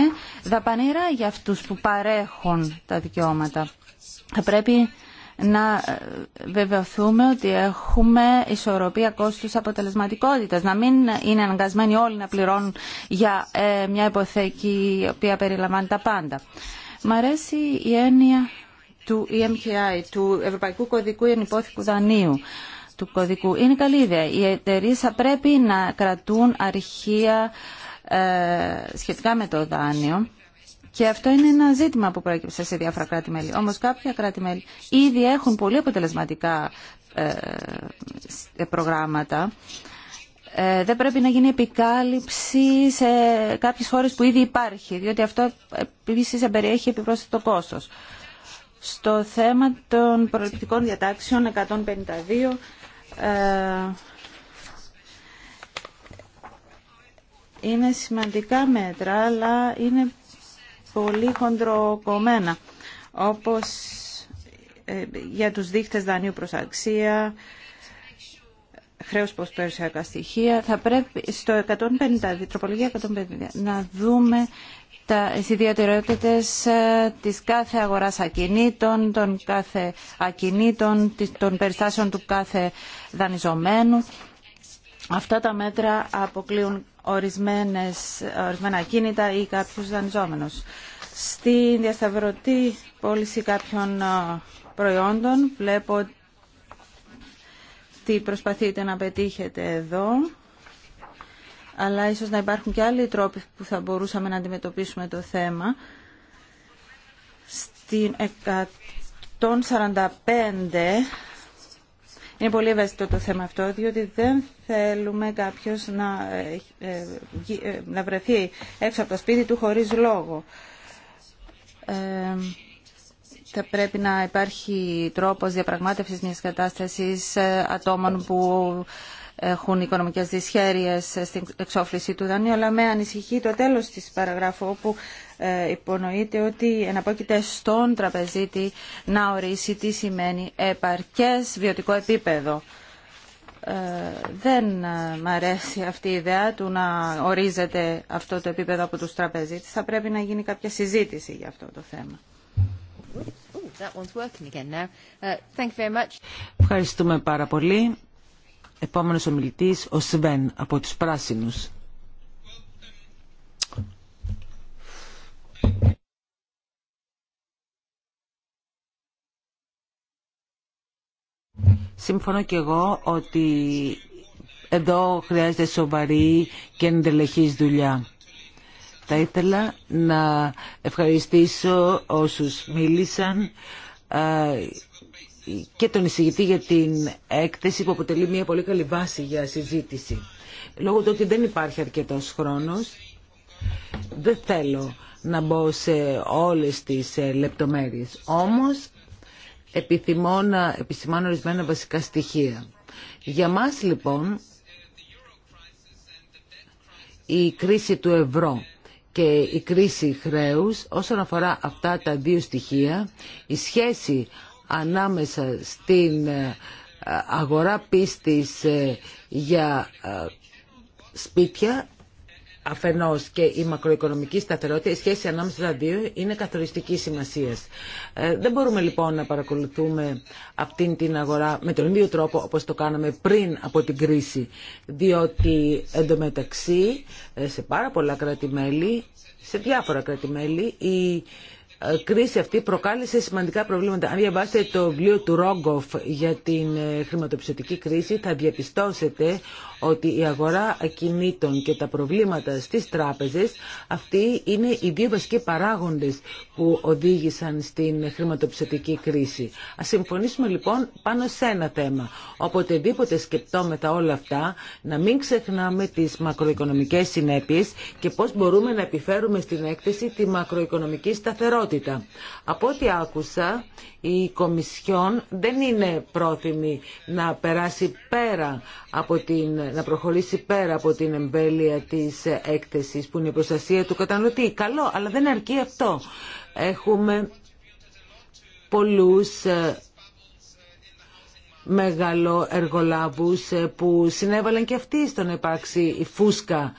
δαπανηρά για αυτούς που παρέχουν τα δικαιώματα. Θα πρέπει να ε, βεβαιωθούμε ότι έχουμε ισορροπία κόστους αποτελεσματικότητας. Να μην είναι αναγκασμένοι όλοι να πληρώνουν για ε, μια υποθέκη η οποία περιλαμβάνει τα πάντα. Μ' αρέσει η έννοια του EMKI, του Ευρωπαϊκού Κωδικού Ενυπόθηκου Δανείου, του κωδικού. Είναι καλή ιδέα. Οι εταιρείε θα πρέπει να κρατούν αρχεία ε, σχετικά με το δάνειο. Και αυτό είναι ένα ζήτημα που προέκυψε σε διάφορα κράτη-μέλη. Όμως κάποια κράτη-μέλη ήδη έχουν πολύ αποτελεσματικά ε, ε, προγράμματα. δεν πρέπει να γίνει επικάλυψη σε κάποιες χώρες που ήδη υπάρχει, διότι αυτό επίσης εμπεριέχει επιπρόσθετο κόστος. Στο θέμα των προληπτικών διατάξεων 152 ε, είναι σημαντικά μέτρα, αλλά είναι πολύ χοντροκομμένα, όπως ε, για τους δείχτες δανείου προς αξία, χρέος προς περιουσιακά στοιχεία. Θα πρέπει στο 150, τροπολογία 150, να δούμε τις ιδιαιτερότητες ε, της κάθε αγοράς ακινήτων, των κάθε ακινήτων, των περιστάσεων του κάθε δανειζομένου. Αυτά τα μέτρα αποκλείουν ορισμένες, ορισμένα ακίνητα ή κάποιους δανειζόμενους. Στην διασταυρωτή πώληση κάποιων ε, προϊόντων βλέπω τι προσπαθείτε να πετύχετε εδώ αλλά ίσως να υπάρχουν και άλλοι τρόποι που θα μπορούσαμε να αντιμετωπίσουμε το θέμα. Στην 145 είναι πολύ ευαίσθητο το θέμα αυτό, διότι δεν θέλουμε κάποιος να, ε, ε, ε, να βρεθεί έξω από το σπίτι του χωρίς λόγο. θα πρέπει να υπάρχει τρόπος διαπραγμάτευσης μιας κατάστασης ατόμων που έχουν οικονομικές δυσχέρειες στην εξόφληση του δανείου, αλλά με ανησυχεί το τέλος της παραγράφου όπου ε, υπονοείται ότι εναπόκειται στον τραπεζίτη να ορίσει τι σημαίνει επαρκές βιωτικό επίπεδο. Ε, δεν ε, μ' αρέσει αυτή η ιδέα του να ορίζεται αυτό το επίπεδο από τους τραπεζίτες. Θα πρέπει να γίνει κάποια συζήτηση για αυτό το θέμα. Uh, Ευχαριστούμε πάρα πολύ. Επόμενος ομιλητής, ο Σβέν από τους Πράσινους. Συμφωνώ και εγώ ότι εδώ χρειάζεται σοβαρή και εντελεχής δουλειά. Θα ήθελα να ευχαριστήσω όσους μίλησαν ε, και τον εισηγητή για την έκθεση που αποτελεί μια πολύ καλή βάση για συζήτηση. Λόγω του ότι δεν υπάρχει αρκετός χρόνος, δεν θέλω να μπω σε όλες τις ε, λεπτομέρειες. Όμως, επιθυμώ να επισημάνω ορισμένα βασικά στοιχεία. Για μας, λοιπόν, η κρίση του ευρώ και η κρίση χρέους, όσον αφορά αυτά τα δύο στοιχεία, η σχέση ανάμεσα στην ε, αγορά πίστης ε, για ε, σπίτια αφενός και η μακροοικονομική σταθερότητα, η σχέση ανάμεσα στα δύο είναι καθοριστική σημασίας. δεν μπορούμε λοιπόν να παρακολουθούμε αυτήν την αγορά με τον ίδιο τρόπο όπως το κάναμε πριν από την κρίση, διότι εντωμεταξύ σε πάρα πολλά κράτη-μέλη, σε διάφορα κράτη-μέλη, ε, κρίση αυτή προκάλεσε σημαντικά προβλήματα. Αν διαβάσετε το βιβλίο του Ρόγκοφ για την ε, χρηματοπιστωτική κρίση θα διαπιστώσετε ότι η αγορά ακινήτων και τα προβλήματα στις τράπεζες αυτοί είναι οι δύο βασικοί παράγοντες που οδήγησαν στην χρηματοπιστωτική κρίση. Ας συμφωνήσουμε λοιπόν πάνω σε ένα θέμα. Οποτεδήποτε σκεπτόμεθα όλα αυτά, να μην ξεχνάμε τις μακροοικονομικές συνέπειες και πώς μπορούμε να επιφέρουμε στην έκθεση τη μακροοικονομική σταθερότητα. Από ό,τι άκουσα, η Κομισιόν δεν είναι πρόθυμη να περάσει πέρα από την να προχωρήσει πέρα από την εμβέλεια της έκθεσης που είναι η προστασία του καταναλωτή. Καλό, αλλά δεν αρκεί αυτό. Έχουμε πολλούς ε, μεγάλο εργολάβους ε, που συνέβαλαν και αυτοί στο να υπάρξει η φούσκα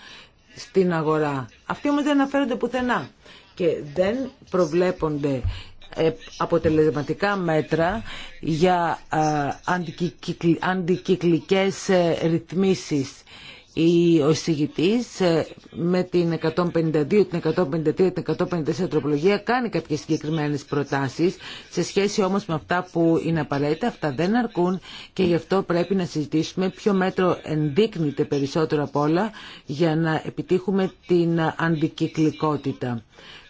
στην αγορά. Αυτοί όμως δεν αναφέρονται πουθενά και δεν προβλέπονται ε, αποτελεσματικά μέτρα για ε, αντικυκλικές ε, ρυθμίσεις. Ο συγητής με την 152, την 153, την 154 τροπολογία κάνει κάποιες συγκεκριμένες προτάσεις σε σχέση όμως με αυτά που είναι απαραίτητα. Αυτά δεν αρκούν και γι' αυτό πρέπει να συζητήσουμε ποιο μέτρο ενδείκνυται περισσότερο απ' όλα για να επιτύχουμε την αντικυκλικότητα.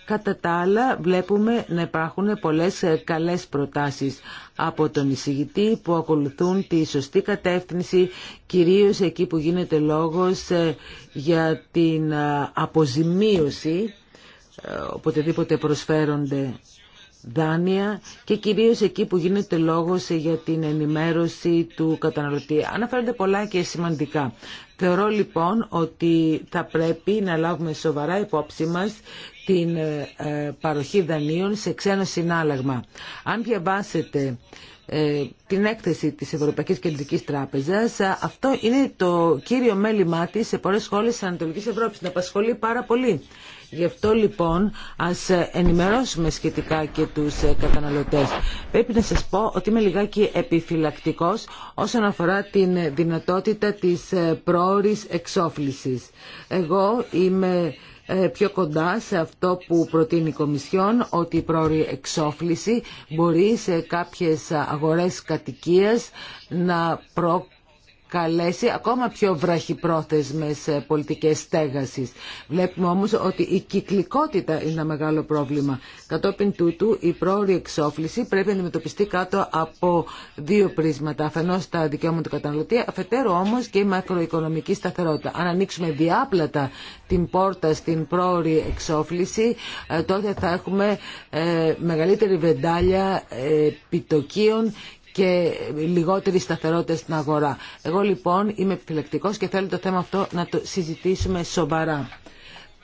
Κατά τα άλλα βλέπουμε να υπάρχουν πολλές ε, καλές προτάσεις από τον εισηγητή που ακολουθούν τη σωστή κατεύθυνση κυρίως εκεί που γίνεται λόγος ε, για την ε, αποζημίωση οποτεδήποτε προσφέρονται δάνεια και κυρίως εκεί που γίνεται λόγος για την ενημέρωση του καταναλωτή. Αναφέρονται πολλά και σημαντικά. Θεωρώ λοιπόν ότι θα πρέπει να λάβουμε σοβαρά υπόψη μας την ε, ε, παροχή δανείων σε ξένο συνάλλαγμα. Αν διαβάσετε ε, την έκθεση της Ευρωπαϊκής Κεντρικής Τράπεζας. Αυτό είναι το κύριο μέλημά της σε πολλές σχόλες της Ανατολικής Ευρώπης. Να απασχολεί πάρα πολύ. Γι' αυτό λοιπόν ας ενημερώσουμε σχετικά και τους καταναλωτές. Πρέπει να σας πω ότι είμαι λιγάκι επιφυλακτικός όσον αφορά την δυνατότητα της πρόορης εξόφλησης. Εγώ είμαι ε, πιο κοντά σε αυτό που προτείνει η Κομισιόν, ότι η πρόορη εξόφληση μπορεί σε κάποιες αγορές κατοικίας να πρόκειται ακόμα πιο βραχυπρόθεσμες ε, πολιτικές στέγασης. Βλέπουμε όμως ότι η κυκλικότητα είναι ένα μεγάλο πρόβλημα. Κατόπιν τούτου η πρόορη εξόφληση πρέπει να αντιμετωπιστεί κάτω από δύο πρίσματα. Αφενός τα δικαιώματα του καταναλωτή, αφετέρου όμως και η μακροοικονομική σταθερότητα. Αν ανοίξουμε διάπλατα την πόρτα στην πρόορη εξόφληση, ε, τότε θα έχουμε ε, μεγαλύτερη βεντάλια επιτοκίων και λιγότερη σταθερότητα στην αγορά. Εγώ λοιπόν είμαι επιφυλακτικός και θέλω το θέμα αυτό να το συζητήσουμε σοβαρά.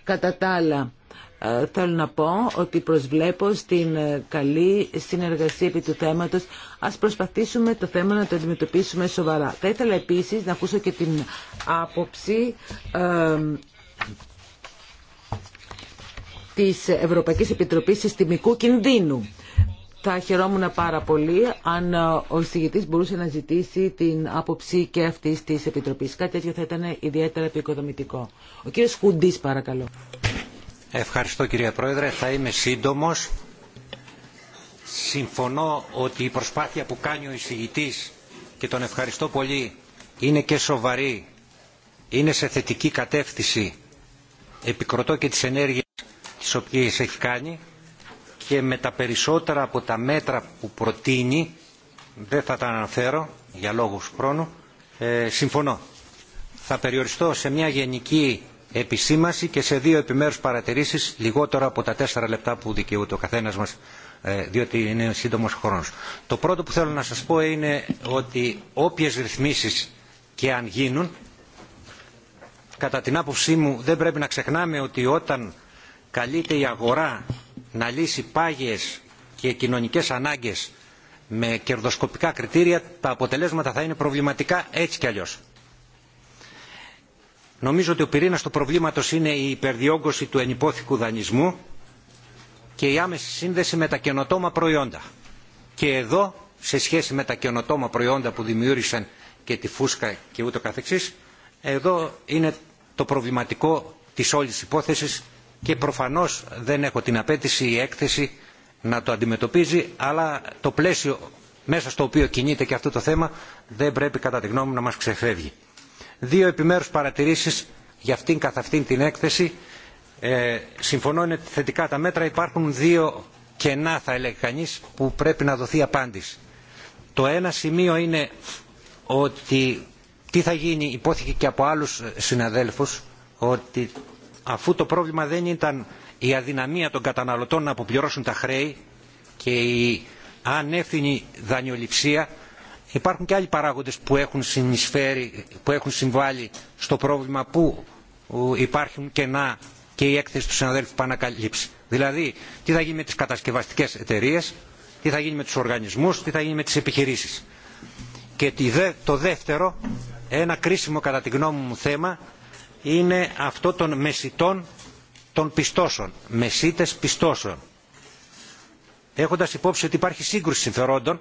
Κατά τα άλλα, ε, θέλω να πω ότι προσβλέπω στην ε, καλή συνεργασία επί του θέματος. Ας προσπαθήσουμε το θέμα να το αντιμετωπίσουμε σοβαρά. Θα ήθελα επίσης να ακούσω και την άποψη ε, της Ευρωπαϊκής Επιτροπής Συστημικού Κινδύνου. Θα χαιρόμουν πάρα πολύ αν ε, ο εισηγητής μπορούσε να ζητήσει την άποψη και αυτή τη Επιτροπή. Κάτι τέτοιο θα ήταν ιδιαίτερα επικοδομητικό. Ο κύριος Χουντής παρακαλώ. Ευχαριστώ κυρία Πρόεδρε. Θα είμαι σύντομος. Συμφωνώ ότι η προσπάθεια που κάνει ο εισηγητής και τον ευχαριστώ πολύ είναι και σοβαρή, είναι σε θετική κατεύθυνση. Επικροτώ και τις ενέργειες τις οποίες έχει κάνει και με τα περισσότερα από τα μέτρα που προτείνει, δεν θα τα αναφέρω για λόγους χρόνου, ε, συμφωνώ. Θα περιοριστώ σε μια γενική επισήμαση και σε δύο επιμέρους παρατηρήσεις, λιγότερο από τα τέσσερα λεπτά που δικαιούται ο καθένας μας, ε, διότι είναι σύντομος χρόνος. Το πρώτο που θέλω να σας πω είναι ότι όποιες ρυθμίσεις και αν γίνουν, κατά την άποψή μου δεν πρέπει να ξεχνάμε ότι όταν καλείται η αγορά να λύσει πάγιες και κοινωνικές ανάγκες με κερδοσκοπικά κριτήρια, τα αποτελέσματα θα είναι προβληματικά έτσι κι αλλιώς. Νομίζω ότι ο πυρήνας του προβλήματος είναι η υπερδιόγκωση του ενυπόθηκου δανεισμού και η άμεση σύνδεση με τα καινοτόμα προϊόντα. Και εδώ, σε σχέση με τα καινοτόμα προϊόντα που δημιούργησαν και τη φούσκα και ούτω καθεξής, εδώ είναι το προβληματικό της όλης υπόθεσης και προφανώς δεν έχω την απέτηση η έκθεση να το αντιμετωπίζει αλλά το πλαίσιο μέσα στο οποίο κινείται και αυτό το θέμα δεν πρέπει κατά τη γνώμη μου να μας ξεφεύγει. Δύο επιμέρους παρατηρήσεις για αυτήν καθ' αυτήν την έκθεση. Ε, συμφωνώ είναι θετικά τα μέτρα. Υπάρχουν δύο κενά θα έλεγε κανεί που πρέπει να δοθεί απάντηση. Το ένα σημείο είναι ότι τι θα γίνει, υπόθηκε και από άλλους συναδέλφους, ότι αφού το πρόβλημα δεν ήταν η αδυναμία των καταναλωτών να αποπληρώσουν τα χρέη και η ανεύθυνη δανειοληψία, υπάρχουν και άλλοι παράγοντες που έχουν συνεισφέρει, που έχουν συμβάλει στο πρόβλημα που υπάρχουν κενά και η έκθεση του συναδέλφου που Δηλαδή, τι θα γίνει με τις κατασκευαστικές εταιρείες, τι θα γίνει με τους οργανισμούς, τι θα γίνει με τις επιχειρήσεις. Και το δεύτερο, ένα κρίσιμο κατά τη γνώμη μου θέμα, είναι αυτό των μεσιτών των πιστώσεων, μεσίτες πιστώσεων. Έχοντας υπόψη ότι υπάρχει σύγκρουση συμφερόντων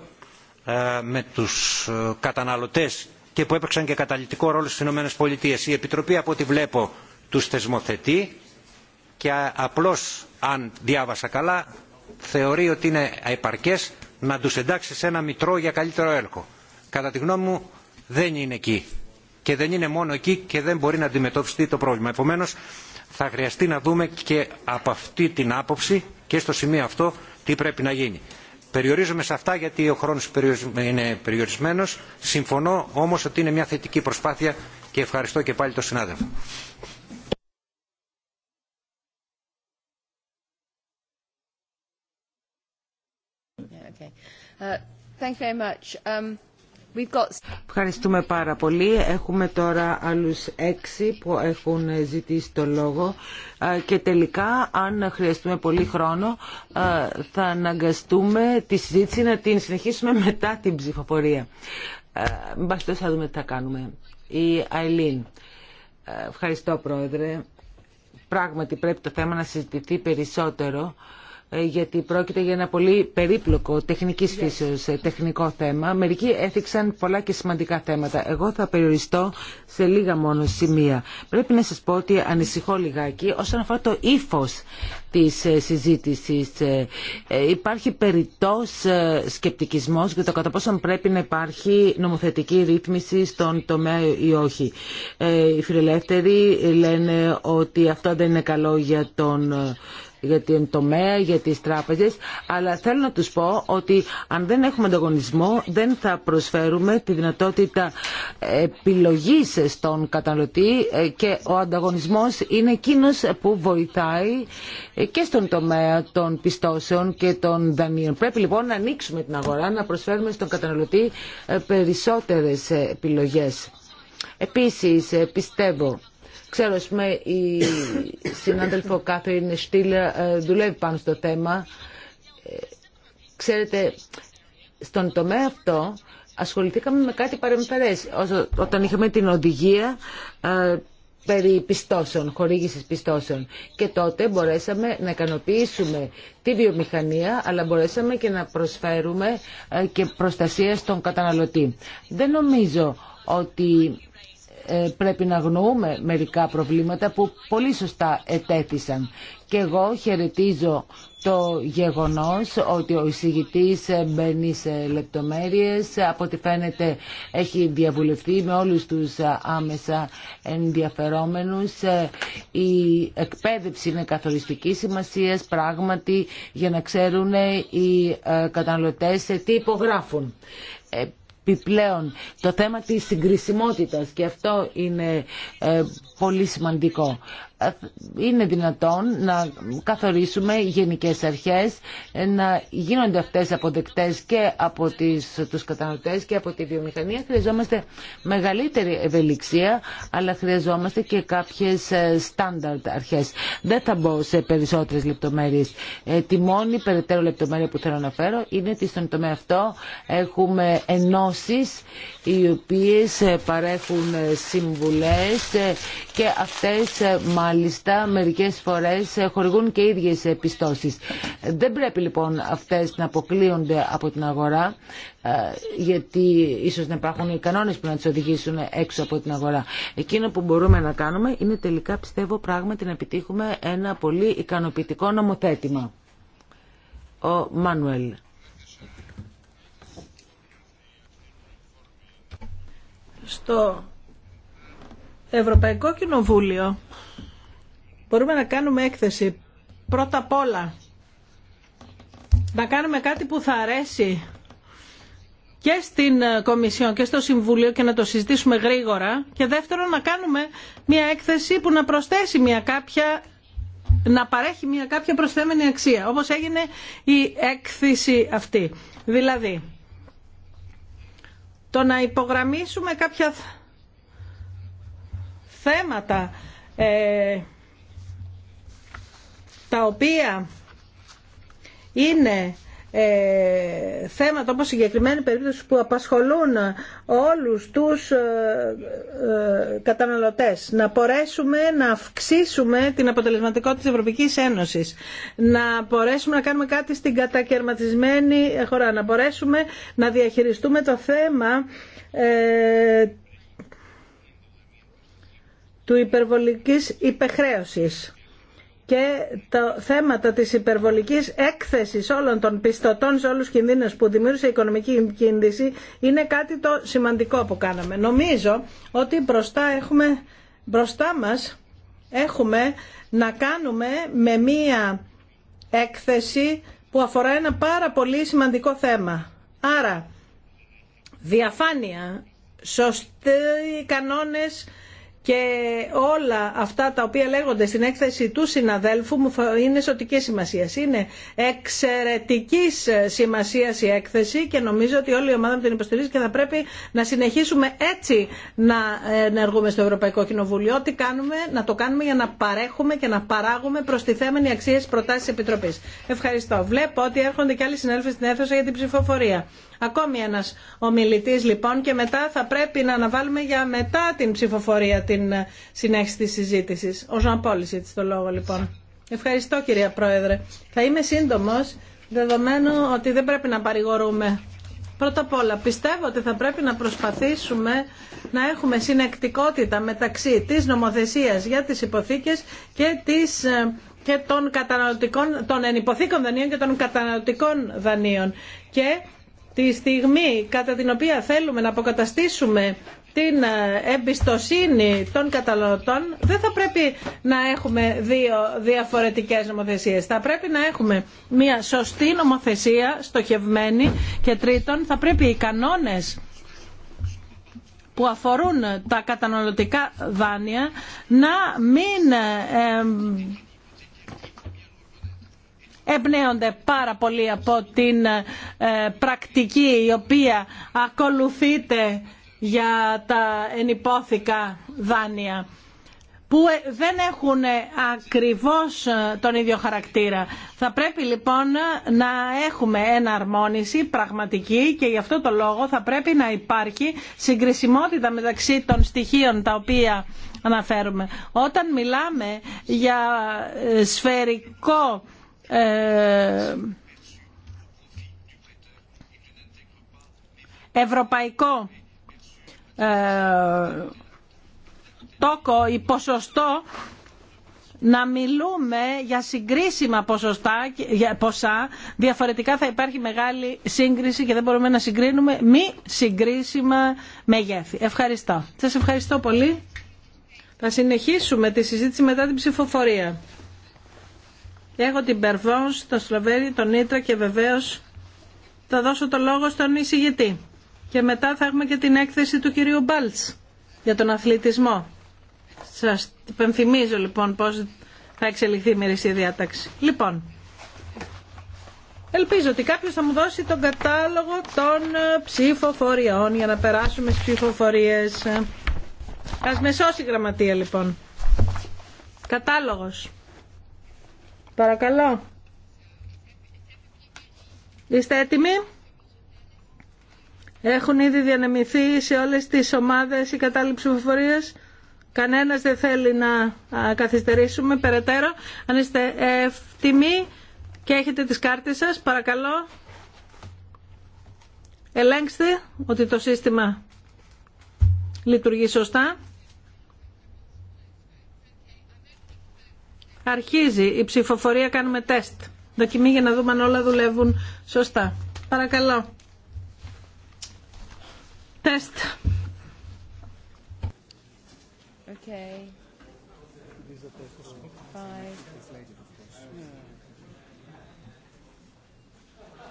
ε, με τους ε, καταναλωτές και που έπαιξαν και καταλητικό ρόλο στις ΗΠΑ. Η Επιτροπή από ό,τι βλέπω τους θεσμοθετεί και απλώς αν διάβασα καλά θεωρεί ότι είναι επαρκές να τους εντάξει σε ένα μητρό για καλύτερο έλεγχο. Κατά τη γνώμη μου δεν είναι εκεί και δεν είναι μόνο εκεί και δεν μπορεί να αντιμετωπιστεί το πρόβλημα. Επομένω, θα χρειαστεί να δούμε και από αυτή την άποψη και στο σημείο αυτό τι πρέπει να γίνει. Περιορίζομαι σε αυτά γιατί ο χρόνο είναι περιορισμένο. Συμφωνώ όμω ότι είναι μια θετική προσπάθεια και ευχαριστώ και πάλι τον συνάδελφο. Uh, um, Ευχαριστούμε πάρα πολύ. Έχουμε τώρα άλλους έξι που έχουν ζητήσει το λόγο και τελικά αν χρειαστούμε πολύ χρόνο θα αναγκαστούμε τη συζήτηση να την συνεχίσουμε μετά την ψηφοφορία. Μπαστός θα δούμε τι θα κάνουμε. Η Αιλίν. Ευχαριστώ Πρόεδρε. Πράγματι πρέπει το θέμα να συζητηθεί περισσότερο. Ε, γιατί πρόκειται για ένα πολύ περίπλοκο τεχνικής φύσεως ε, τεχνικό θέμα. Μερικοί έθιξαν πολλά και σημαντικά θέματα. Εγώ θα περιοριστώ σε λίγα μόνο σημεία. Πρέπει να σας πω ότι ανησυχώ λιγάκι όσον αφορά το ύφος της ε, συζήτησης. Υπάρχει περιττός σκεπτικισμός για το κατά πόσο πρέπει να υπάρχει νομοθετική ρύθμιση στον τομέα ή όχι. Οι φιλελεύθεροι λένε ότι αυτό δεν είναι καλό για τον για την τομέα, για τις τράπεζες, αλλά θέλω να τους πω ότι αν δεν έχουμε ανταγωνισμό δεν θα προσφέρουμε τη δυνατότητα επιλογής στον καταναλωτή ε, και ο ανταγωνισμός είναι εκείνο που βοηθάει ε, και στον τομέα των πιστώσεων και των δανείων. Πρέπει λοιπόν να ανοίξουμε την αγορά, να προσφέρουμε στον καταναλωτή ε, περισσότερες επιλογές. Επίσης πιστεύω Ξέρω, ας πούμε, η συνάδελφο Κάθριν Στήλα ε, δουλεύει πάνω στο θέμα. Ε, ξέρετε, στον τομέα αυτό ασχοληθήκαμε με κάτι παρεμφερές. Όταν είχαμε την οδηγία ε, περί πιστώσεων, χορήγησης πιστώσεων. Και τότε μπορέσαμε να ικανοποιήσουμε τη βιομηχανία, αλλά μπορέσαμε και να προσφέρουμε και προστασία στον καταναλωτή. Δεν νομίζω ότι ε, πρέπει να γνωρούμε μερικά προβλήματα που πολύ σωστά ετέθησαν. Και εγώ χαιρετίζω το γεγονός ότι ο εισηγητής μπαίνει σε λεπτομέρειες, από ό,τι φαίνεται έχει διαβουλευτεί με όλους τους άμεσα ενδιαφερόμενους. Η εκπαίδευση είναι καθοριστική σημασία, πράγματι για να ξέρουν οι ε, καταναλωτές τι υπογράφουν. Ε, επιπλέον το θέμα της συγκρισιμότητας και αυτό είναι ε, πολύ σημαντικό είναι δυνατόν να καθορίσουμε γενικές αρχές, να γίνονται αυτές αποδεκτές και από τις, τους κατανοητές και από τη βιομηχανία. Χρειαζόμαστε μεγαλύτερη ευελιξία, αλλά χρειαζόμαστε και κάποιες ε, στάνταρτ αρχές. Δεν θα μπω σε περισσότερες λεπτομέρειες. Ε, τη μόνη περαιτέρω λεπτομέρεια που θέλω να φέρω είναι ότι στον τομέα αυτό έχουμε ενώσεις οι οποίες ε, παρέχουν ε, συμβουλές ε, και αυτές μάλιστα μερικές φορές χορηγούν και ίδιες επιστώσεις. Δεν πρέπει λοιπόν αυτές να αποκλείονται από την αγορά γιατί ίσως να υπάρχουν οι κανόνες που να τις οδηγήσουν έξω από την αγορά. Εκείνο που μπορούμε να κάνουμε είναι τελικά πιστεύω πράγματι να επιτύχουμε ένα πολύ ικανοποιητικό νομοθέτημα. Ο Μάνουελ. το Ευρωπαϊκό Κοινοβούλιο μπορούμε να κάνουμε έκθεση πρώτα απ' όλα να κάνουμε κάτι που θα αρέσει και στην ε, Κομισιόν και στο Συμβούλιο και να το συζητήσουμε γρήγορα και δεύτερον να κάνουμε μια έκθεση που να προσθέσει μια κάποια να παρέχει μια κάποια προσθέμενη αξία όπως έγινε η έκθεση αυτή. Δηλαδή το να υπογραμμίσουμε κάποια θέματα ε, τα οποία είναι ε, θέματα όπως συγκεκριμένη περίπτωση που απασχολούν όλους τους ε, ε, καταναλωτές να μπορέσουμε να αυξήσουμε την αποτελεσματικότητα της Ευρωπαϊκής Ένωσης να μπορέσουμε να κάνουμε κάτι στην κατακαιρματισμένη χώρα να μπορέσουμε να διαχειριστούμε το θέμα ε, του υπερβολικής υπεχρέωσης και τα θέματα της υπερβολικής έκθεσης όλων των πιστωτών σε όλους τους κινδύνους που δημιούργησε η οικονομική κίνδυση είναι κάτι το σημαντικό που κάναμε. Νομίζω ότι μπροστά, έχουμε, μπροστά μας έχουμε να κάνουμε με μία έκθεση που αφορά ένα πάρα πολύ σημαντικό θέμα. Άρα, διαφάνεια, σωστοί κανόνες και όλα αυτά τα οποία λέγονται στην έκθεση του συναδέλφου μου είναι σωτική σημασία. Είναι εξαιρετική σημασία η έκθεση και νομίζω ότι όλη η ομάδα μου την υποστηρίζει και θα πρέπει να συνεχίσουμε έτσι να ενεργούμε στο Ευρωπαϊκό Κοινοβούλιο. Ό,τι κάνουμε, να το κάνουμε για να παρέχουμε και να παράγουμε τη θέμενη αξία προτάσει Επιτροπή. Ευχαριστώ. Βλέπω ότι έρχονται και άλλοι συνέλφοι στην αίθουσα για την ψηφοφορία. Ακόμη ένας ομιλητής λοιπόν και μετά θα πρέπει να αναβάλουμε για μετά την ψηφοφορία την ε, συνέχιση της συζήτησης. Ο το λόγο λοιπόν. Ευχαριστώ κυρία Πρόεδρε. Θα είμαι σύντομος δεδομένου ότι δεν πρέπει να παρηγορούμε. Πρώτα απ' όλα πιστεύω ότι θα πρέπει να προσπαθήσουμε να έχουμε συνεκτικότητα μεταξύ της νομοθεσίας για τις υποθήκες και της ε, των, καταναλωτικών, των ενυποθήκων δανείων και των καταναλωτικών δανείων. Και τη στιγμή κατά την οποία θέλουμε να αποκαταστήσουμε την ε, εμπιστοσύνη των καταναλωτών δεν θα πρέπει να έχουμε δύο διαφορετικές νομοθεσίες. Θα πρέπει να έχουμε μια σωστή νομοθεσία στοχευμένη και τρίτον θα πρέπει οι κανόνες που αφορούν τα καταναλωτικά δάνεια να μην ε, εμπνέονται πάρα πολύ από την ε, πρακτική η οποία ακολουθείται για τα ενυπόθηκα δάνεια που ε, δεν έχουν ε, ακριβώς τον ίδιο χαρακτήρα. Θα πρέπει λοιπόν να έχουμε αρμόνιση πραγματική και γι' αυτό το λόγο θα πρέπει να υπάρχει συγκρισιμότητα μεταξύ των στοιχείων τα οποία αναφέρουμε. Όταν μιλάμε για σφαιρικό ε, ευρωπαϊκό ε, τόκο ή ποσοστό να μιλούμε για συγκρίσιμα ποσοστά, για ποσά, διαφορετικά θα υπάρχει μεγάλη σύγκριση και δεν μπορούμε να συγκρίνουμε μη συγκρίσιμα μεγέθη. Ευχαριστώ. Σας ευχαριστώ πολύ. Θα συνεχίσουμε τη συζήτηση μετά την ψηφοφορία. Έχω την Περβόνς, τον Σλοβέρι, τον Ήτρα και βεβαίως θα δώσω το λόγο στον εισηγητή. Και μετά θα έχουμε και την έκθεση του κυρίου Μπάλτς για τον αθλητισμό. Σας υπενθυμίζω λοιπόν πώς θα εξελιχθεί η διάταξη. Λοιπόν, ελπίζω ότι κάποιος θα μου δώσει τον κατάλογο των ε, ψηφοφοριών για να περάσουμε στις ψηφοφορίες. Ε, ας με σώσει η γραμματεία λοιπόν. Κατάλογος. Παρακαλώ. Είστε έτοιμοι. Έχουν ήδη διανεμηθεί σε όλες τις ομάδες οι κατάλληλοι ψηφοφορίες. Κανένας δεν θέλει να καθυστερήσουμε περαιτέρω. Αν είστε έτοιμοι και έχετε τις κάρτες σας, παρακαλώ. Ελέγξτε ότι το σύστημα λειτουργεί σωστά. Αρχίζει η ψηφοφορία, κάνουμε τεστ. Δοκιμή για να δούμε αν όλα δουλεύουν σωστά. Παρακαλώ. Τεστ. Okay.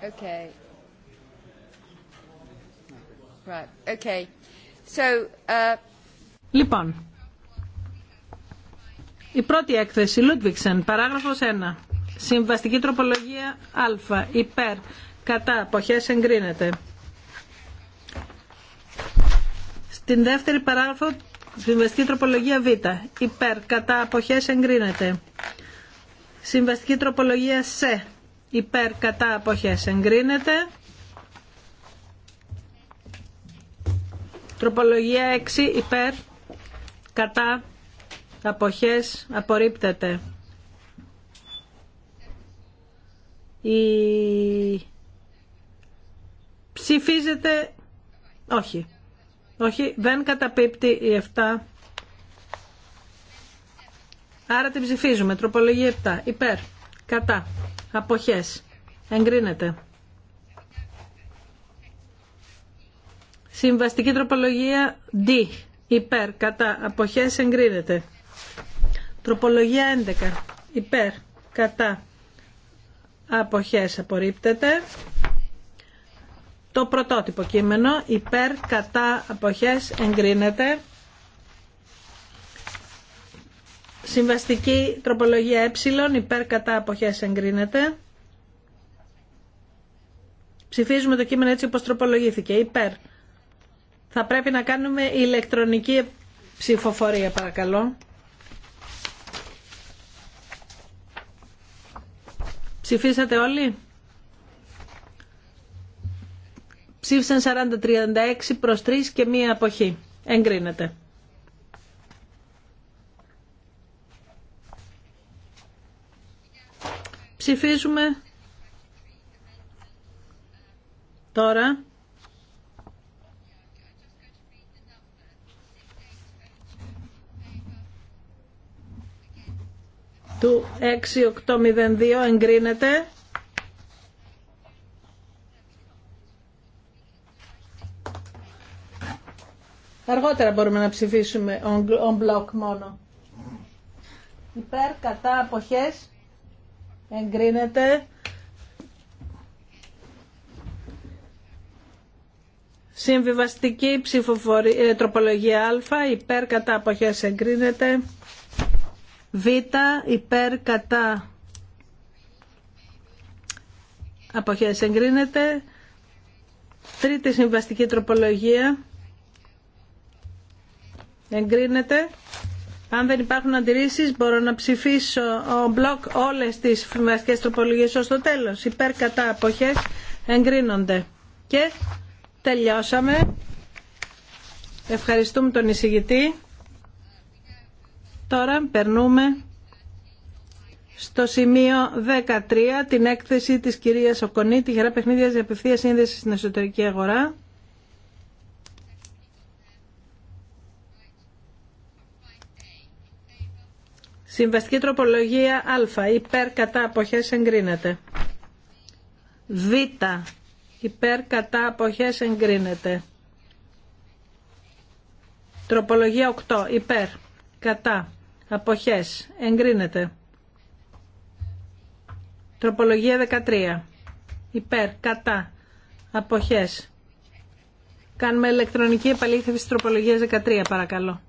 Okay. Right. Okay. So, uh, Λοιπόν, η πρώτη έκθεση, Λουτβίξεν, παράγραφος 1. Συμβαστική τροπολογία Α, υπέρ, κατά, αποχές εγκρίνεται. Στην δεύτερη παράγραφο, συμβαστική τροπολογία Β, υπέρ, κατά, αποχές εγκρίνεται. Συμβαστική τροπολογία Σ, υπέρ, κατά, αποχές εγκρίνεται. Τροπολογία 6, υπέρ, κατά, αποχές απορρίπτεται. Η... Ψηφίζεται... Όχι. Όχι, δεν καταπίπτει η 7. Άρα την ψηφίζουμε. Τροπολογία 7. Υπέρ. Κατά. Αποχές. Εγκρίνεται. Συμβαστική τροπολογία D. Υπέρ. Κατά. Αποχές. Εγκρίνεται. Τροπολογία 11. Υπέρ. Κατά. Αποχές απορρίπτεται. Το πρωτότυπο κείμενο. Υπέρ. Κατά. Αποχές εγκρίνεται. Συμβαστική τροπολογία ε. Υπέρ. Κατά. Αποχές εγκρίνεται. Ψηφίζουμε το κείμενο έτσι όπως τροπολογήθηκε. Υπέρ. Θα πρέπει να κάνουμε ηλεκτρονική ψηφοφορία παρακαλώ. Ψηφίσατε όλοι. Ψήφισαν 40-36 προς 3 και μία αποχή. Εγκρίνεται. Ψηφίζουμε τώρα του 6802 εγκρίνεται. Αργότερα μπορούμε να ψηφίσουμε on block μόνο. Υπέρ, κατά, αποχές, εγκρίνεται. Συμβιβαστική ψηφοφορία, ε, τροπολογία α, υπέρ, κατά, αποχές, εγκρίνεται. Β υπέρ κατά αποχές εγκρίνεται. Τρίτη συμβαστική τροπολογία εγκρίνεται. Αν δεν υπάρχουν αντιρρήσεις μπορώ να ψηφίσω ο μπλοκ όλες τις συμβαστικές τροπολογίες ως το τέλος. Υπέρ κατά αποχές εγκρίνονται. Και τελειώσαμε. Ευχαριστούμε τον εισηγητή. Τώρα περνούμε στο σημείο 13, την έκθεση της κυρίας Οκονή, τυχερά παιχνίδια για απευθεία σύνδεση στην εσωτερική αγορά. Συμβαστική τροπολογία Α, υπέρ κατά αποχές εγκρίνεται. Β, υπέρ κατά αποχές εγκρίνεται. Τροπολογία 8, υπέρ κατά Αποχές. Εγκρίνεται. Τροπολογία 13. Υπέρ. Κατά. Αποχές. Κάνουμε ηλεκτρονική επαλήθευση τροπολογίας 13 παρακαλώ.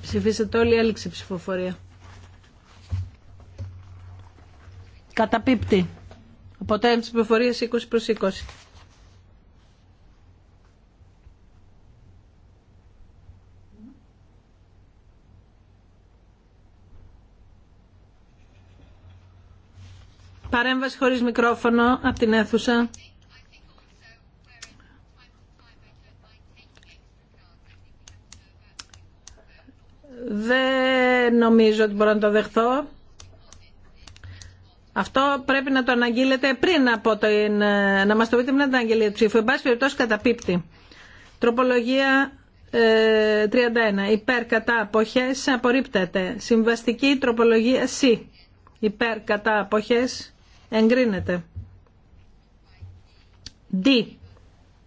Ψηφίσατε όλοι έλλειξη ψηφοφορία. Καταπίπτει. Αποτέλεσμα ψηφοφορίας 20 προς 20. Παρέμβαση χωρίς μικρόφωνο από την αίθουσα. Δεν νομίζω ότι μπορώ να το δεχθώ. Αυτό πρέπει να το αναγγείλετε πριν από το να μας το πείτε πριν την αγγελία του ψήφου. Εν πάση περιπτώσει καταπίπτει. Τροπολογία 31. Ε, Υπέρ κατά αποχές απορρίπτεται. Συμβαστική τροπολογία C. Υπέρ κατά αποχές εγκρίνεται. D.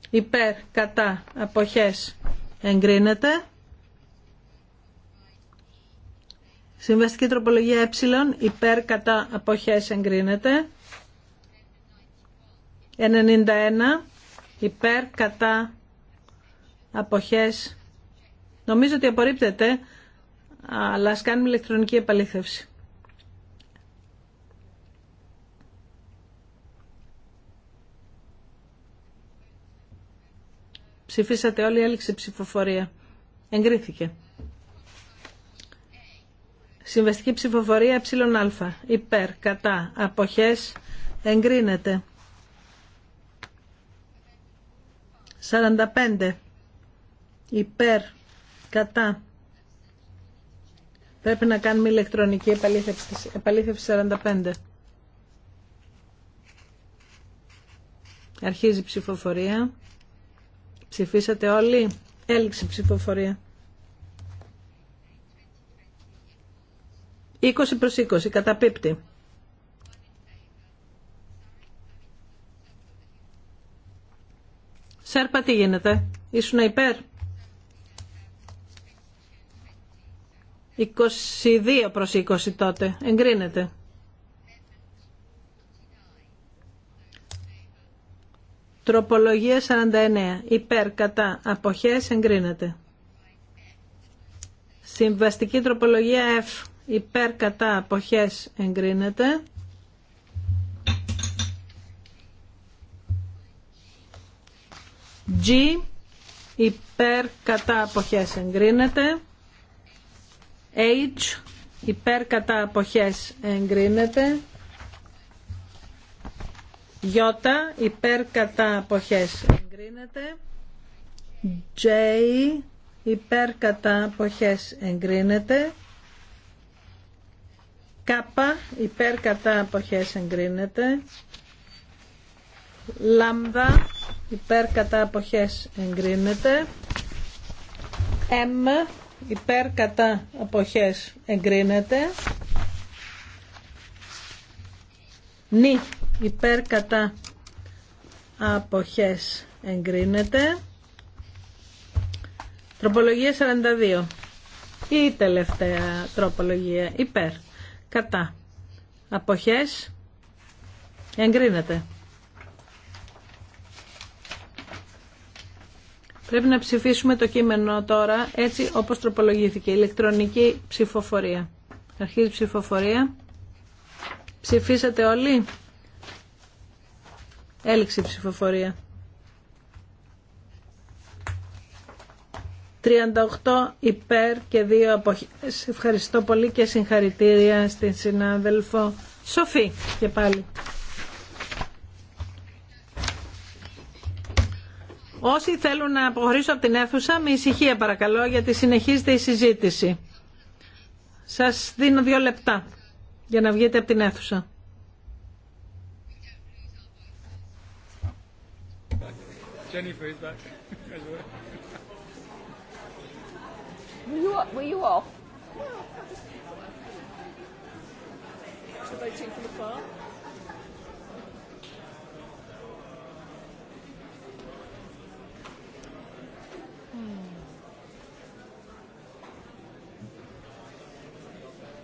Υπέρ, κατά, αποχές, εγκρίνεται. Συμβαστική τροπολογία ε, υπέρ, κατά, αποχές, εγκρίνεται. 91, υπέρ, κατά, αποχές. Νομίζω ότι απορρίπτεται, αλλά ας κάνουμε ηλεκτρονική επαλήθευση. Ψηφίσατε όλοι, έληξε ψηφοφορία. Εγκρίθηκε. Συμβαστική ψηφοφορία εα. Υπέρ, κατά, αποχές, εγκρίνεται. 45. Υπέρ, κατά. Πρέπει να κάνουμε ηλεκτρονική επαλήθευση, επαλήθευση 45. Αρχίζει η ψηφοφορία. Ψηφίσατε όλοι. Έληξε ψηφοφορία. 20 προς 20, καταπίπτει. Σέρπα, τι γίνεται. Ήσουν υπέρ. 22 προς 20 τότε. Εγκρίνεται. Τροπολογία 49. Υπέρ, κατά, αποχές, εγκρίνεται. Συμβαστική τροπολογία F. Υπέρ, κατά, αποχές, εγκρίνεται. G. Υπέρ, κατά, αποχές, εγκρίνεται. H. Υπέρ, κατά, αποχές, εγκρίνεται. Γιώτα υπέρ κατά αποχές εγκρίνεται. J υπέρ κατά αποχές εγκρίνεται. K υπέρ κατά αποχές εγκρίνεται. Λάμδα υπέρ κατά αποχές εγκρίνεται. M υπέρ κατά αποχές εγκρίνεται. Νι υπέρ κατά αποχές εγκρίνεται τροπολογία 42 η τελευταία τροπολογία υπέρ κατά αποχές εγκρίνεται Πρέπει να ψηφίσουμε το κείμενο τώρα έτσι όπως τροπολογήθηκε. Ηλεκτρονική ψηφοφορία. Αρχίζει ψηφοφορία. Ψηφίσατε όλοι. Έληξη ψηφοφορία. 38 υπέρ και 2 αποχές. Ευχαριστώ πολύ και συγχαρητήρια στην συνάδελφο Σοφή και πάλι. Όσοι θέλουν να αποχωρήσω από την αίθουσα, με ησυχία παρακαλώ, γιατί συνεχίζεται η συζήτηση. Σας δίνω δύο λεπτά για να βγείτε από την αίθουσα. Jennifer is back as well. Were you, were you off?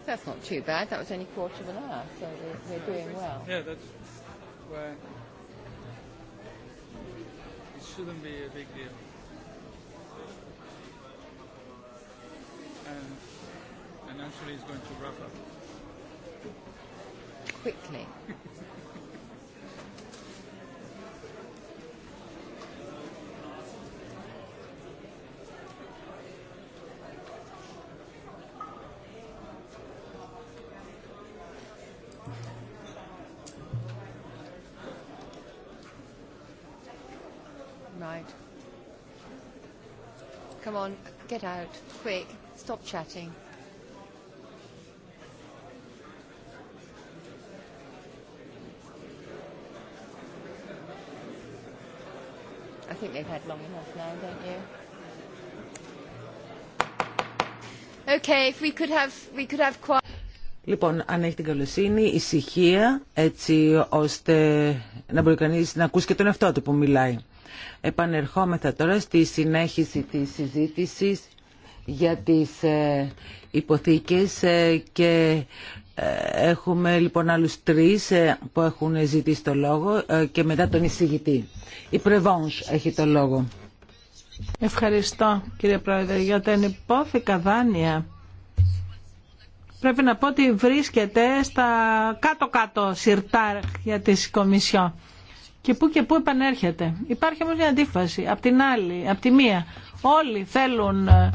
That's not too bad. That was only quarter of an hour, so we're doing well. Yeah, that's where shouldn't be a big deal. And, and actually, it's going to wrap up quickly. Come on, get out, quick. Stop chatting. I think they've had long enough now, don't you? Okay, if we could have, we could have quiet. Λοιπόν, αν έχει την καλοσύνη, ησυχία, έτσι ώστε να μπορεί κανείς να ακούσει και τον εαυτό του που μιλάει. Επανερχόμεθα τώρα στη συνέχιση της συζήτησης για τις ε, υποθήκες ε, και ε, έχουμε λοιπόν άλλους τρεις που έχουν ζητήσει το λόγο και μετά τον εισηγητή. Η Πρεβόνς έχει το λόγο. Ευχαριστώ κύριε Πρόεδρε για τα ενυπόθηκα δάνεια. Πρέπει να πω ότι βρίσκεται στα κάτω-κάτω σιρτάρ για τις Κομισιόν και πού και πού επανέρχεται. Υπάρχει όμως μια αντίφαση. Απ' την άλλη, απ' τη μία, όλοι θέλουν ε,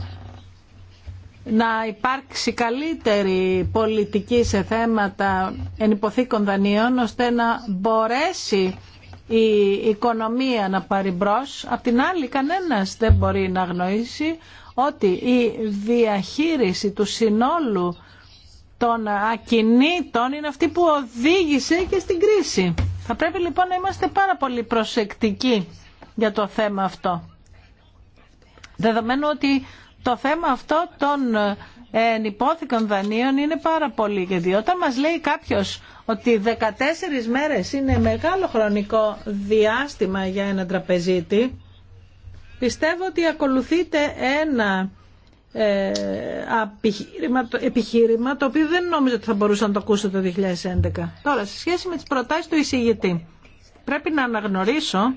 να υπάρξει καλύτερη πολιτική σε θέματα ενυποθήκων δανείων, ώστε να μπορέσει η οικονομία να πάρει μπρος. Απ' την άλλη, κανένας δεν μπορεί να γνωρίσει ότι η διαχείριση του συνόλου των ακινήτων είναι αυτή που οδήγησε και στην κρίση. Θα πρέπει λοιπόν να είμαστε πάρα πολύ προσεκτικοί για το θέμα αυτό. Δεδομένου ότι το θέμα αυτό των ε, ενυπόθηκων δανείων είναι πάρα πολύ. Γιατί όταν μας λέει κάποιος ότι 14 μέρες είναι μεγάλο χρονικό διάστημα για ένα τραπεζίτη, πιστεύω ότι ακολουθείται ένα ε, επιχείρημα το οποίο δεν νόμιζα ότι θα μπορούσα να το ακούσω το 2011. Τώρα, σε σχέση με τις προτάσεις του εισηγητή, πρέπει να αναγνωρίσω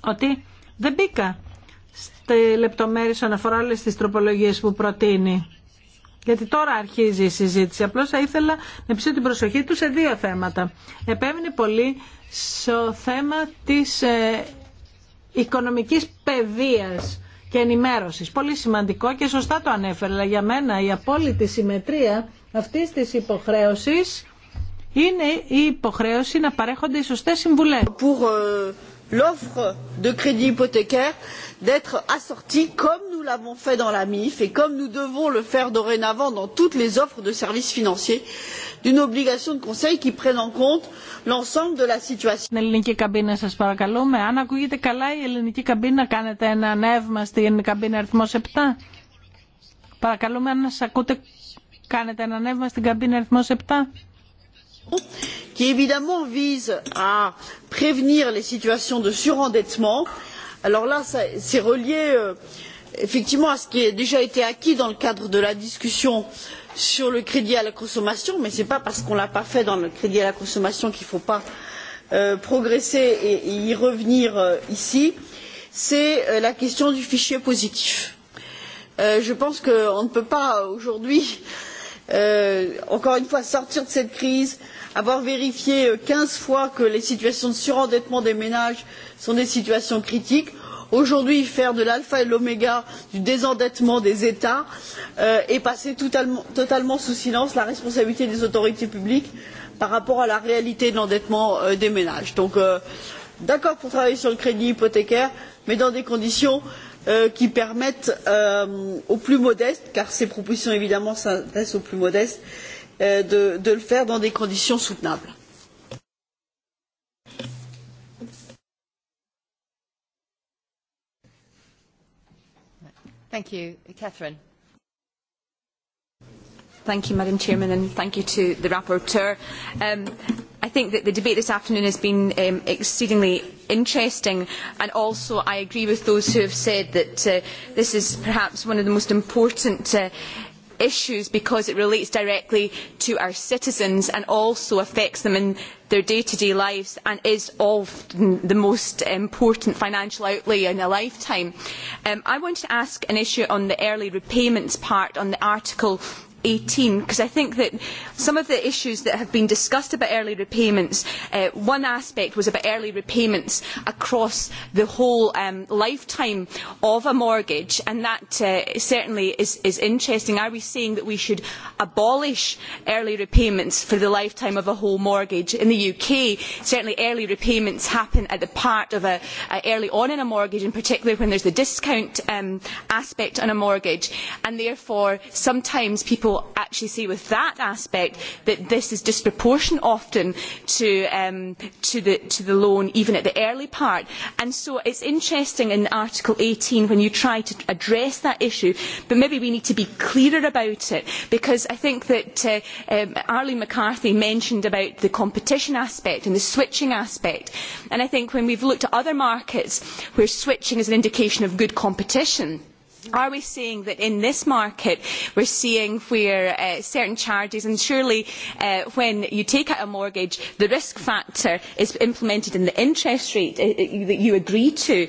ότι δεν μπήκα στη λεπτομέρεια όσον αφορά όλε τι τροπολογίε που προτείνει. Γιατί τώρα αρχίζει η συζήτηση. Απλώ θα ήθελα να επιστήσω την προσοχή του σε δύο θέματα. Επέμεινε πολύ στο θέμα τη ε, οικονομικής παιδείας και ενημέρωση. Πολύ σημαντικό και σωστά το ανέφερε, αλλά για μένα η απόλυτη συμμετρία αυτή τη υποχρέωση είναι η υποχρέωση να παρέχονται οι σωστέ συμβουλέ. Pour l'offre de crédit hypothécaire d'être assortie, comme nous l'avons fait dans la MIF et comme nous devons le faire dorénavant dans toutes les offres de services financiers, d'une obligation de conseil qui prenne en compte l'ensemble de la situation. qui évidemment vise à prévenir les situations de surendettement. alors là c'est relié effectivement à ce qui a déjà été acquis dans le cadre de la discussion sur le crédit à la consommation mais ce n'est pas parce qu'on ne l'a pas fait dans le crédit à la consommation qu'il ne faut pas progresser et y revenir ici c'est la question du fichier positif. je pense qu'on ne peut pas aujourd'hui encore une fois sortir de cette crise avoir vérifié quinze fois que les situations de surendettement des ménages sont des situations critiques aujourd'hui faire de l'alpha et de l'oméga du désendettement des états et passer totalement sous silence la responsabilité des autorités publiques par rapport à la réalité de l'endettement des ménages. donc d'accord pour travailler sur le crédit hypothécaire mais dans des conditions qui permettent aux plus modestes car ces propositions évidemment s'adressent aux plus modestes de le faire dans des conditions soutenables. Thank you. Catherine. Thank you, Madam Chairman, and thank you to the Rapporteur. I think that the debate this afternoon has been exceedingly interesting, and also I agree with those who have said that this is perhaps one of the most important issues because it relates directly to our citizens and also affects them in their day to day lives and is often the most important financial outlay in a lifetime. I want to ask an issue on the early repayments part on the Article 18 because I think that some of the issues that have been discussed about early repayments, one aspect was about early repayments across the whole lifetime of a mortgage and that certainly is interesting. Are we saying that we should abolish early repayments for the lifetime of a whole mortgage? In the UK, certainly early repayments happen at the part of early on in a mortgage, in particular when there's the discount aspect on a mortgage and therefore sometimes people will actually see with that aspect that this is disproportionate often to the loan even at the early part. And so it is interesting in Article 18 when you try to address that issue, but maybe we need to be clearer about it because I think that Arlene McCarthy mentioned about the competition aspect and the switching aspect. And I think when we've looked at other markets where switching is an indication of good competition, Are we seeing that in this market we're seeing where certain charges and surely when you take out a mortgage the risk factor is implemented in the interest rate that you agree to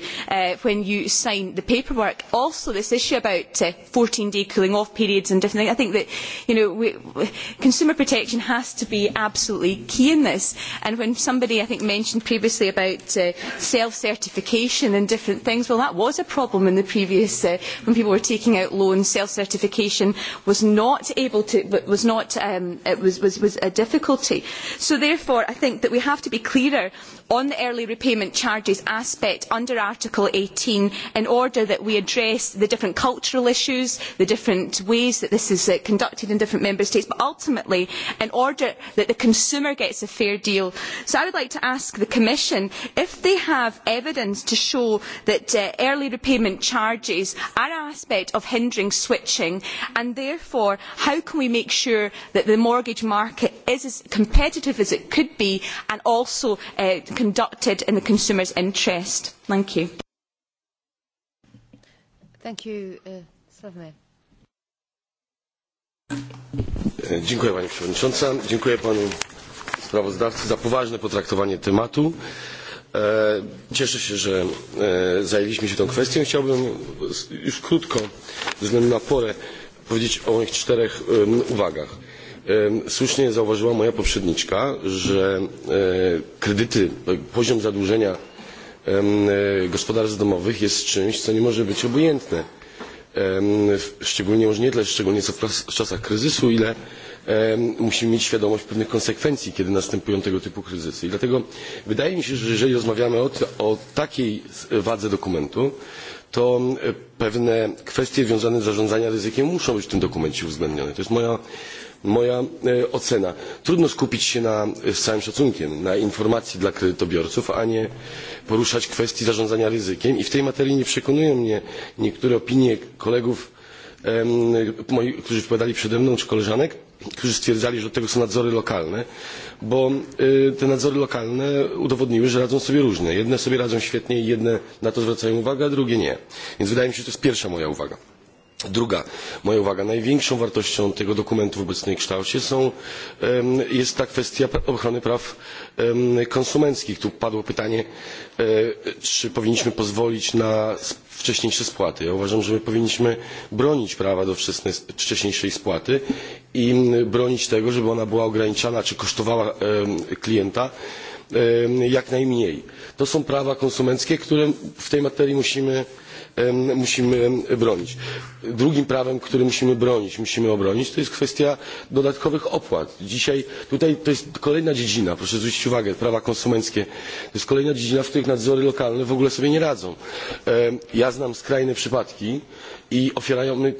when you sign the paperwork. Also this issue about 14-day cooling off periods and different things. I think that consumer protection has to be absolutely key in this and when somebody I think mentioned previously about self-certification and different things, well that was a problem in the previous when people were taking out loans, self-certification was not able to, was not, it was a difficulty. So therefore, I think that we have to be clearer on the early repayment charges aspect under Article 18 in order that we address the different cultural issues, the different ways that this is conducted in different member states, but ultimately in order that the consumer gets a fair deal. So I would like to ask the Commission if they have evidence to show that early repayment charges are aspect of hindering switching and therefore how can we make sure that the mortgage market is as competitive as it could be and also conducted in the consumer's interest? Thank you. Thank you. Dziękuję Pani Przewodnicząca. Dziękuję Panu Sprawozdawcy za poważne potraktowanie tematu. Cieszę się, że zajęliśmy się tą kwestią. Chciałbym już krótko, ze względu na porę, powiedzieć o moich czterech uwagach. Słusznie zauważyła moja poprzedniczka, że kredyty, poziom zadłużenia gospodarstw domowych jest czymś, co nie może być obojętne. Szczególnie może nie tyle, szczególnie co w czasach kryzysu, ile musimy mieć świadomość pewnych konsekwencji, kiedy następują tego typu kryzysy. I dlatego wydaje mi się, że jeżeli rozmawiamy o takiej wadze dokumentu, to pewne kwestie związane z zarządzaniem ryzykiem muszą być w tym dokumencie uwzględnione. To jest moja ocena. Trudno skupić się na, z całym szacunkiem na informacji dla kredytobiorców, a nie poruszać kwestii zarządzania ryzykiem. I w tej materii nie przekonują mnie niektóre opinie kolegów którzy wypowiadali przede mną czy koleżanek, którzy stwierdzali, że od tego są nadzory lokalne, bo te nadzory lokalne udowodniły, że radzą sobie różne. Jedne sobie radzą świetnie i jedne na to zwracają uwagę, a drugie nie. Więc wydaje mi się, że to jest pierwsza moja uwaga. Druga moja uwaga największą wartością tego dokumentu w obecnej kształcie jest ta kwestia ochrony praw konsumenckich. Tu padło pytanie, czy powinniśmy pozwolić na wcześniejsze spłaty. Ja uważam, że my powinniśmy bronić prawa do wcześniejszej spłaty i bronić tego, żeby ona była ograniczana czy kosztowała klienta jak najmniej. To są prawa konsumenckie, które w tej materii musimy musimy bronić. Drugim prawem, które musimy bronić, musimy obronić, to jest kwestia dodatkowych opłat. Dzisiaj tutaj to jest kolejna dziedzina, proszę zwrócić uwagę, prawa konsumenckie, to jest kolejna dziedzina, w których nadzory lokalne w ogóle sobie nie radzą. Ja znam skrajne przypadki i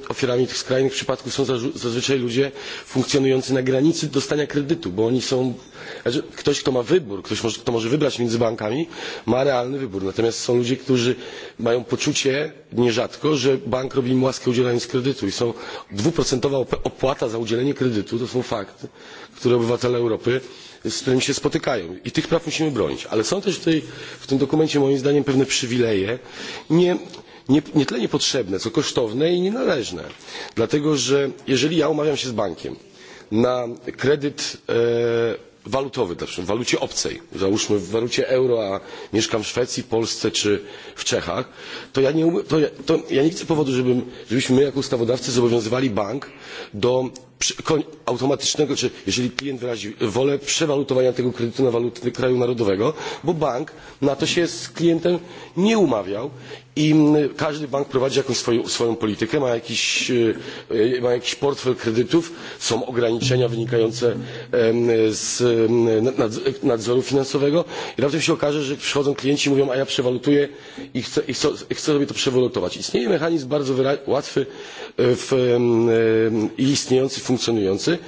ofiarami tych skrajnych przypadków są zazwyczaj ludzie funkcjonujący na granicy dostania kredytu, bo oni są, ktoś kto ma wybór, ktoś kto może wybrać między bankami, ma realny wybór. Natomiast są ludzie, którzy mają poczucie, nierzadko, że bank robi im łaskę udzielając kredytu i są dwuprocentowa opłata za udzielenie kredytu to są fakty, które obywatele Europy z którymi się spotykają i tych praw musimy bronić. Ale są też w tym dokumencie moim zdaniem pewne przywileje nie tyle niepotrzebne, co kosztowne i nienależne. Dlatego, że jeżeli ja umawiam się z bankiem na kredyt walutowy, w walucie obcej, załóżmy w walucie euro, a mieszkam w Szwecji, Polsce czy w Czechach, to ja nie, to widzę powodu, żebym, żebyśmy my jako ustawodawcy zobowiązywali bank do automatycznego, czy jeżeli klient wyrazi wolę przewalutowania tego kredytu na walutę kraju narodowego, bo bank na to się z klientem nie umawiał i każdy bank prowadzi jakąś swoją politykę ma jakiś portfel kredytów są ograniczenia wynikające z nadzoru finansowego i raptem się okaże że przychodzą klienci i mówią a ja przewalutuję i chcę sobie to przewalutować. istnieje mechanizm bardzo łatwy i istniejący funkcjonujący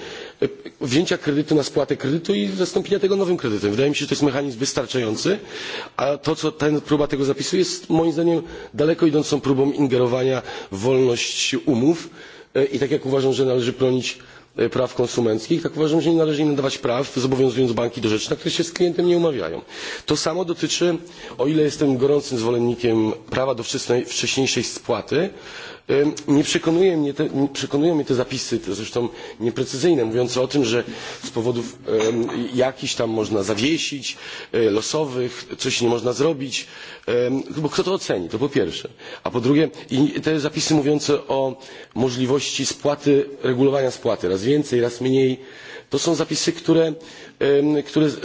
wzięcia kredytu na spłatę kredytu i zastąpienia tego nowym kredytem. Wydaje mi się, że to jest mechanizm wystarczający, a to, co ten, próba tego zapisu jest moim zdaniem daleko idącą próbą ingerowania w wolność umów i tak jak uważam, że należy bronić praw konsumenckich, tak uważam, że nie należy im nadawać praw, zobowiązując banki do rzeczy, na które się z klientem nie umawiają. To samo dotyczy, o ile jestem gorącym zwolennikiem prawa do wcześniejszej spłaty, nie przekonują mnie te zapisy, zresztą nieprecyzyjne, mówiące o tym, że z powodów jakichś tam można zawiesić, losowych, coś nie można zrobić. Bo kto to oceni? To po pierwsze. A po drugie, te zapisy mówiące o możliwości spłaty, regulowania spłaty, raz więcej, raz mniej to są zapisy które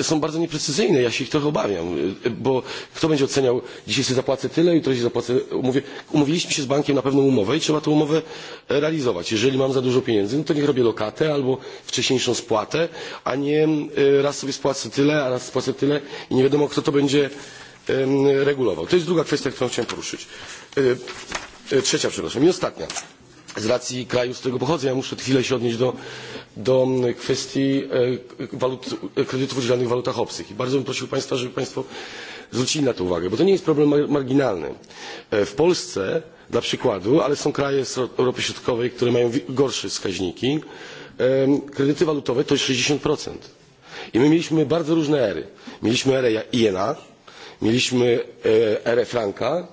są bardzo nieprecyzyjne ja się ich trochę obawiam bo kto będzie oceniał dzisiaj sobie zapłacę tyle jutro się zapłacę umówiliśmy się z bankiem na pewną umowę i trzeba tę umowę realizować jeżeli mam za dużo pieniędzy no to niech robię lokatę albo wcześniejszą spłatę a nie raz sobie spłacę tyle a raz spłacę tyle i nie wiadomo kto to będzie regulował. to jest druga kwestia którą chciałem poruszyć trzecia przepraszam i ostatnia z racji kraju, z którego pochodzę. Ja muszę chwilę się odnieść do kwestii kredytów udzielanych w walutach obcych. I bardzo bym prosił Państwa, żeby Państwo zwrócili na to uwagę, bo to nie jest problem marginalny. W Polsce, dla przykładu, ale są kraje z Europy Środkowej, które mają gorsze wskaźniki, kredyty walutowe to jest 60%. I my mieliśmy bardzo różne ery. Mieliśmy erę Iena, mieliśmy erę Franka,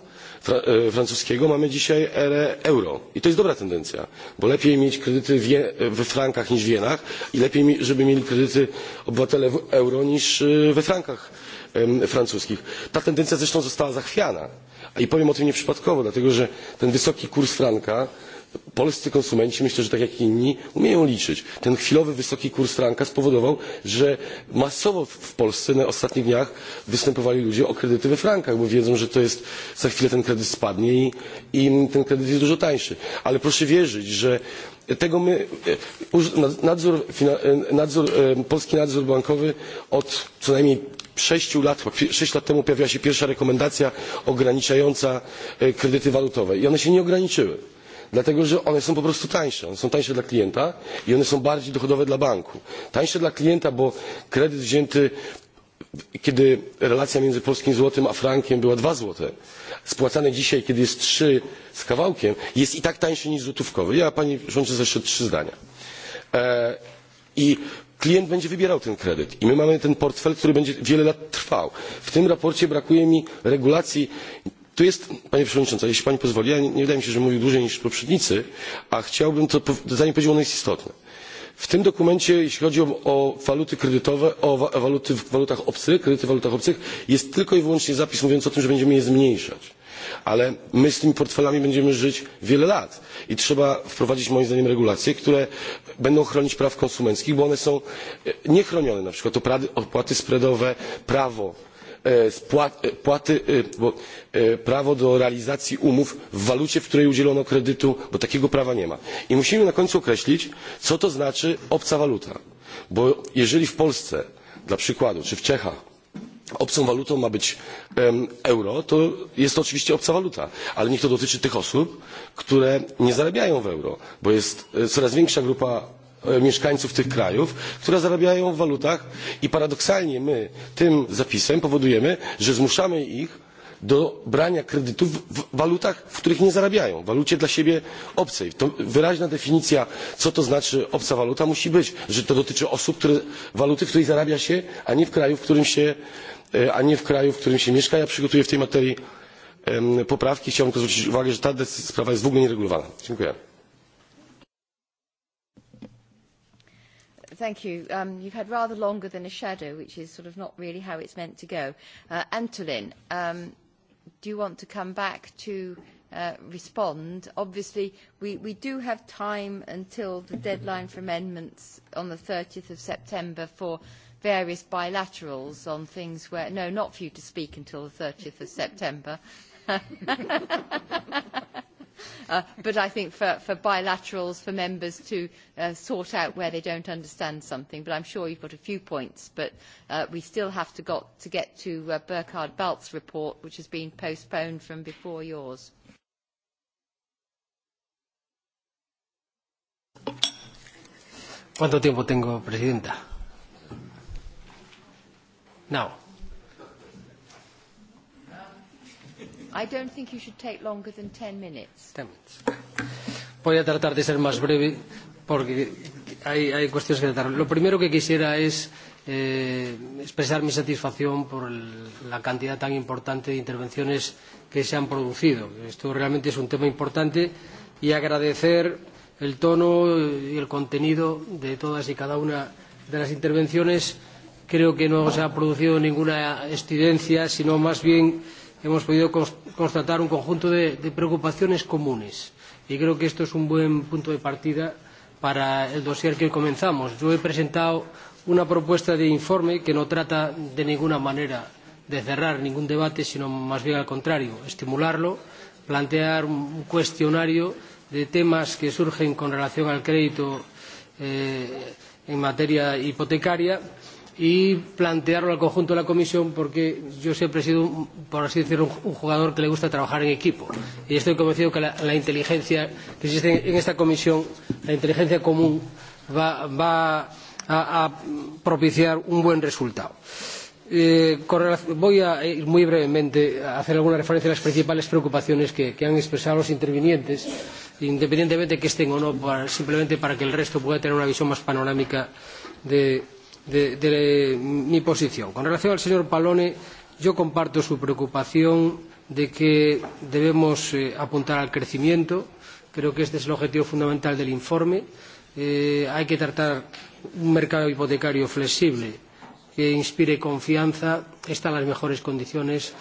francuskiego mamy dzisiaj erę euro i to jest dobra tendencja bo lepiej mieć kredyty we frankach niż w jenach i lepiej żeby mieli kredyty obywatele euro niż we frankach francuskich. ta tendencja zresztą została zachwiana i powiem o tym nieprzypadkowo dlatego że ten wysoki kurs franka polscy konsumenci myślę że tak jak inni umieją liczyć. ten chwilowy wysoki kurs franka spowodował że masowo w polsce na ostatnich dniach występowali ludzie o kredyty we frankach bo wiedzą że to jest za chwilę ten kredyt spadnie i ten kredyt jest dużo tańszy. ale proszę wierzyć że tego my polski nadzór bankowy od co najmniej 6 lat sześć lat temu pojawiła się pierwsza rekomendacja ograniczająca kredyty walutowe i one się nie ograniczyły dlatego że one są po prostu tańsze. One są tańsze dla klienta i one są bardziej dochodowe dla banku. Tańsze dla klienta, bo kredyt wzięty kiedy relacja między polskim złotym a frankiem była 2 złote, spłacane dzisiaj, kiedy jest 3 z kawałkiem, jest i tak tańszy niż złotówkowy. Ja pani przewodnicząca jeszcze trzy zdania. I klient będzie wybierał ten kredyt i my mamy ten portfel, który będzie wiele lat trwał. W tym sprawozdaniu brakuje mi regulacji Tu jest, Panie Przewodniczący, jeśli Pani pozwoli, ja nie wydaje mi się, że mówił dłużej niż poprzednicy, a chciałbym, to zdanie powiedział, ono jest istotne. W tym dokumencie, jeśli chodzi o waluty kredytowe, o waluty w walutach obcych, kredyty w walutach obcych, jest tylko i wyłącznie zapis mówiący o tym, że będziemy je zmniejszać. Ale my z tymi portfelami będziemy żyć wiele lat i trzeba wprowadzić moim zdaniem regulacje, które będą chronić praw konsumenckich, bo one są niechronione, na przykład opłaty spreadowe, prawo prawo do realizacji umów w walucie, w której udzielono kredytu, bo takiego prawa nie ma. I musimy na końcu określić, co to znaczy obca waluta. Bo jeżeli w Polsce, dla przykładu, czy w Czechach, obcą walutą ma być euro, to jest to oczywiście obca waluta, ale niech to dotyczy tych osób, które nie zarabiają w euro, bo jest coraz większa grupa mieszkańców tych krajów, które zarabiają w walutach i paradoksalnie my tym zapisem powodujemy, że zmuszamy ich do brania kredytów w walutach, w których nie zarabiają, w walucie dla siebie obcej. To Wyraźna definicja, co to znaczy obca waluta, musi być, że to dotyczy osób, waluty, w której zarabia się, a nie w kraju, w którym się a nie w kraju, w którym się mieszka. Ja przygotuję w tej materii poprawki. Chciałbym zwrócić uwagę, że ta sprawa jest w ogóle nieregulowana. Dziękuję. Thank you. Um, you've had rather longer than a shadow, which is sort of not really how it's meant to go. Uh, Antolin, um, do you want to come back to uh, respond? Obviously, we, we do have time until the deadline for amendments on the 30th of September for various bilaterals on things where... No, not for you to speak until the 30th of September. But I think for bilaterals, for members to sort out where they don't understand something. But I'm sure you've got a few points. But we still have to get to Burkhard Balt's report, which has been postponed from before yours. ¿Cuánto Presidenta? Now. I don't think you should take longer than 10 minutes. Voy a tratar de ser más breve porque hay cuestiones que tratar. Lo primero que quisiera es expresar mi satisfacción por la cantidad tan importante de intervenciones que se han producido. Esto realmente es un tema importante y agradecer el tono y el contenido de todas y cada una de las intervenciones. Creo que no se ha producido ninguna estidencia, sino más bien hemos podido constatar un conjunto de preocupaciones comunes y creo que esto es un buen punto de partida para el dossier que comenzamos. Yo he presentado una propuesta de informe que no trata de ninguna manera de cerrar ningún debate, sino más bien al contrario, estimularlo, plantear un cuestionario de temas que surgen con relación al crédito en materia hipotecaria y plantearlo al conjunto de la comisión porque yo siempre he sido, por así decirlo, un jugador que le gusta trabajar en equipo. Y estoy convencido que la, inteligencia que existe en esta comisión, la inteligencia común, va, a, propiciar un buen resultado. voy a muy brevemente a hacer alguna referencia a las principales preocupaciones que, han expresado los intervinientes, independientemente de que estén o no, simplemente para que el resto pueda tener una visión más panorámica de de mi posición. Con relación al señor Pallone, yo comparto su preocupación de que debemos apuntar al crecimiento. Creo que este es el objetivo fundamental del informe. Hay que tratar un mercado hipotecario flexible que inspire confianza. Están las mejores condiciones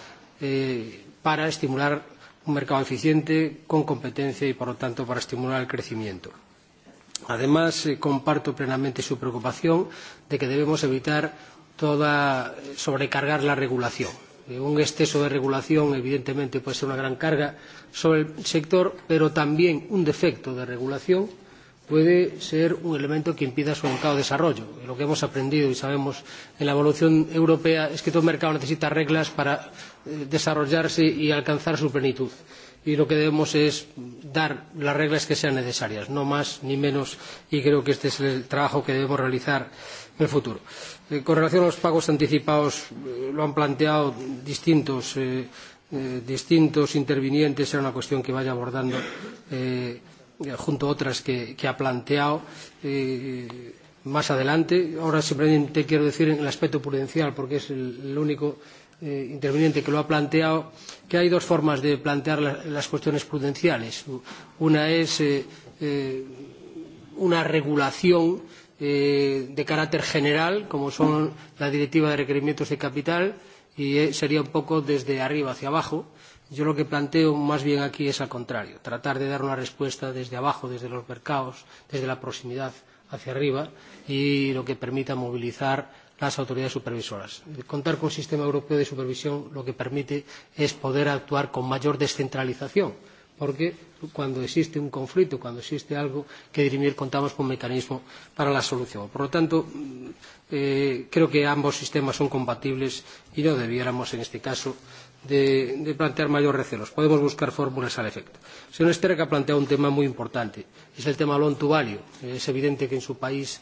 para estimular un mercado eficiente, con competencia y, por lo tanto, para estimular el crecimiento. Además, comparto plenamente su preocupación de que debemos evitar sobrecargar la regulación. Un exceso de regulación, evidentemente, puede ser una gran carga sobre el sector, pero también un defecto de regulación puede ser un elemento que impida su adecuado desarrollo. Lo que hemos aprendido y sabemos en la evolución europea es que todo mercado necesita reglas para desarrollarse y alcanzar su plenitud y lo que debemos es dar las reglas que sean necesarias, no más ni menos, y creo que este es el trabajo que debemos realizar en el futuro. Con relación a los pagos anticipados, lo han planteado distintos intervinientes, era una cuestión que vaya abordando junto a otras que ha planteado más adelante. Ahora simplemente quiero decir en el aspecto prudencial, porque es el único interviniente que lo ha planteado que hay dos formas de plantear las cuestiones prudenciales. Una es una regulación de carácter general, como son la Directiva de Requerimientos de Capital, y sería un poco desde arriba hacia abajo. Yo lo que planteo más bien aquí es al contrario, tratar de dar una respuesta desde abajo, desde los mercados, desde la proximidad hacia arriba, y lo que permita movilizar las autoridades supervisoras. Contar con un sistema europeo de supervisión lo que permite es poder actuar con mayor descentralización, porque cuando existe un conflicto, cuando existe algo que dirimir, contamos con un mecanismo para la solución. Por lo tanto, creo que ambos sistemas son compatibles y no debiéramos, en este caso, de plantear mayores recelos. Podemos buscar fórmulas al efecto. El señor que ha planteado un tema muy importante. Es el tema loan to value. Es evidente que en su país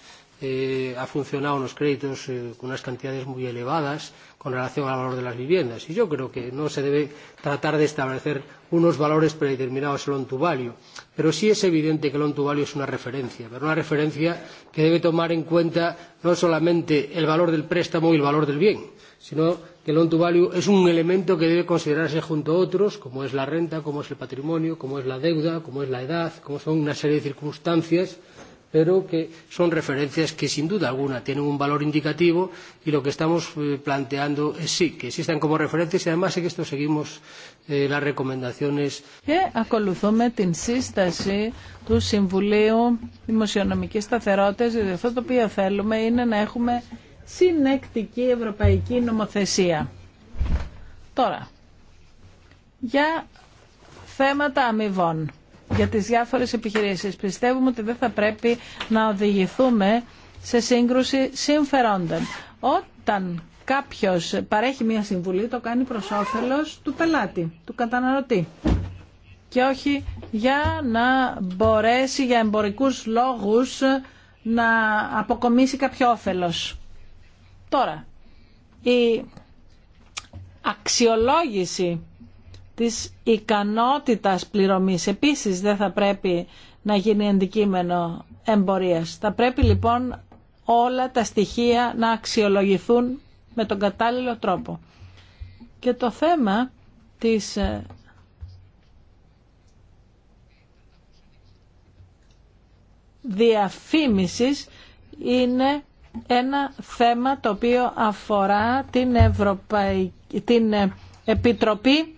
ha funcionado los créditos con unas cantidades muy elevadas con relación al valor de las viviendas. Y yo creo que no se debe tratar de establecer unos valores predeterminados loan to value. Pero sí es evidente que el on to value es una referencia, pero una referencia que debe tomar en cuenta no solamente el valor del préstamo y el valor del bien, sino que el on to value es un elemento que debe considerarse junto a otros, como es la renta, como es el patrimonio, como es la deuda, como es la edad, como son una serie de circunstancias pero que son referencias que sin duda alguna tienen un valor indicativo y lo que estamos planteando es sí, que existan como referencias y además en esto seguimos las recomendaciones. Και ακολουθούμε την σύσταση του Συμβουλίου Δημοσιονομικής Σταθερότητας, διότι αυτό το οποίο θέλουμε είναι να έχουμε συνεκτική ευρωπαϊκή νομοθεσία. Τώρα, για θέματα αμοιβών για τις διάφορες επιχειρήσεις. Πιστεύουμε ότι δεν θα πρέπει να οδηγηθούμε σε σύγκρουση συμφερόντων. Όταν κάποιος παρέχει μια συμβουλή, το κάνει προς όφελος του πελάτη, του καταναλωτή και όχι για να μπορέσει για εμπορικούς λόγους να αποκομίσει κάποιο όφελος. Τώρα, η αξιολόγηση της ικανότητας πληρωμής. Επίσης δεν θα πρέπει να γίνει αντικείμενο εμπορίας. Θα πρέπει λοιπόν όλα τα στοιχεία να αξιολογηθούν με τον κατάλληλο τρόπο. Και το θέμα της ε, διαφήμισης είναι ένα θέμα το οποίο αφορά την, Ευρωπαϊκή την ε, Επιτροπή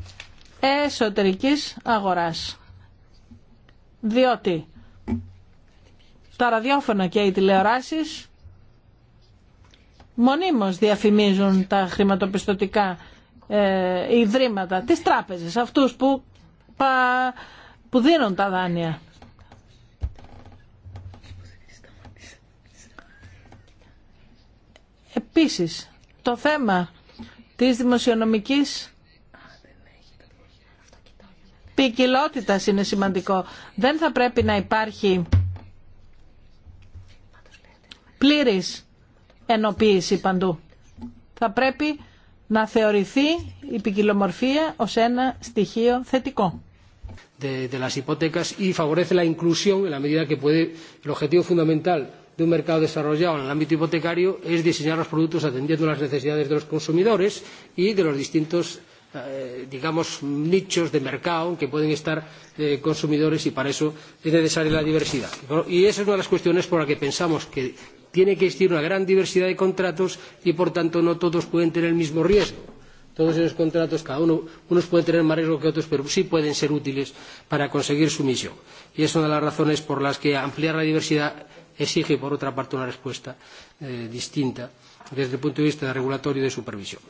εσωτερικής αγοράς. Διότι τα ραδιόφωνα και οι τηλεοράσεις μονίμως διαφημίζουν τα χρηματοπιστωτικά ε, ιδρύματα, τις τράπεζες, αυτούς που, που δίνουν τα δάνεια. Επίσης, το θέμα της δημοσιονομικής ποικιλότητα είναι σημαντικό. Δεν θα πρέπει να υπάρχει πλήρης ενοποίηση παντού. Θα πρέπει να θεωρηθεί η ποικιλομορφία ως ένα στοιχείο θετικό. De, de las hipotecas y favorece la inclusión en la medida que puede. El objetivo fundamental de un mercado desarrollado en el ámbito hipotecario es diseñar los productos atendiendo las necesidades de los consumidores y de los distintos digamos nichos de mercado que pueden estar consumidores y para eso es necesaria la diversidad. y esa es una de las cuestiones por las que pensamos que tiene que existir una gran diversidad de contratos y por tanto no todos pueden tener el mismo riesgo. todos esos contratos cada uno unos pueden tener más riesgo que otros pero sí pueden ser útiles para conseguir su misión. y es una de las razones por las que ampliar la diversidad exige por otra parte una respuesta distinta desde el punto de vista de regulatorio y de supervisión.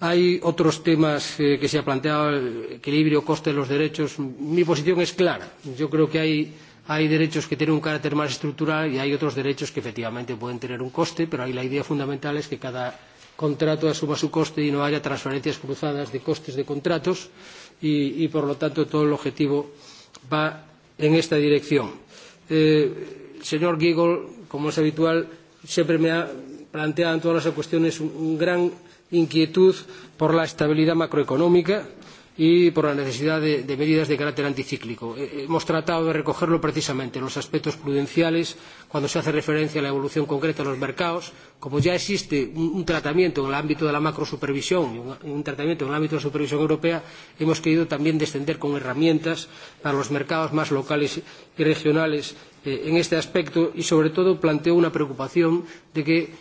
Hay otros temas que se ha planteado, el equilibrio, coste de los derechos. Mi posición es clara. Yo creo que hay derechos que tienen un carácter más estructural y hay otros derechos que efectivamente pueden tener un coste, pero ahí la idea fundamental es que cada contrato asuma su coste y no haya transferencias cruzadas de costes de contratos y, por lo tanto, todo el objetivo va en esta dirección. El señor Giegold, como es habitual, siempre me ha planteado en todas las cuestiones un gran inquietud por la estabilidad macroeconómica y por la necesidad de medidas de carácter anticíclico. Hemos tratado de recogerlo precisamente en los aspectos prudenciales cuando se hace referencia a la evolución concreta de los mercados. Como ya existe un tratamiento en el ámbito de la macrosupervisión y un tratamiento en el ámbito de la supervisión europea, hemos querido también descender con herramientas para los mercados más locales y regionales en este aspecto y sobre todo planteó una preocupación de que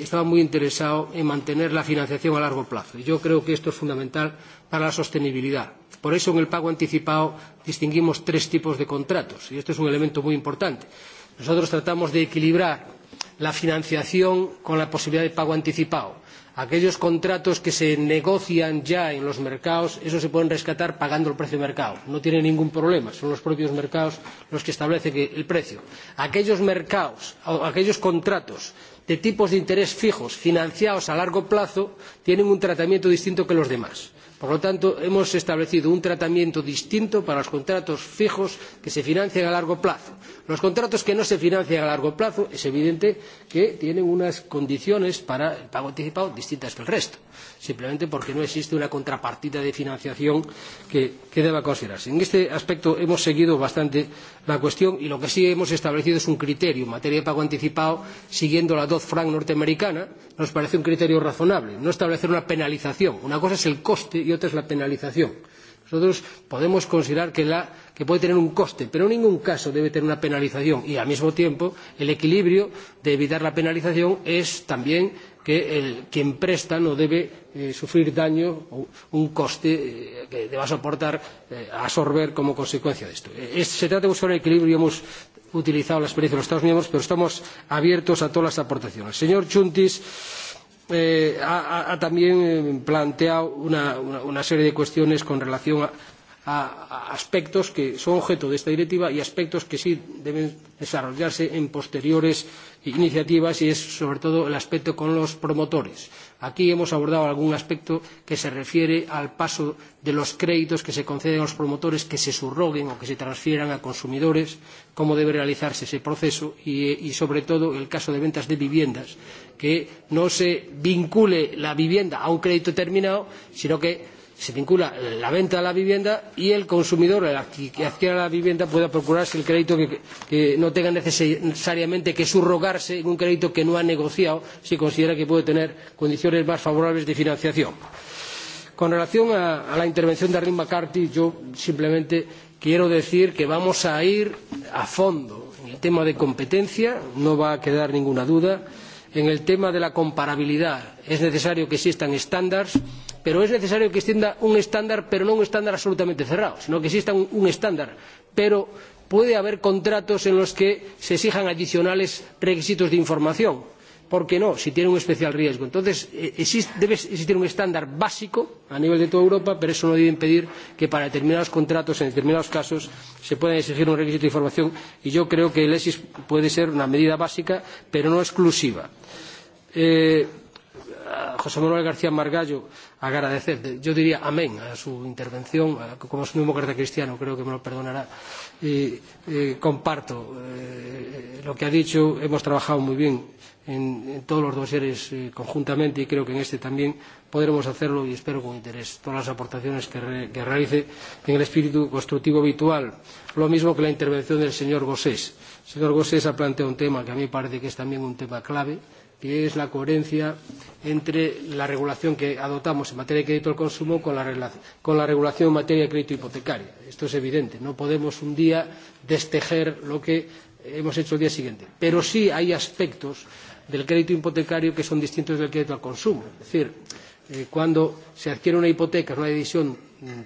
estaba muy interesado en mantener la financiación a largo plazo. Yo creo que esto es fundamental para la sostenibilidad. Por eso en el pago anticipado distinguimos tres tipos de contratos y esto es un elemento muy importante. Nosotros tratamos de equilibrar la financiación con la posibilidad de pago anticipado aquellos contratos que se negocian ya en los mercados esos se pueden rescatar pagando el precio de mercado no tiene ningún problema son los propios mercados los que establecen el precio. aquellos mercados aquellos contratos de tipos de interés fijos financiados a largo plazo tienen un tratamiento distinto que los demás. por lo tanto hemos establecido un tratamiento distinto para los contratos fijos que se financian a largo plazo los contratos que no se financian a largo plazo es evidente que tienen unas condiciones para el pago anticipado distintas del resto simplemente porque no existe una contrapartida de financiación que deba considerarse. en este aspecto hemos seguido bastante la cuestión y lo que sí hemos establecido es un criterio en materia de pago anticipado siguiendo la dodd frank norteamericana nos parece un criterio razonable no establecer una penalización una cosa es el coste y otra es la penalización Nosotros podemos considerar que, la, que puede tener un coste, pero en ningún caso debe tener una penalización. Y al mismo tiempo, el equilibrio de evitar la penalización es también que el, quien presta no debe sufrir daño o un coste que deba soportar, absorber como consecuencia de esto. se trata de buscar un equilibrio. Hemos utilizado la experiencia de los Estados miembros, pero estamos abiertos a todas las aportaciones. Señor Chuntis ha también planteado una serie de cuestiones con relación a a aspectos que son objeto de esta directiva y aspectos que sí deben desarrollarse en posteriores iniciativas y es sobre todo el aspecto con los promotores. Aquí hemos abordado algún aspecto que se refiere al paso de los créditos que se conceden a los promotores que se subroguen o que se transfieran a consumidores, cómo debe realizarse ese proceso y, sobre todo, el caso de ventas de viviendas, que no se vincule la vivienda a un crédito terminado, sino que se vincula la venta de la vivienda y el consumidor el que adquiera la vivienda pueda procurarse el crédito que no tenga necesariamente que subrogarse en un crédito que no ha negociado si considera que puede tener condiciones más favorables de financiación. con relación a la intervención de arlene mccarthy yo simplemente quiero decir que vamos a ir a fondo en el tema de competencia no va a quedar ninguna duda en el tema de la comparabilidad es necesario que existan estándares pero es necesario que extienda un estándar pero no un estándar absolutamente cerrado sino que exista un estándar pero puede haber contratos en los que se exijan adicionales requisitos de información por qué no si tiene un especial riesgo? entonces debe existir un estándar básico a nivel de toda europa pero eso no debe impedir que para determinados contratos en determinados casos se pueda exigir un requisito de información y yo creo que el esis puede ser una medida básica pero no exclusiva. José Manuel García Margallo agradecer, yo diría amén a su intervención, como es un demócrata cristiano, creo que me lo perdonará, y comparto lo que ha dicho, hemos trabajado muy bien en todos los dosieres conjuntamente y creo que en este también podremos hacerlo y espero con interés todas las aportaciones que realice en el espíritu constructivo habitual, lo mismo que la intervención del señor Gossés. El señor Gossés ha planteado un tema que a mí me parece que es también un tema clave que es la coherencia entre la regulación que adoptamos en materia de crédito al consumo con la regulación en materia de crédito hipotecario. Esto es evidente. No podemos un día destejer lo que hemos hecho el día siguiente. Pero sí hay aspectos del crédito hipotecario que son distintos del crédito al consumo. Es decir, cuando se adquiere una hipoteca, es una decisión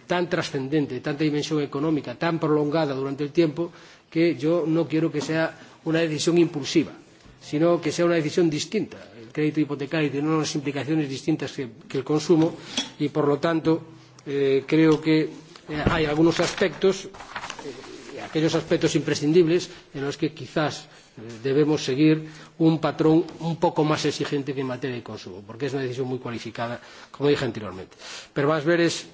tan trascendente, de tanta dimensión económica, tan prolongada durante el tiempo, que yo no quiero que sea una decisión impulsiva sino que sea una decisión distinta. El crédito hipotecario tiene unas implicaciones distintas que el consumo y, por lo tanto, creo que hay algunos aspectos, aquellos aspectos imprescindibles, en los que quizás debemos seguir un patrón un poco más exigente que en materia de consumo, porque es una decisión muy cualificada, como dije anteriormente. Pero más veres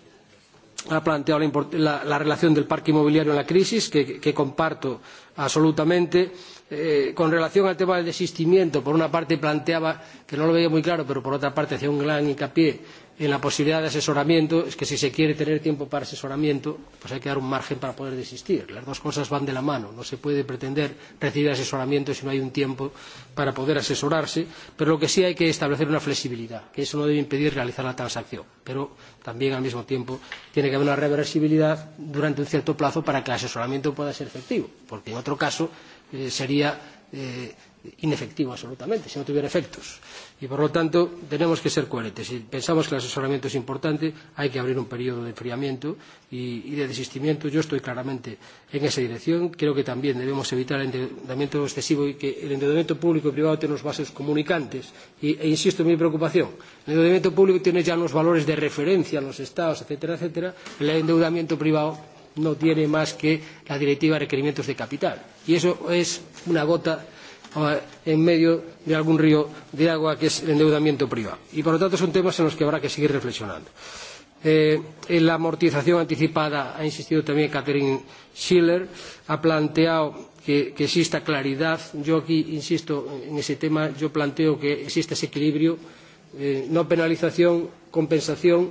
ha planteado la relación del parque inmobiliario en la crisis, que comparto absolutamente con relación al tema del desistimiento por una parte planteaba que no lo veía muy claro pero por otra parte hacía un gran hincapié en la posibilidad de asesoramiento es que si se quiere tener tiempo para asesoramiento pues hay que dar un margen para poder desistir las dos cosas van de la mano no se puede pretender recibir asesoramiento si no hay un tiempo para poder asesorarse pero lo que sí hay que establecer una flexibilidad que eso no debe impedir realizar la transacción pero también al mismo tiempo tiene que haber una reversibilidad durante un cierto plazo para que el asesoramiento pueda ser efectivo porque en otro caso sería inefectivo absolutamente si no tuviera efectos. Y por lo tanto tenemos que ser coherentes. Si pensamos que el asesoramiento es importante, hay que abrir un periodo de enfriamiento y de desistimiento. Yo estoy claramente en esa dirección. Creo que también debemos evitar el endeudamiento excesivo y que el endeudamiento público y privado tiene los bases comunicantes. E insisto en mi preocupación. El endeudamiento público tiene ya unos valores de referencia en los estados, etcétera, etcétera. El endeudamiento privado no tiene más que la directiva de requerimientos de capital y eso es una gota en medio de algún río de agua que es el endeudamiento privado. Y por lo tanto son temas en los que habrá que seguir reflexionando. En la amortización anticipada ha insistido también Catherine Schiller, ha planteado que exista claridad. Yo aquí insisto en ese tema, yo planteo que exista ese equilibrio, no penalización, compensación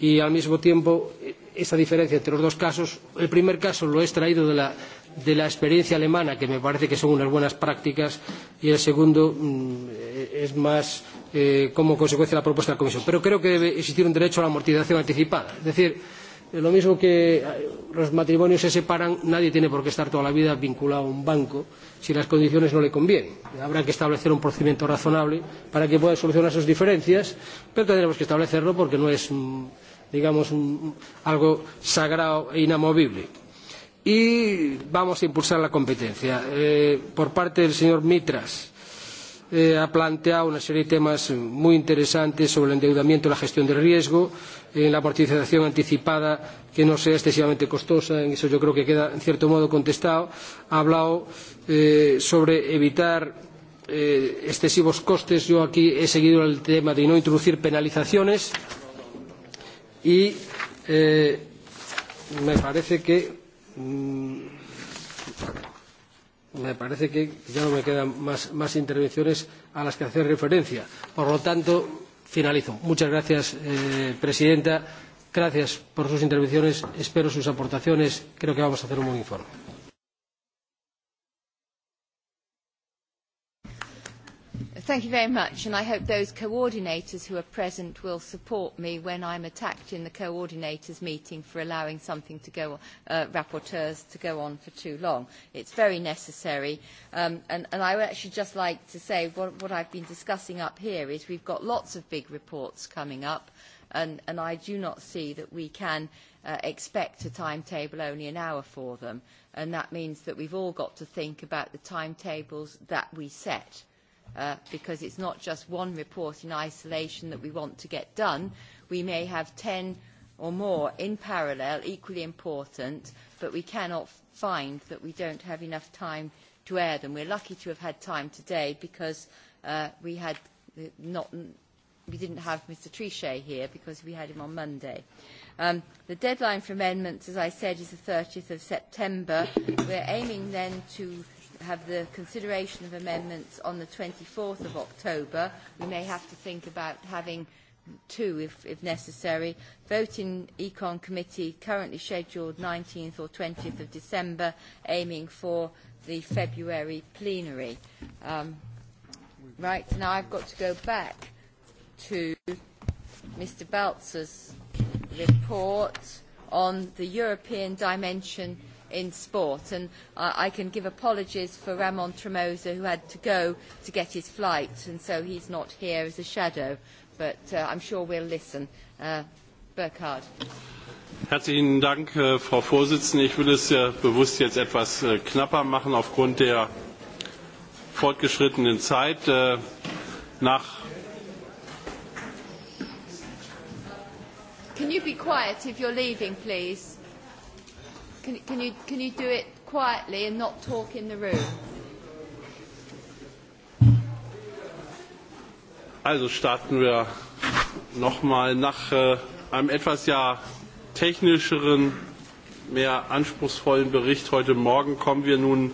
y al mismo tiempo esa diferencia entre los dos casos. El primer caso lo he extraído de la de la experiencia alemana, que me parece que son unas buenas prácticas, y el segundo es más como consecuencia de la propuesta de la Comisión. Pero creo que debe existir un derecho a la amortización anticipada. Es decir, lo mismo que los matrimonios se separan, nadie tiene por qué estar toda la vida vinculado a un banco si las condiciones no le convienen. Habrá que establecer un procedimiento razonable para que pueda solucionar sus diferencias, pero tendremos que establecerlo porque no es, digamos, algo sagrado e inamovible y vamos a impulsar la competencia. Por parte del señor Mitras ha planteado una serie de temas muy interesantes sobre el endeudamiento y la gestión del riesgo, en la amortización anticipada que no sea excesivamente costosa, en eso yo creo que queda en cierto modo contestado. Ha hablado sobre evitar excesivos costes. Yo aquí he seguido el tema de no introducir penalizaciones y me parece que me parece que ya no me quedan más intervenciones a las que hacer referencia. Por lo tanto, finalizo. Muchas gracias, Presidenta. Gracias por sus intervenciones. Espero sus aportaciones. Creo que vamos a hacer un buen informe. Thank you very much, and I hope those coordinators who are present will support me when I'm attacked in the coordinators meeting for allowing something to go, rapporteurs to go on for too long. It's very necessary, and I would actually just like to say what I've been discussing up here is we've got lots of big reports coming up, and I do not see that we can expect a timetable only an hour for them, and that means that we've all got to think about the timetables that we set because it's not just one report in isolation that we want to get done. We may have ten or more in parallel, equally important, but we cannot find that we don't have enough time to air them. We're lucky to have had time today because we had not we didn't have Mr. Trichet here because we had him on Monday. The deadline for amendments, as I said, is the 30th of September. We're aiming then to have the consideration of amendments on the 24th of October. We may have to think about having two if, if necessary. Vote in Econ Committee currently scheduled 19th or 20th of December, aiming for the February plenary. Um, right, now I've got to go back to Mr. Baltzer's report on the European dimension in sport. And I can give apologies for Ramon Tremosa, who had to go to get his flight, and so he's not here as a shadow. But I'm sure we'll listen. Burkhard. Herzlichen Dank, Frau Vorsitzende. Ich will es ja bewusst jetzt etwas knapper machen aufgrund der fortgeschrittenen Zeit. Nach Can you be quiet if you're leaving, please? Can, you, can you do it quietly and not talk in the room? Also starten wir nochmal nach einem etwas ja technischeren, mehr anspruchsvollen Bericht heute Morgen kommen wir nun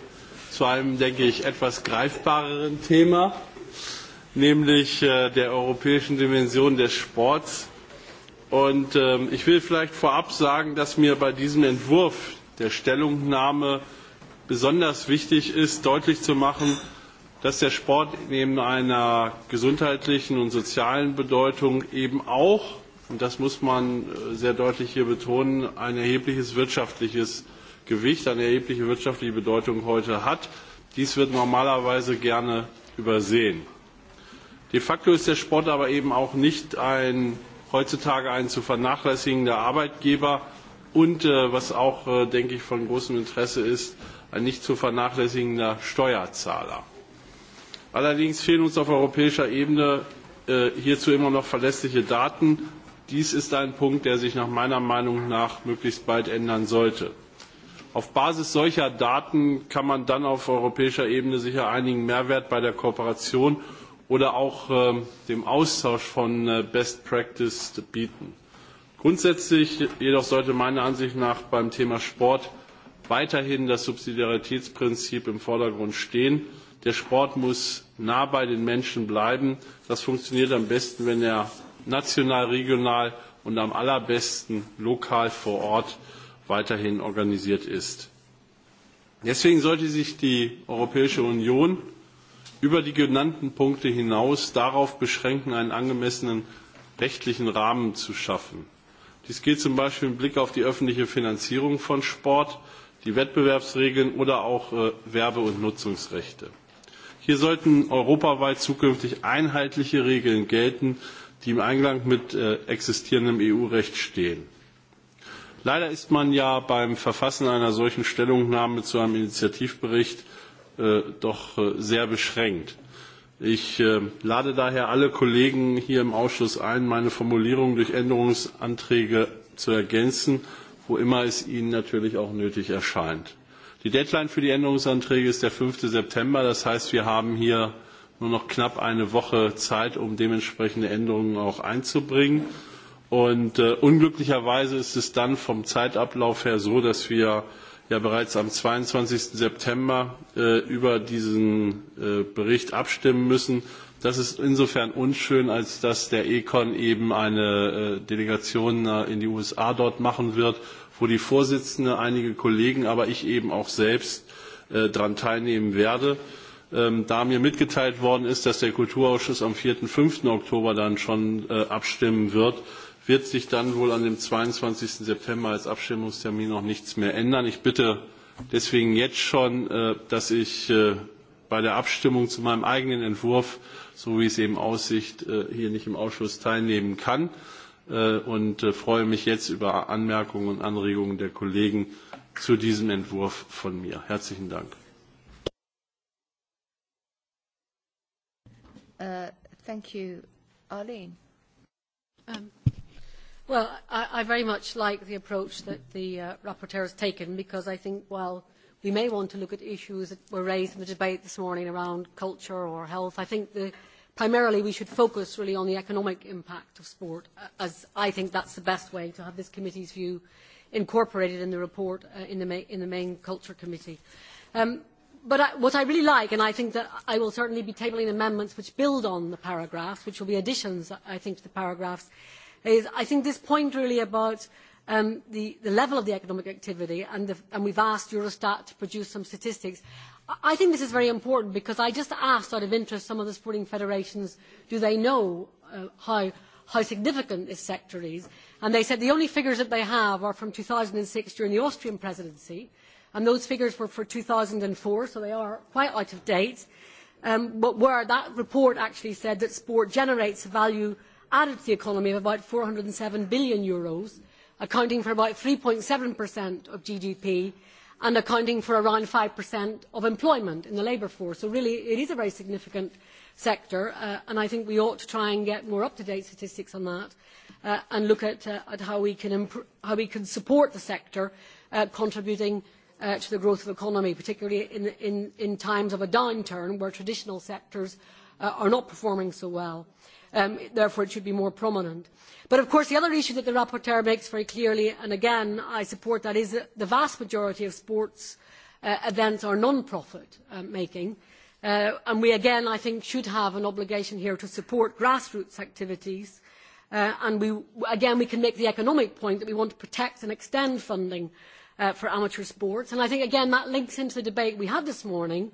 zu einem, denke ich, etwas greifbareren Thema, nämlich der europäischen Dimension des Sports. Und ich will vielleicht vorab sagen, dass mir bei diesem Entwurf der Stellungnahme besonders wichtig ist, deutlich zu machen, dass der Sport neben einer gesundheitlichen und sozialen Bedeutung eben auch, und das muss man sehr deutlich hier betonen, ein erhebliches wirtschaftliches Gewicht, eine erhebliche wirtschaftliche Bedeutung heute hat. Dies wird normalerweise gerne übersehen. De facto ist der Sport aber eben auch nicht heutzutage ein zu vernachlässigender Arbeitgeber, und was auch, denke ich, von großem Interesse ist, ein nicht zu vernachlässigender Steuerzahler. Allerdings fehlen uns auf europäischer Ebene hierzu immer noch verlässliche Daten. Dies ist ein Punkt, der sich nach meiner Meinung nach möglichst bald ändern sollte. Auf Basis solcher Daten kann man dann auf europäischer Ebene sicher einigen Mehrwert bei der Kooperation oder auch dem Austausch von Best Practice bieten. Grundsätzlich jedoch sollte meiner Ansicht nach beim Thema Sport weiterhin das Subsidiaritätsprinzip im Vordergrund stehen. Der Sport muss nah bei den Menschen bleiben. Das funktioniert am besten, wenn er national, regional und am allerbesten lokal vor Ort weiterhin organisiert ist. Deswegen sollte sich die Europäische Union über die genannten Punkte hinaus darauf beschränken, einen angemessenen rechtlichen Rahmen zu schaffen. Dies gilt zum Beispiel im Blick auf die öffentliche Finanzierung von Sport, die Wettbewerbsregeln oder auch Werbe- und Nutzungsrechte. Hier sollten europaweit zukünftig einheitliche Regeln gelten, die im Einklang mit existierendem EU-Recht stehen. Leider ist man ja beim Verfassen einer solchen Stellungnahme zu einem Initiativbericht doch sehr beschränkt. Ich lade daher alle Kollegen hier im Ausschuss ein, meine Formulierung durch Änderungsanträge zu ergänzen, wo immer es ihnen natürlich auch nötig erscheint. Die Deadline für die Änderungsanträge ist der 5. September. Das heißt, wir haben hier nur noch knapp eine Woche Zeit, um dementsprechende Änderungen auch einzubringen. Und unglücklicherweise ist es dann vom Zeitablauf her so, dass wir ja bereits am 22. September über diesen Bericht abstimmen müssen. Das ist insofern unschön, als dass der Econ eben eine Delegation in die USA dort machen wird, wo die Vorsitzende, einige Kollegen, aber ich eben auch selbst daran teilnehmen werde. Da mir mitgeteilt worden ist, dass der Kulturausschuss am 4. 5. Oktober dann schon abstimmen wird, wird sich dann wohl an dem 22. September als Abstimmungstermin noch nichts mehr ändern. Ich bitte deswegen jetzt schon, dass ich bei der Abstimmung zu meinem eigenen Entwurf, so wie es eben aussieht, hier nicht im Ausschuss teilnehmen kann und freue mich jetzt über Anmerkungen und Anregungen der Kollegen zu diesem Entwurf von mir. Herzlichen Dank. Thank you. Arlene. Well, I very much like the approach that the rapporteur has taken because I think while we may want to look at issues that were raised in the debate this morning around culture or health, I think primarily we should focus really on the economic impact of sport as I think that's the best way to have this committee's view incorporated in the report in the main culture committee. But what I really like, and I think that I will certainly be tabling amendments which build on the paragraphs, which will be additions, I think, to the paragraphs, I think this point really about the level of the economic activity, and we've asked Eurostat to produce some statistics. I think this is very important because I just asked out of interest some of the sporting federations, do they know how significant this sector is, and they said the only figures that they have are from 2006 during the Austrian presidency, and those figures were for 2004, so they are quite out of date, but where that report actually said that sport generates value added to the economy of about 407 billion euros, accounting for about 3.7% of GDP and accounting for around 5% of employment in the labour force. So really it is a very significant sector and I think we ought to try and get more up-to-date statistics on that and look at how we can support the sector contributing to the growth of the economy, particularly in times of a downturn where traditional sectors are not performing so well therefore it should be more prominent. but of course the other issue that the rapporteur makes very clearly and again i support that is that the vast majority of sports events are non profit making and we again i think should have an obligation here to support grassroots activities and again we can make the economic point that we want to protect and extend funding for amateur sports and i think again that links into the debate we had this morning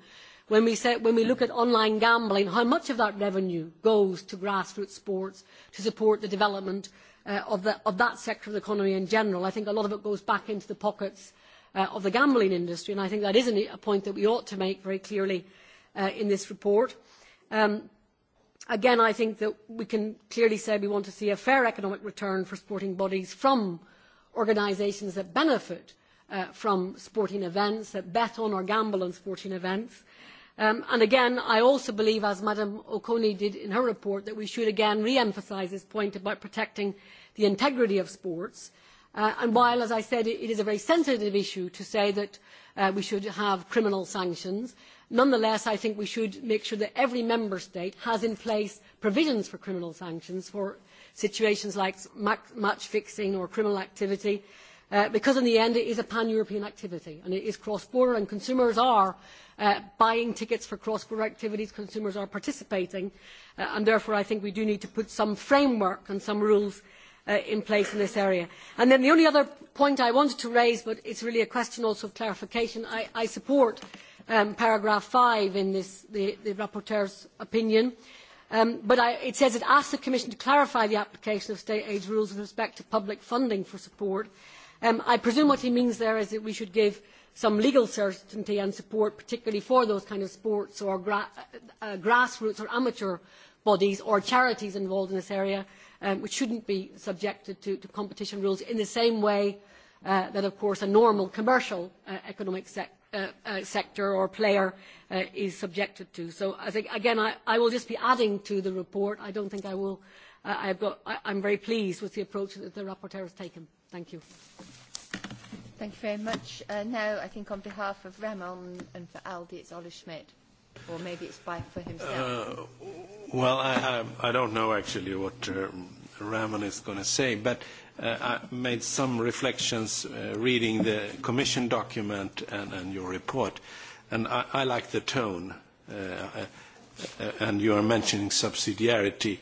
When we look at online gambling, how much of that revenue goes to grassroots sports to support the development of that sector of the economy in general? I think a lot of it goes back into the pockets of the gambling industry, and I think that is a point that we ought to make very clearly in this report. Again, I think that we can clearly say we want to see a fair economic return for sporting bodies from organisations that benefit from sporting events, that bet on or gamble on sporting events and again i also believe as ms auconie did in her report that we should again re emphasise this point about protecting the integrity of sports and while as i said it is a very sensitive issue to say that we should have criminal sanctions nonetheless i think we should make sure that every member state has in place provisions for criminal sanctions for situations like match fixing or criminal activity because in the end it is a pan-European activity and it is cross-border and consumers are buying tickets for cross-border activities, consumers are participating and therefore I think we do need to put some framework and some rules in place in this area. the only other point I wanted to raise, but it is really a question also of clarification, I support paragraph 5 in the rapporteur's opinion. But it says it asks the Commission to clarify the application of state aid rules with respect to public funding for support I presume what he means there is that we should give some legal certainty and support, particularly for those kinds of sports or grassroots or amateur bodies or charities involved in this area, which should not be subjected to competition rules in the same way that, of course, a normal commercial economic sector or player is subjected to. So, again, I will just be adding to the report. I don't think I will I'm very pleased with the approach that the rapporteur has taken. Thank you. Thank you very much. Now, I think on behalf of Ramon and for Aldi, it's olle Schmidt. Or maybe it's by for himself. Well, I don't know actually what Ramon is going to say, but I made some reflections reading the Commission document and your report, and I like the tone, and you are mentioning subsidiarity.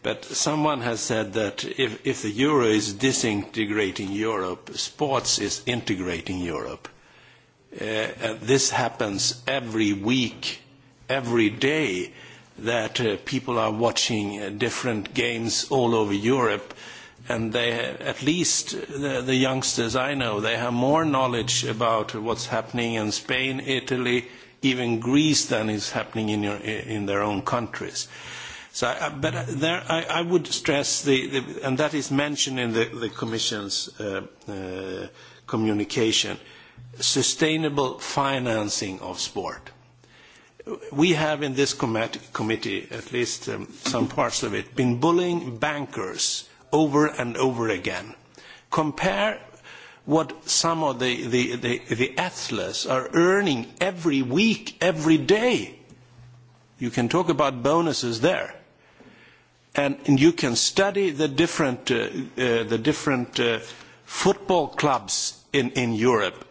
But someone has said that if the euro is disintegrating Europe, sports is integrating Europe. This happens every week, every day, that people are watching different games all over Europe, and they, at least the youngsters I know, they have more knowledge about what's happening in Spain, Italy, even Greece than is happening in their own countries. But I would stress, and that is mentioned in the Commission's communication, sustainable financing of sport. We have in this committee, at least some parts of it, been bullying bankers over and over again. Compare what some of the athletes are earning every week, every day. You can talk about bonuses there and you can study the different football clubs in in Europe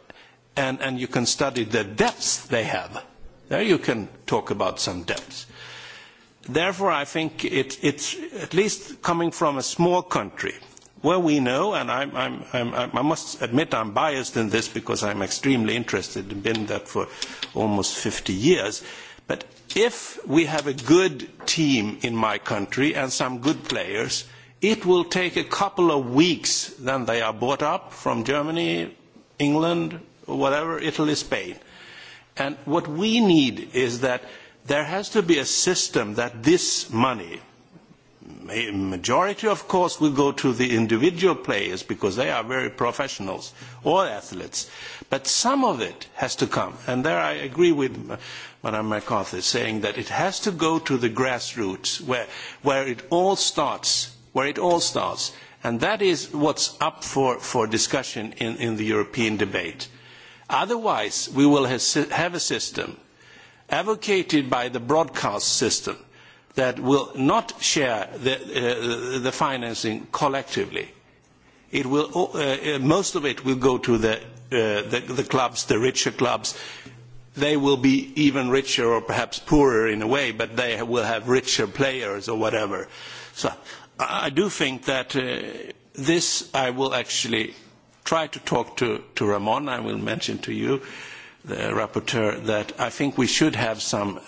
and you can study the depths they have there you can talk about some depths therefore i think it's at least coming from a small country where we know and i must admit i'm biased in this because i'm extremely interested and been that for almost 50 years but if we have a good team in my country and some good players, it will take a couple of weeks then they are bought up from Germany, England, whatever, Italy, Spain. And what we need is that there has to be a system that this money majority of course will go to the individual players because they are very professionals or athletes but some of it has to come and there i agree with madam mccarthy saying that it has to go to the grassroots where where it all starts where it all starts and that is what's up for for discussion in in the european debate otherwise we will have a system advocated by the broadcast system that will not share the financing collectively. Most of it will go to the clubs, the richer clubs. They will be even richer or perhaps poorer in a way, but they will have richer players or whatever. So I do think that this I will actually try to talk to Ramon. I will mention to you the rapporteur that I think we should have some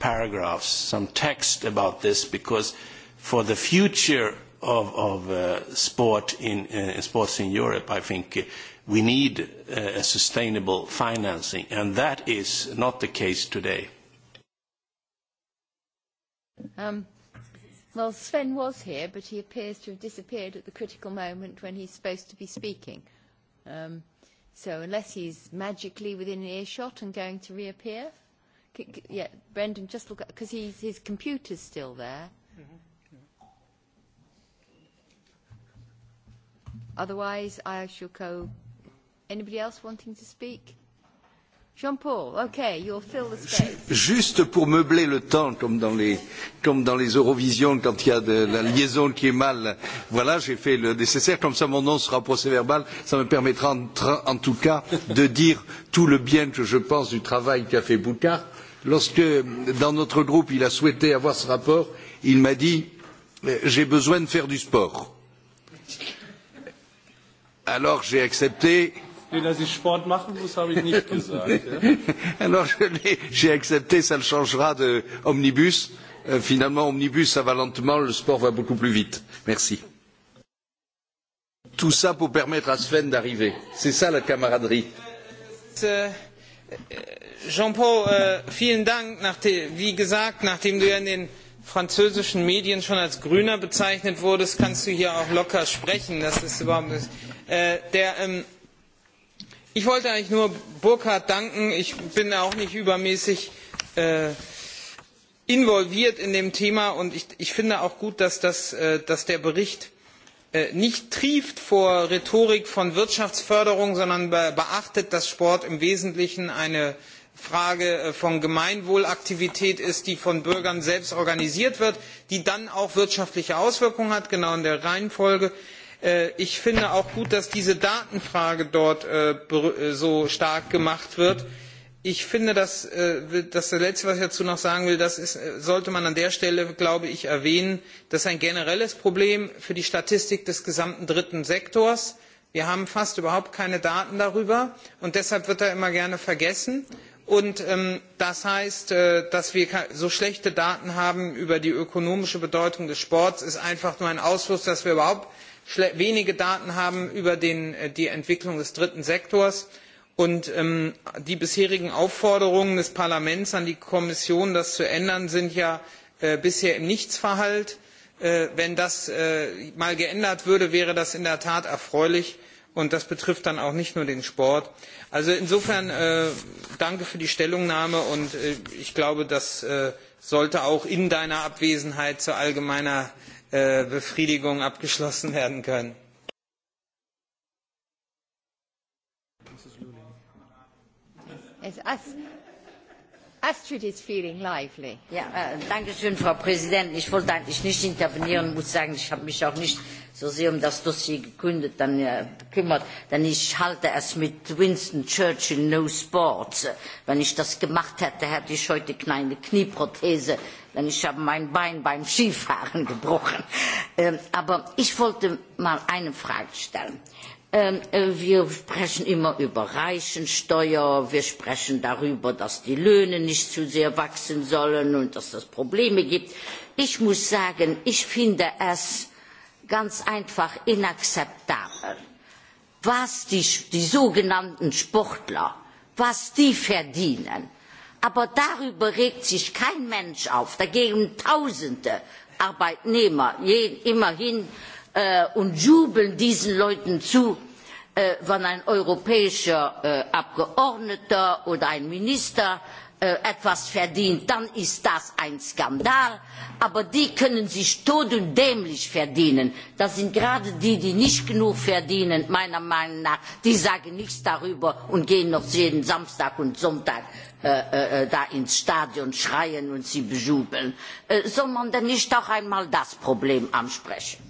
paragraphs, some text about this, because for the future of sport in sports in Europe, I think we need a sustainable financing, and that is not the case today. Well, Sven was here, but he appears to have disappeared at the critical moment when he's supposed to be speaking. So unless he's magically within earshot and going to reappear, yeah, Brendan, just look because his computer's still there. Otherwise, I shall go. Anybody else wanting to speak? Jean-Paul, OK, you'll fill the space. Juste pour meubler le temps, comme dans les, comme dans les Eurovision, quand il y a de la liaison qui est mal, voilà, j'ai fait le nécessaire. Comme ça, mon nom sera procès verbal. Ça me permettra, en, tout cas, de dire tout le bien que je pense du travail qu'a fait Boucard. Lorsque, dans notre groupe, il a souhaité avoir ce rapport, il m'a dit, j'ai besoin de faire du sport. Alors, j'ai accepté Nee, dass ich Sport machen muss, habe ich nicht gesagt. Alors, j'ai accepté, ça le changera de omnibus. Finalement, omnibus, ça va lentement, le sport va beaucoup plus vite. Merci. Tout ça pour permettre à Sven d'arriver. C'est ça la camaraderie. Jean-Paul, vielen Dank. Wie gesagt, nachdem du ja in den französischen Medien schon als Grüner bezeichnet wurdest, kannst du hier auch locker sprechen. Das ist überhaupt nicht ich wollte eigentlich nur burkhardt danken ich bin auch nicht übermäßig involviert in dem thema und ich finde auch gut dass der bericht nicht trieft vor rhetorik von wirtschaftsförderung sondern beachtet dass sport im wesentlichen eine frage von gemeinwohlaktivität ist die von bürgern selbst organisiert wird die dann auch wirtschaftliche auswirkungen hat genau in der reihenfolge ich finde auch gut dass diese datenfrage dort so stark gemacht wird. ich finde das letzte was ich dazu noch sagen will das sollte man an der stelle glaube ich, erwähnen das ist ein generelles problem für die statistik des gesamten dritten sektors. wir haben fast überhaupt keine daten darüber und deshalb wird er immer gerne vergessen. das heißt dass wir so schlechte daten haben über die ökonomische bedeutung des sports ist einfach nur ein ausfluss dass wir überhaupt wenige daten haben über die entwicklung des dritten sektors und die bisherigen aufforderungen des parlaments an die kommission das zu ändern sind ja bisher im Nichtsverhalt. wenn das mal geändert würde wäre das in der tat erfreulich und das betrifft dann auch nicht nur den sport. also insofern danke für die stellungnahme und ich glaube das sollte auch in deiner abwesenheit zu allgemeiner Befriedigung abgeschlossen werden können. Astrid is feeling lively. Ja, danke schön, Frau Präsidentin. Ich wollte eigentlich nicht intervenieren, muss sagen, ich habe mich auch nicht so sehr um das Dossier gekündigt, dann, kümmert, denn ich halte es mit Winston Churchill No Sports. Wenn ich das gemacht hätte, hätte ich heute kleine Knieprothese, denn ich habe mein Bein beim Skifahren gebrochen. aber ich wollte mal eine Frage stellen. Wir sprechen immer über Reichensteuer, wir sprechen darüber, dass die Löhne nicht zu sehr wachsen sollen und dass es Probleme gibt. Ich muss sagen, ich finde es ganz einfach inakzeptabel. Was die sogenannten Sportler, was die verdienen. Aber darüber regt sich kein Mensch auf. Dagegen Tausende Arbeitnehmer immerhin und jubeln diesen Leuten zu, wenn ein europäischer Abgeordneter oder ein Minister etwas verdient, dann ist das ein Skandal. Aber die können sich tot und dämlich verdienen. Das sind gerade die, die nicht genug verdienen, meiner Meinung nach. Die sagen nichts darüber und gehen noch jeden Samstag und Sonntag da ins Stadion schreien und sie bejubeln. Soll man denn nicht auch einmal das Problem ansprechen?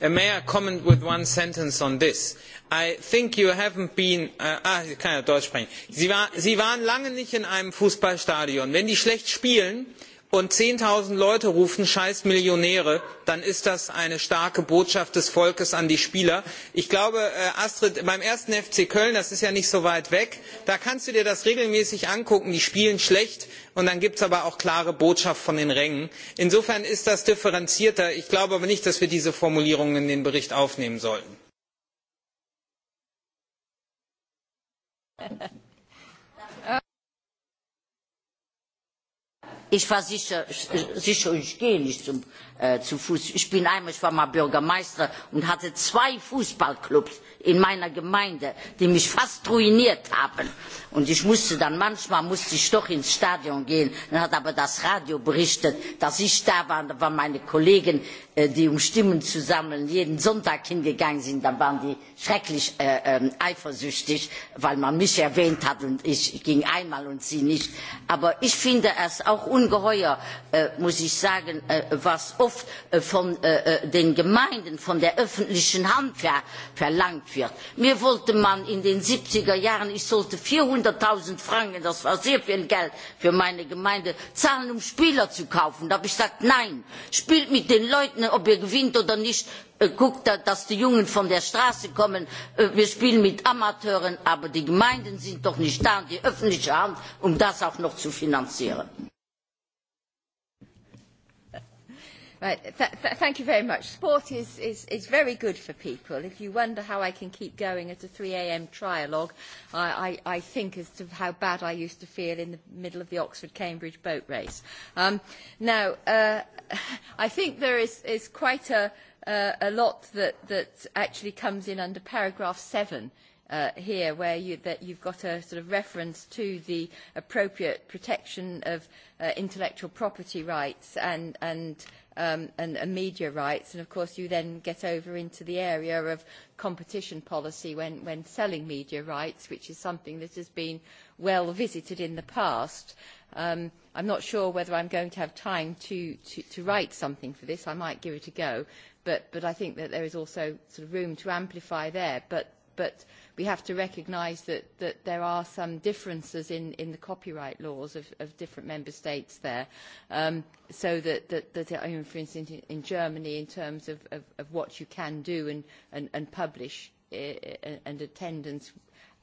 May I comment with one sentence on this? I think you haven't been, ah, ich kann ja Deutsch sprechen. Sie waren lange nicht in einem Fußballstadion. Wenn die schlecht spielen, und zehntausend leute rufen scheiß millionäre dann ist das eine starke botschaft des volkes an die spieler. ich glaube astrid beim ersten fc köln das ist ja nicht so weit weg da kannst du dir das regelmäßig angucken die spielen schlecht und dann gibt es aber auch klare botschaft von den rängen. insofern ist das differenzierter. ich glaube aber nicht dass wir diese Formulierungen in den bericht aufnehmen sollten. Ich war sicher, sicher ich gehe nicht zum, zu Fuß. Ich bin einmal, ich war mal Bürgermeister und hatte zwei Fußballclubs in meiner Gemeinde, die mich fast ruiniert haben. Und ich musste dann, manchmal musste ich doch ins Stadion gehen. Dann hat aber das Radio berichtet, dass ich da war. Da waren meine Kollegen, die um Stimmen zu sammeln, jeden Sonntag hingegangen sind. Dann waren die schrecklich eifersüchtig, weil man mich erwähnt hat und ich ging einmal und sie nicht. Aber ich finde es auch ungeheuer muss ich sagen was oft von den gemeinden von der öffentlichen hand verlangt wird. mir wollte man in den 70er jahren ich sollte vierhundert null franken das war sehr viel geld für meine gemeinde zahlen um spieler zu kaufen. da habe ich gesagt nein spielt mit den leuten ob ihr gewinnt oder nicht guckt dass die jungen von der straße kommen wir spielen mit amateuren aber die gemeinden sind doch nicht da die öffentliche hand um das auch noch zu finanzieren. Thank you very much. Sport is is is very good for people. If you wonder how I can keep going at a 3 a.m. trialogue, I I I think as to how bad I used to feel in the middle of the Oxford-Cambridge boat race. Now, I think there is is quite a a lot that that actually comes in under paragraph 7 here where you that you've got a sort of reference to the appropriate protection of intellectual property rights and and and media rights. And, of course, you then get over into the area of competition policy when selling media rights, which is something that has been well visited in the past. I'm not sure whether I'm going to have time to write something for this. I might give it a go. But I think that there is also sort of room to amplify there. But we have to recognise that there are some differences in the copyright laws of different member states there. So that, for instance, in Germany, in terms of what you can do and publish and attendance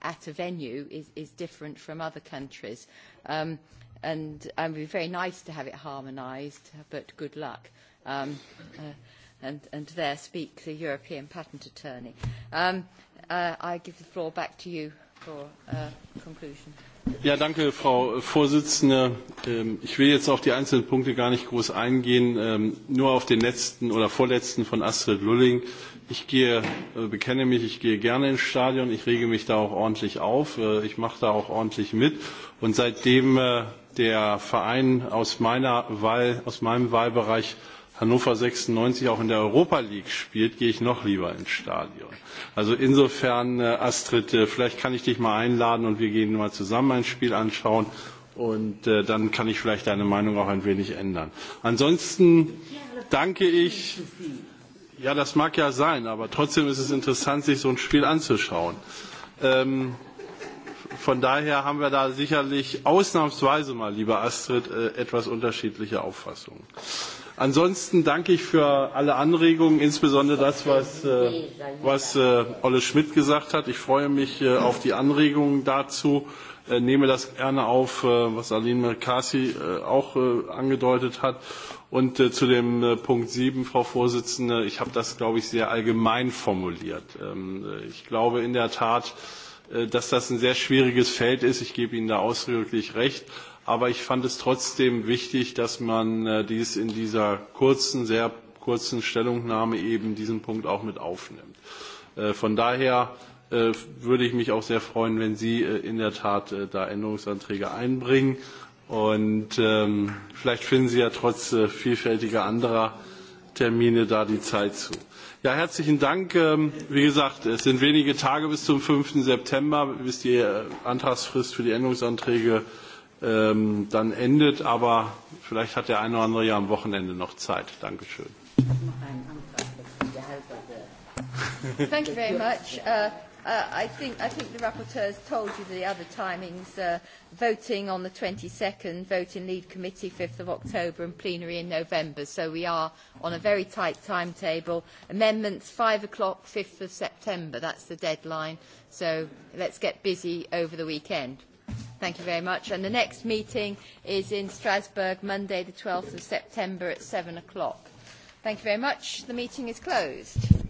at a venue is different from other countries. And it would be very nice to have it harmonised, but good luck. And there speak the European patent attorney. I give the floor back to you for conclusion. Ja, danke, Frau Vorsitzende. Ich will jetzt auf die einzelnen Punkte gar nicht groß eingehen, nur auf den letzten oder vorletzten von Astrid Lulling. Ich gehe, bekenne mich, ich gehe gerne ins Stadion, ich rege mich da auch ordentlich auf, ich mache da auch ordentlich mit. Und seitdem der Verein aus meiner Wahl, aus meinem Wahlbereich Hannover 96 auch in der Europa League spielt, gehe ich noch lieber ins Stadion. Also insofern, Astrid, vielleicht kann ich dich mal einladen und wir gehen mal zusammen ein Spiel anschauen und dann kann ich vielleicht deine Meinung auch ein wenig ändern. Ansonsten danke ich. Ja, das mag ja sein, aber trotzdem ist es interessant, sich so ein Spiel anzuschauen. Von daher haben wir da sicherlich ausnahmsweise mal, lieber Astrid, etwas unterschiedliche Auffassungen. Ansonsten danke ich für alle Anregungen, insbesondere das, was Olle Schmidt gesagt hat. Ich freue mich auf die Anregungen dazu, nehme das gerne auf, was Aline Mercasi auch angedeutet hat. Und zu dem Punkt 7, Frau Vorsitzende, ich habe das, glaube ich, sehr allgemein formuliert. Ich glaube in der Tat, dass das ein sehr schwieriges Feld ist. Ich gebe Ihnen da ausdrücklich recht aber ich fand es trotzdem wichtig, dass man dies in dieser kurzen, sehr kurzen Stellungnahme eben diesen Punkt auch mit aufnimmt. Von daher würde ich mich auch sehr freuen, wenn Sie in der Tat da Änderungsanträge einbringen. Und vielleicht finden Sie ja trotz vielfältiger anderer Termine da die Zeit zu. Ja, herzlichen Dank. Wie gesagt, es sind wenige Tage bis zum 5. September, bis die Antragsfrist für die Änderungsanträge dann endet. Aber vielleicht hat der eine oder andere ja am Wochenende noch Zeit. Dankeschön. Thank you very much. I think I think the rapporteurs told you the other timings. Voting on the 22nd, vote in lead committee 5th of October and plenary in November. So we are on a very tight timetable. Amendments 5 o'clock 5th of September. That's the deadline. So let's get busy over the weekend. Thank you very much. And the next meeting is in Strasbourg, Monday, the 12th of September at 7 o'clock. Thank you very much. The meeting is closed.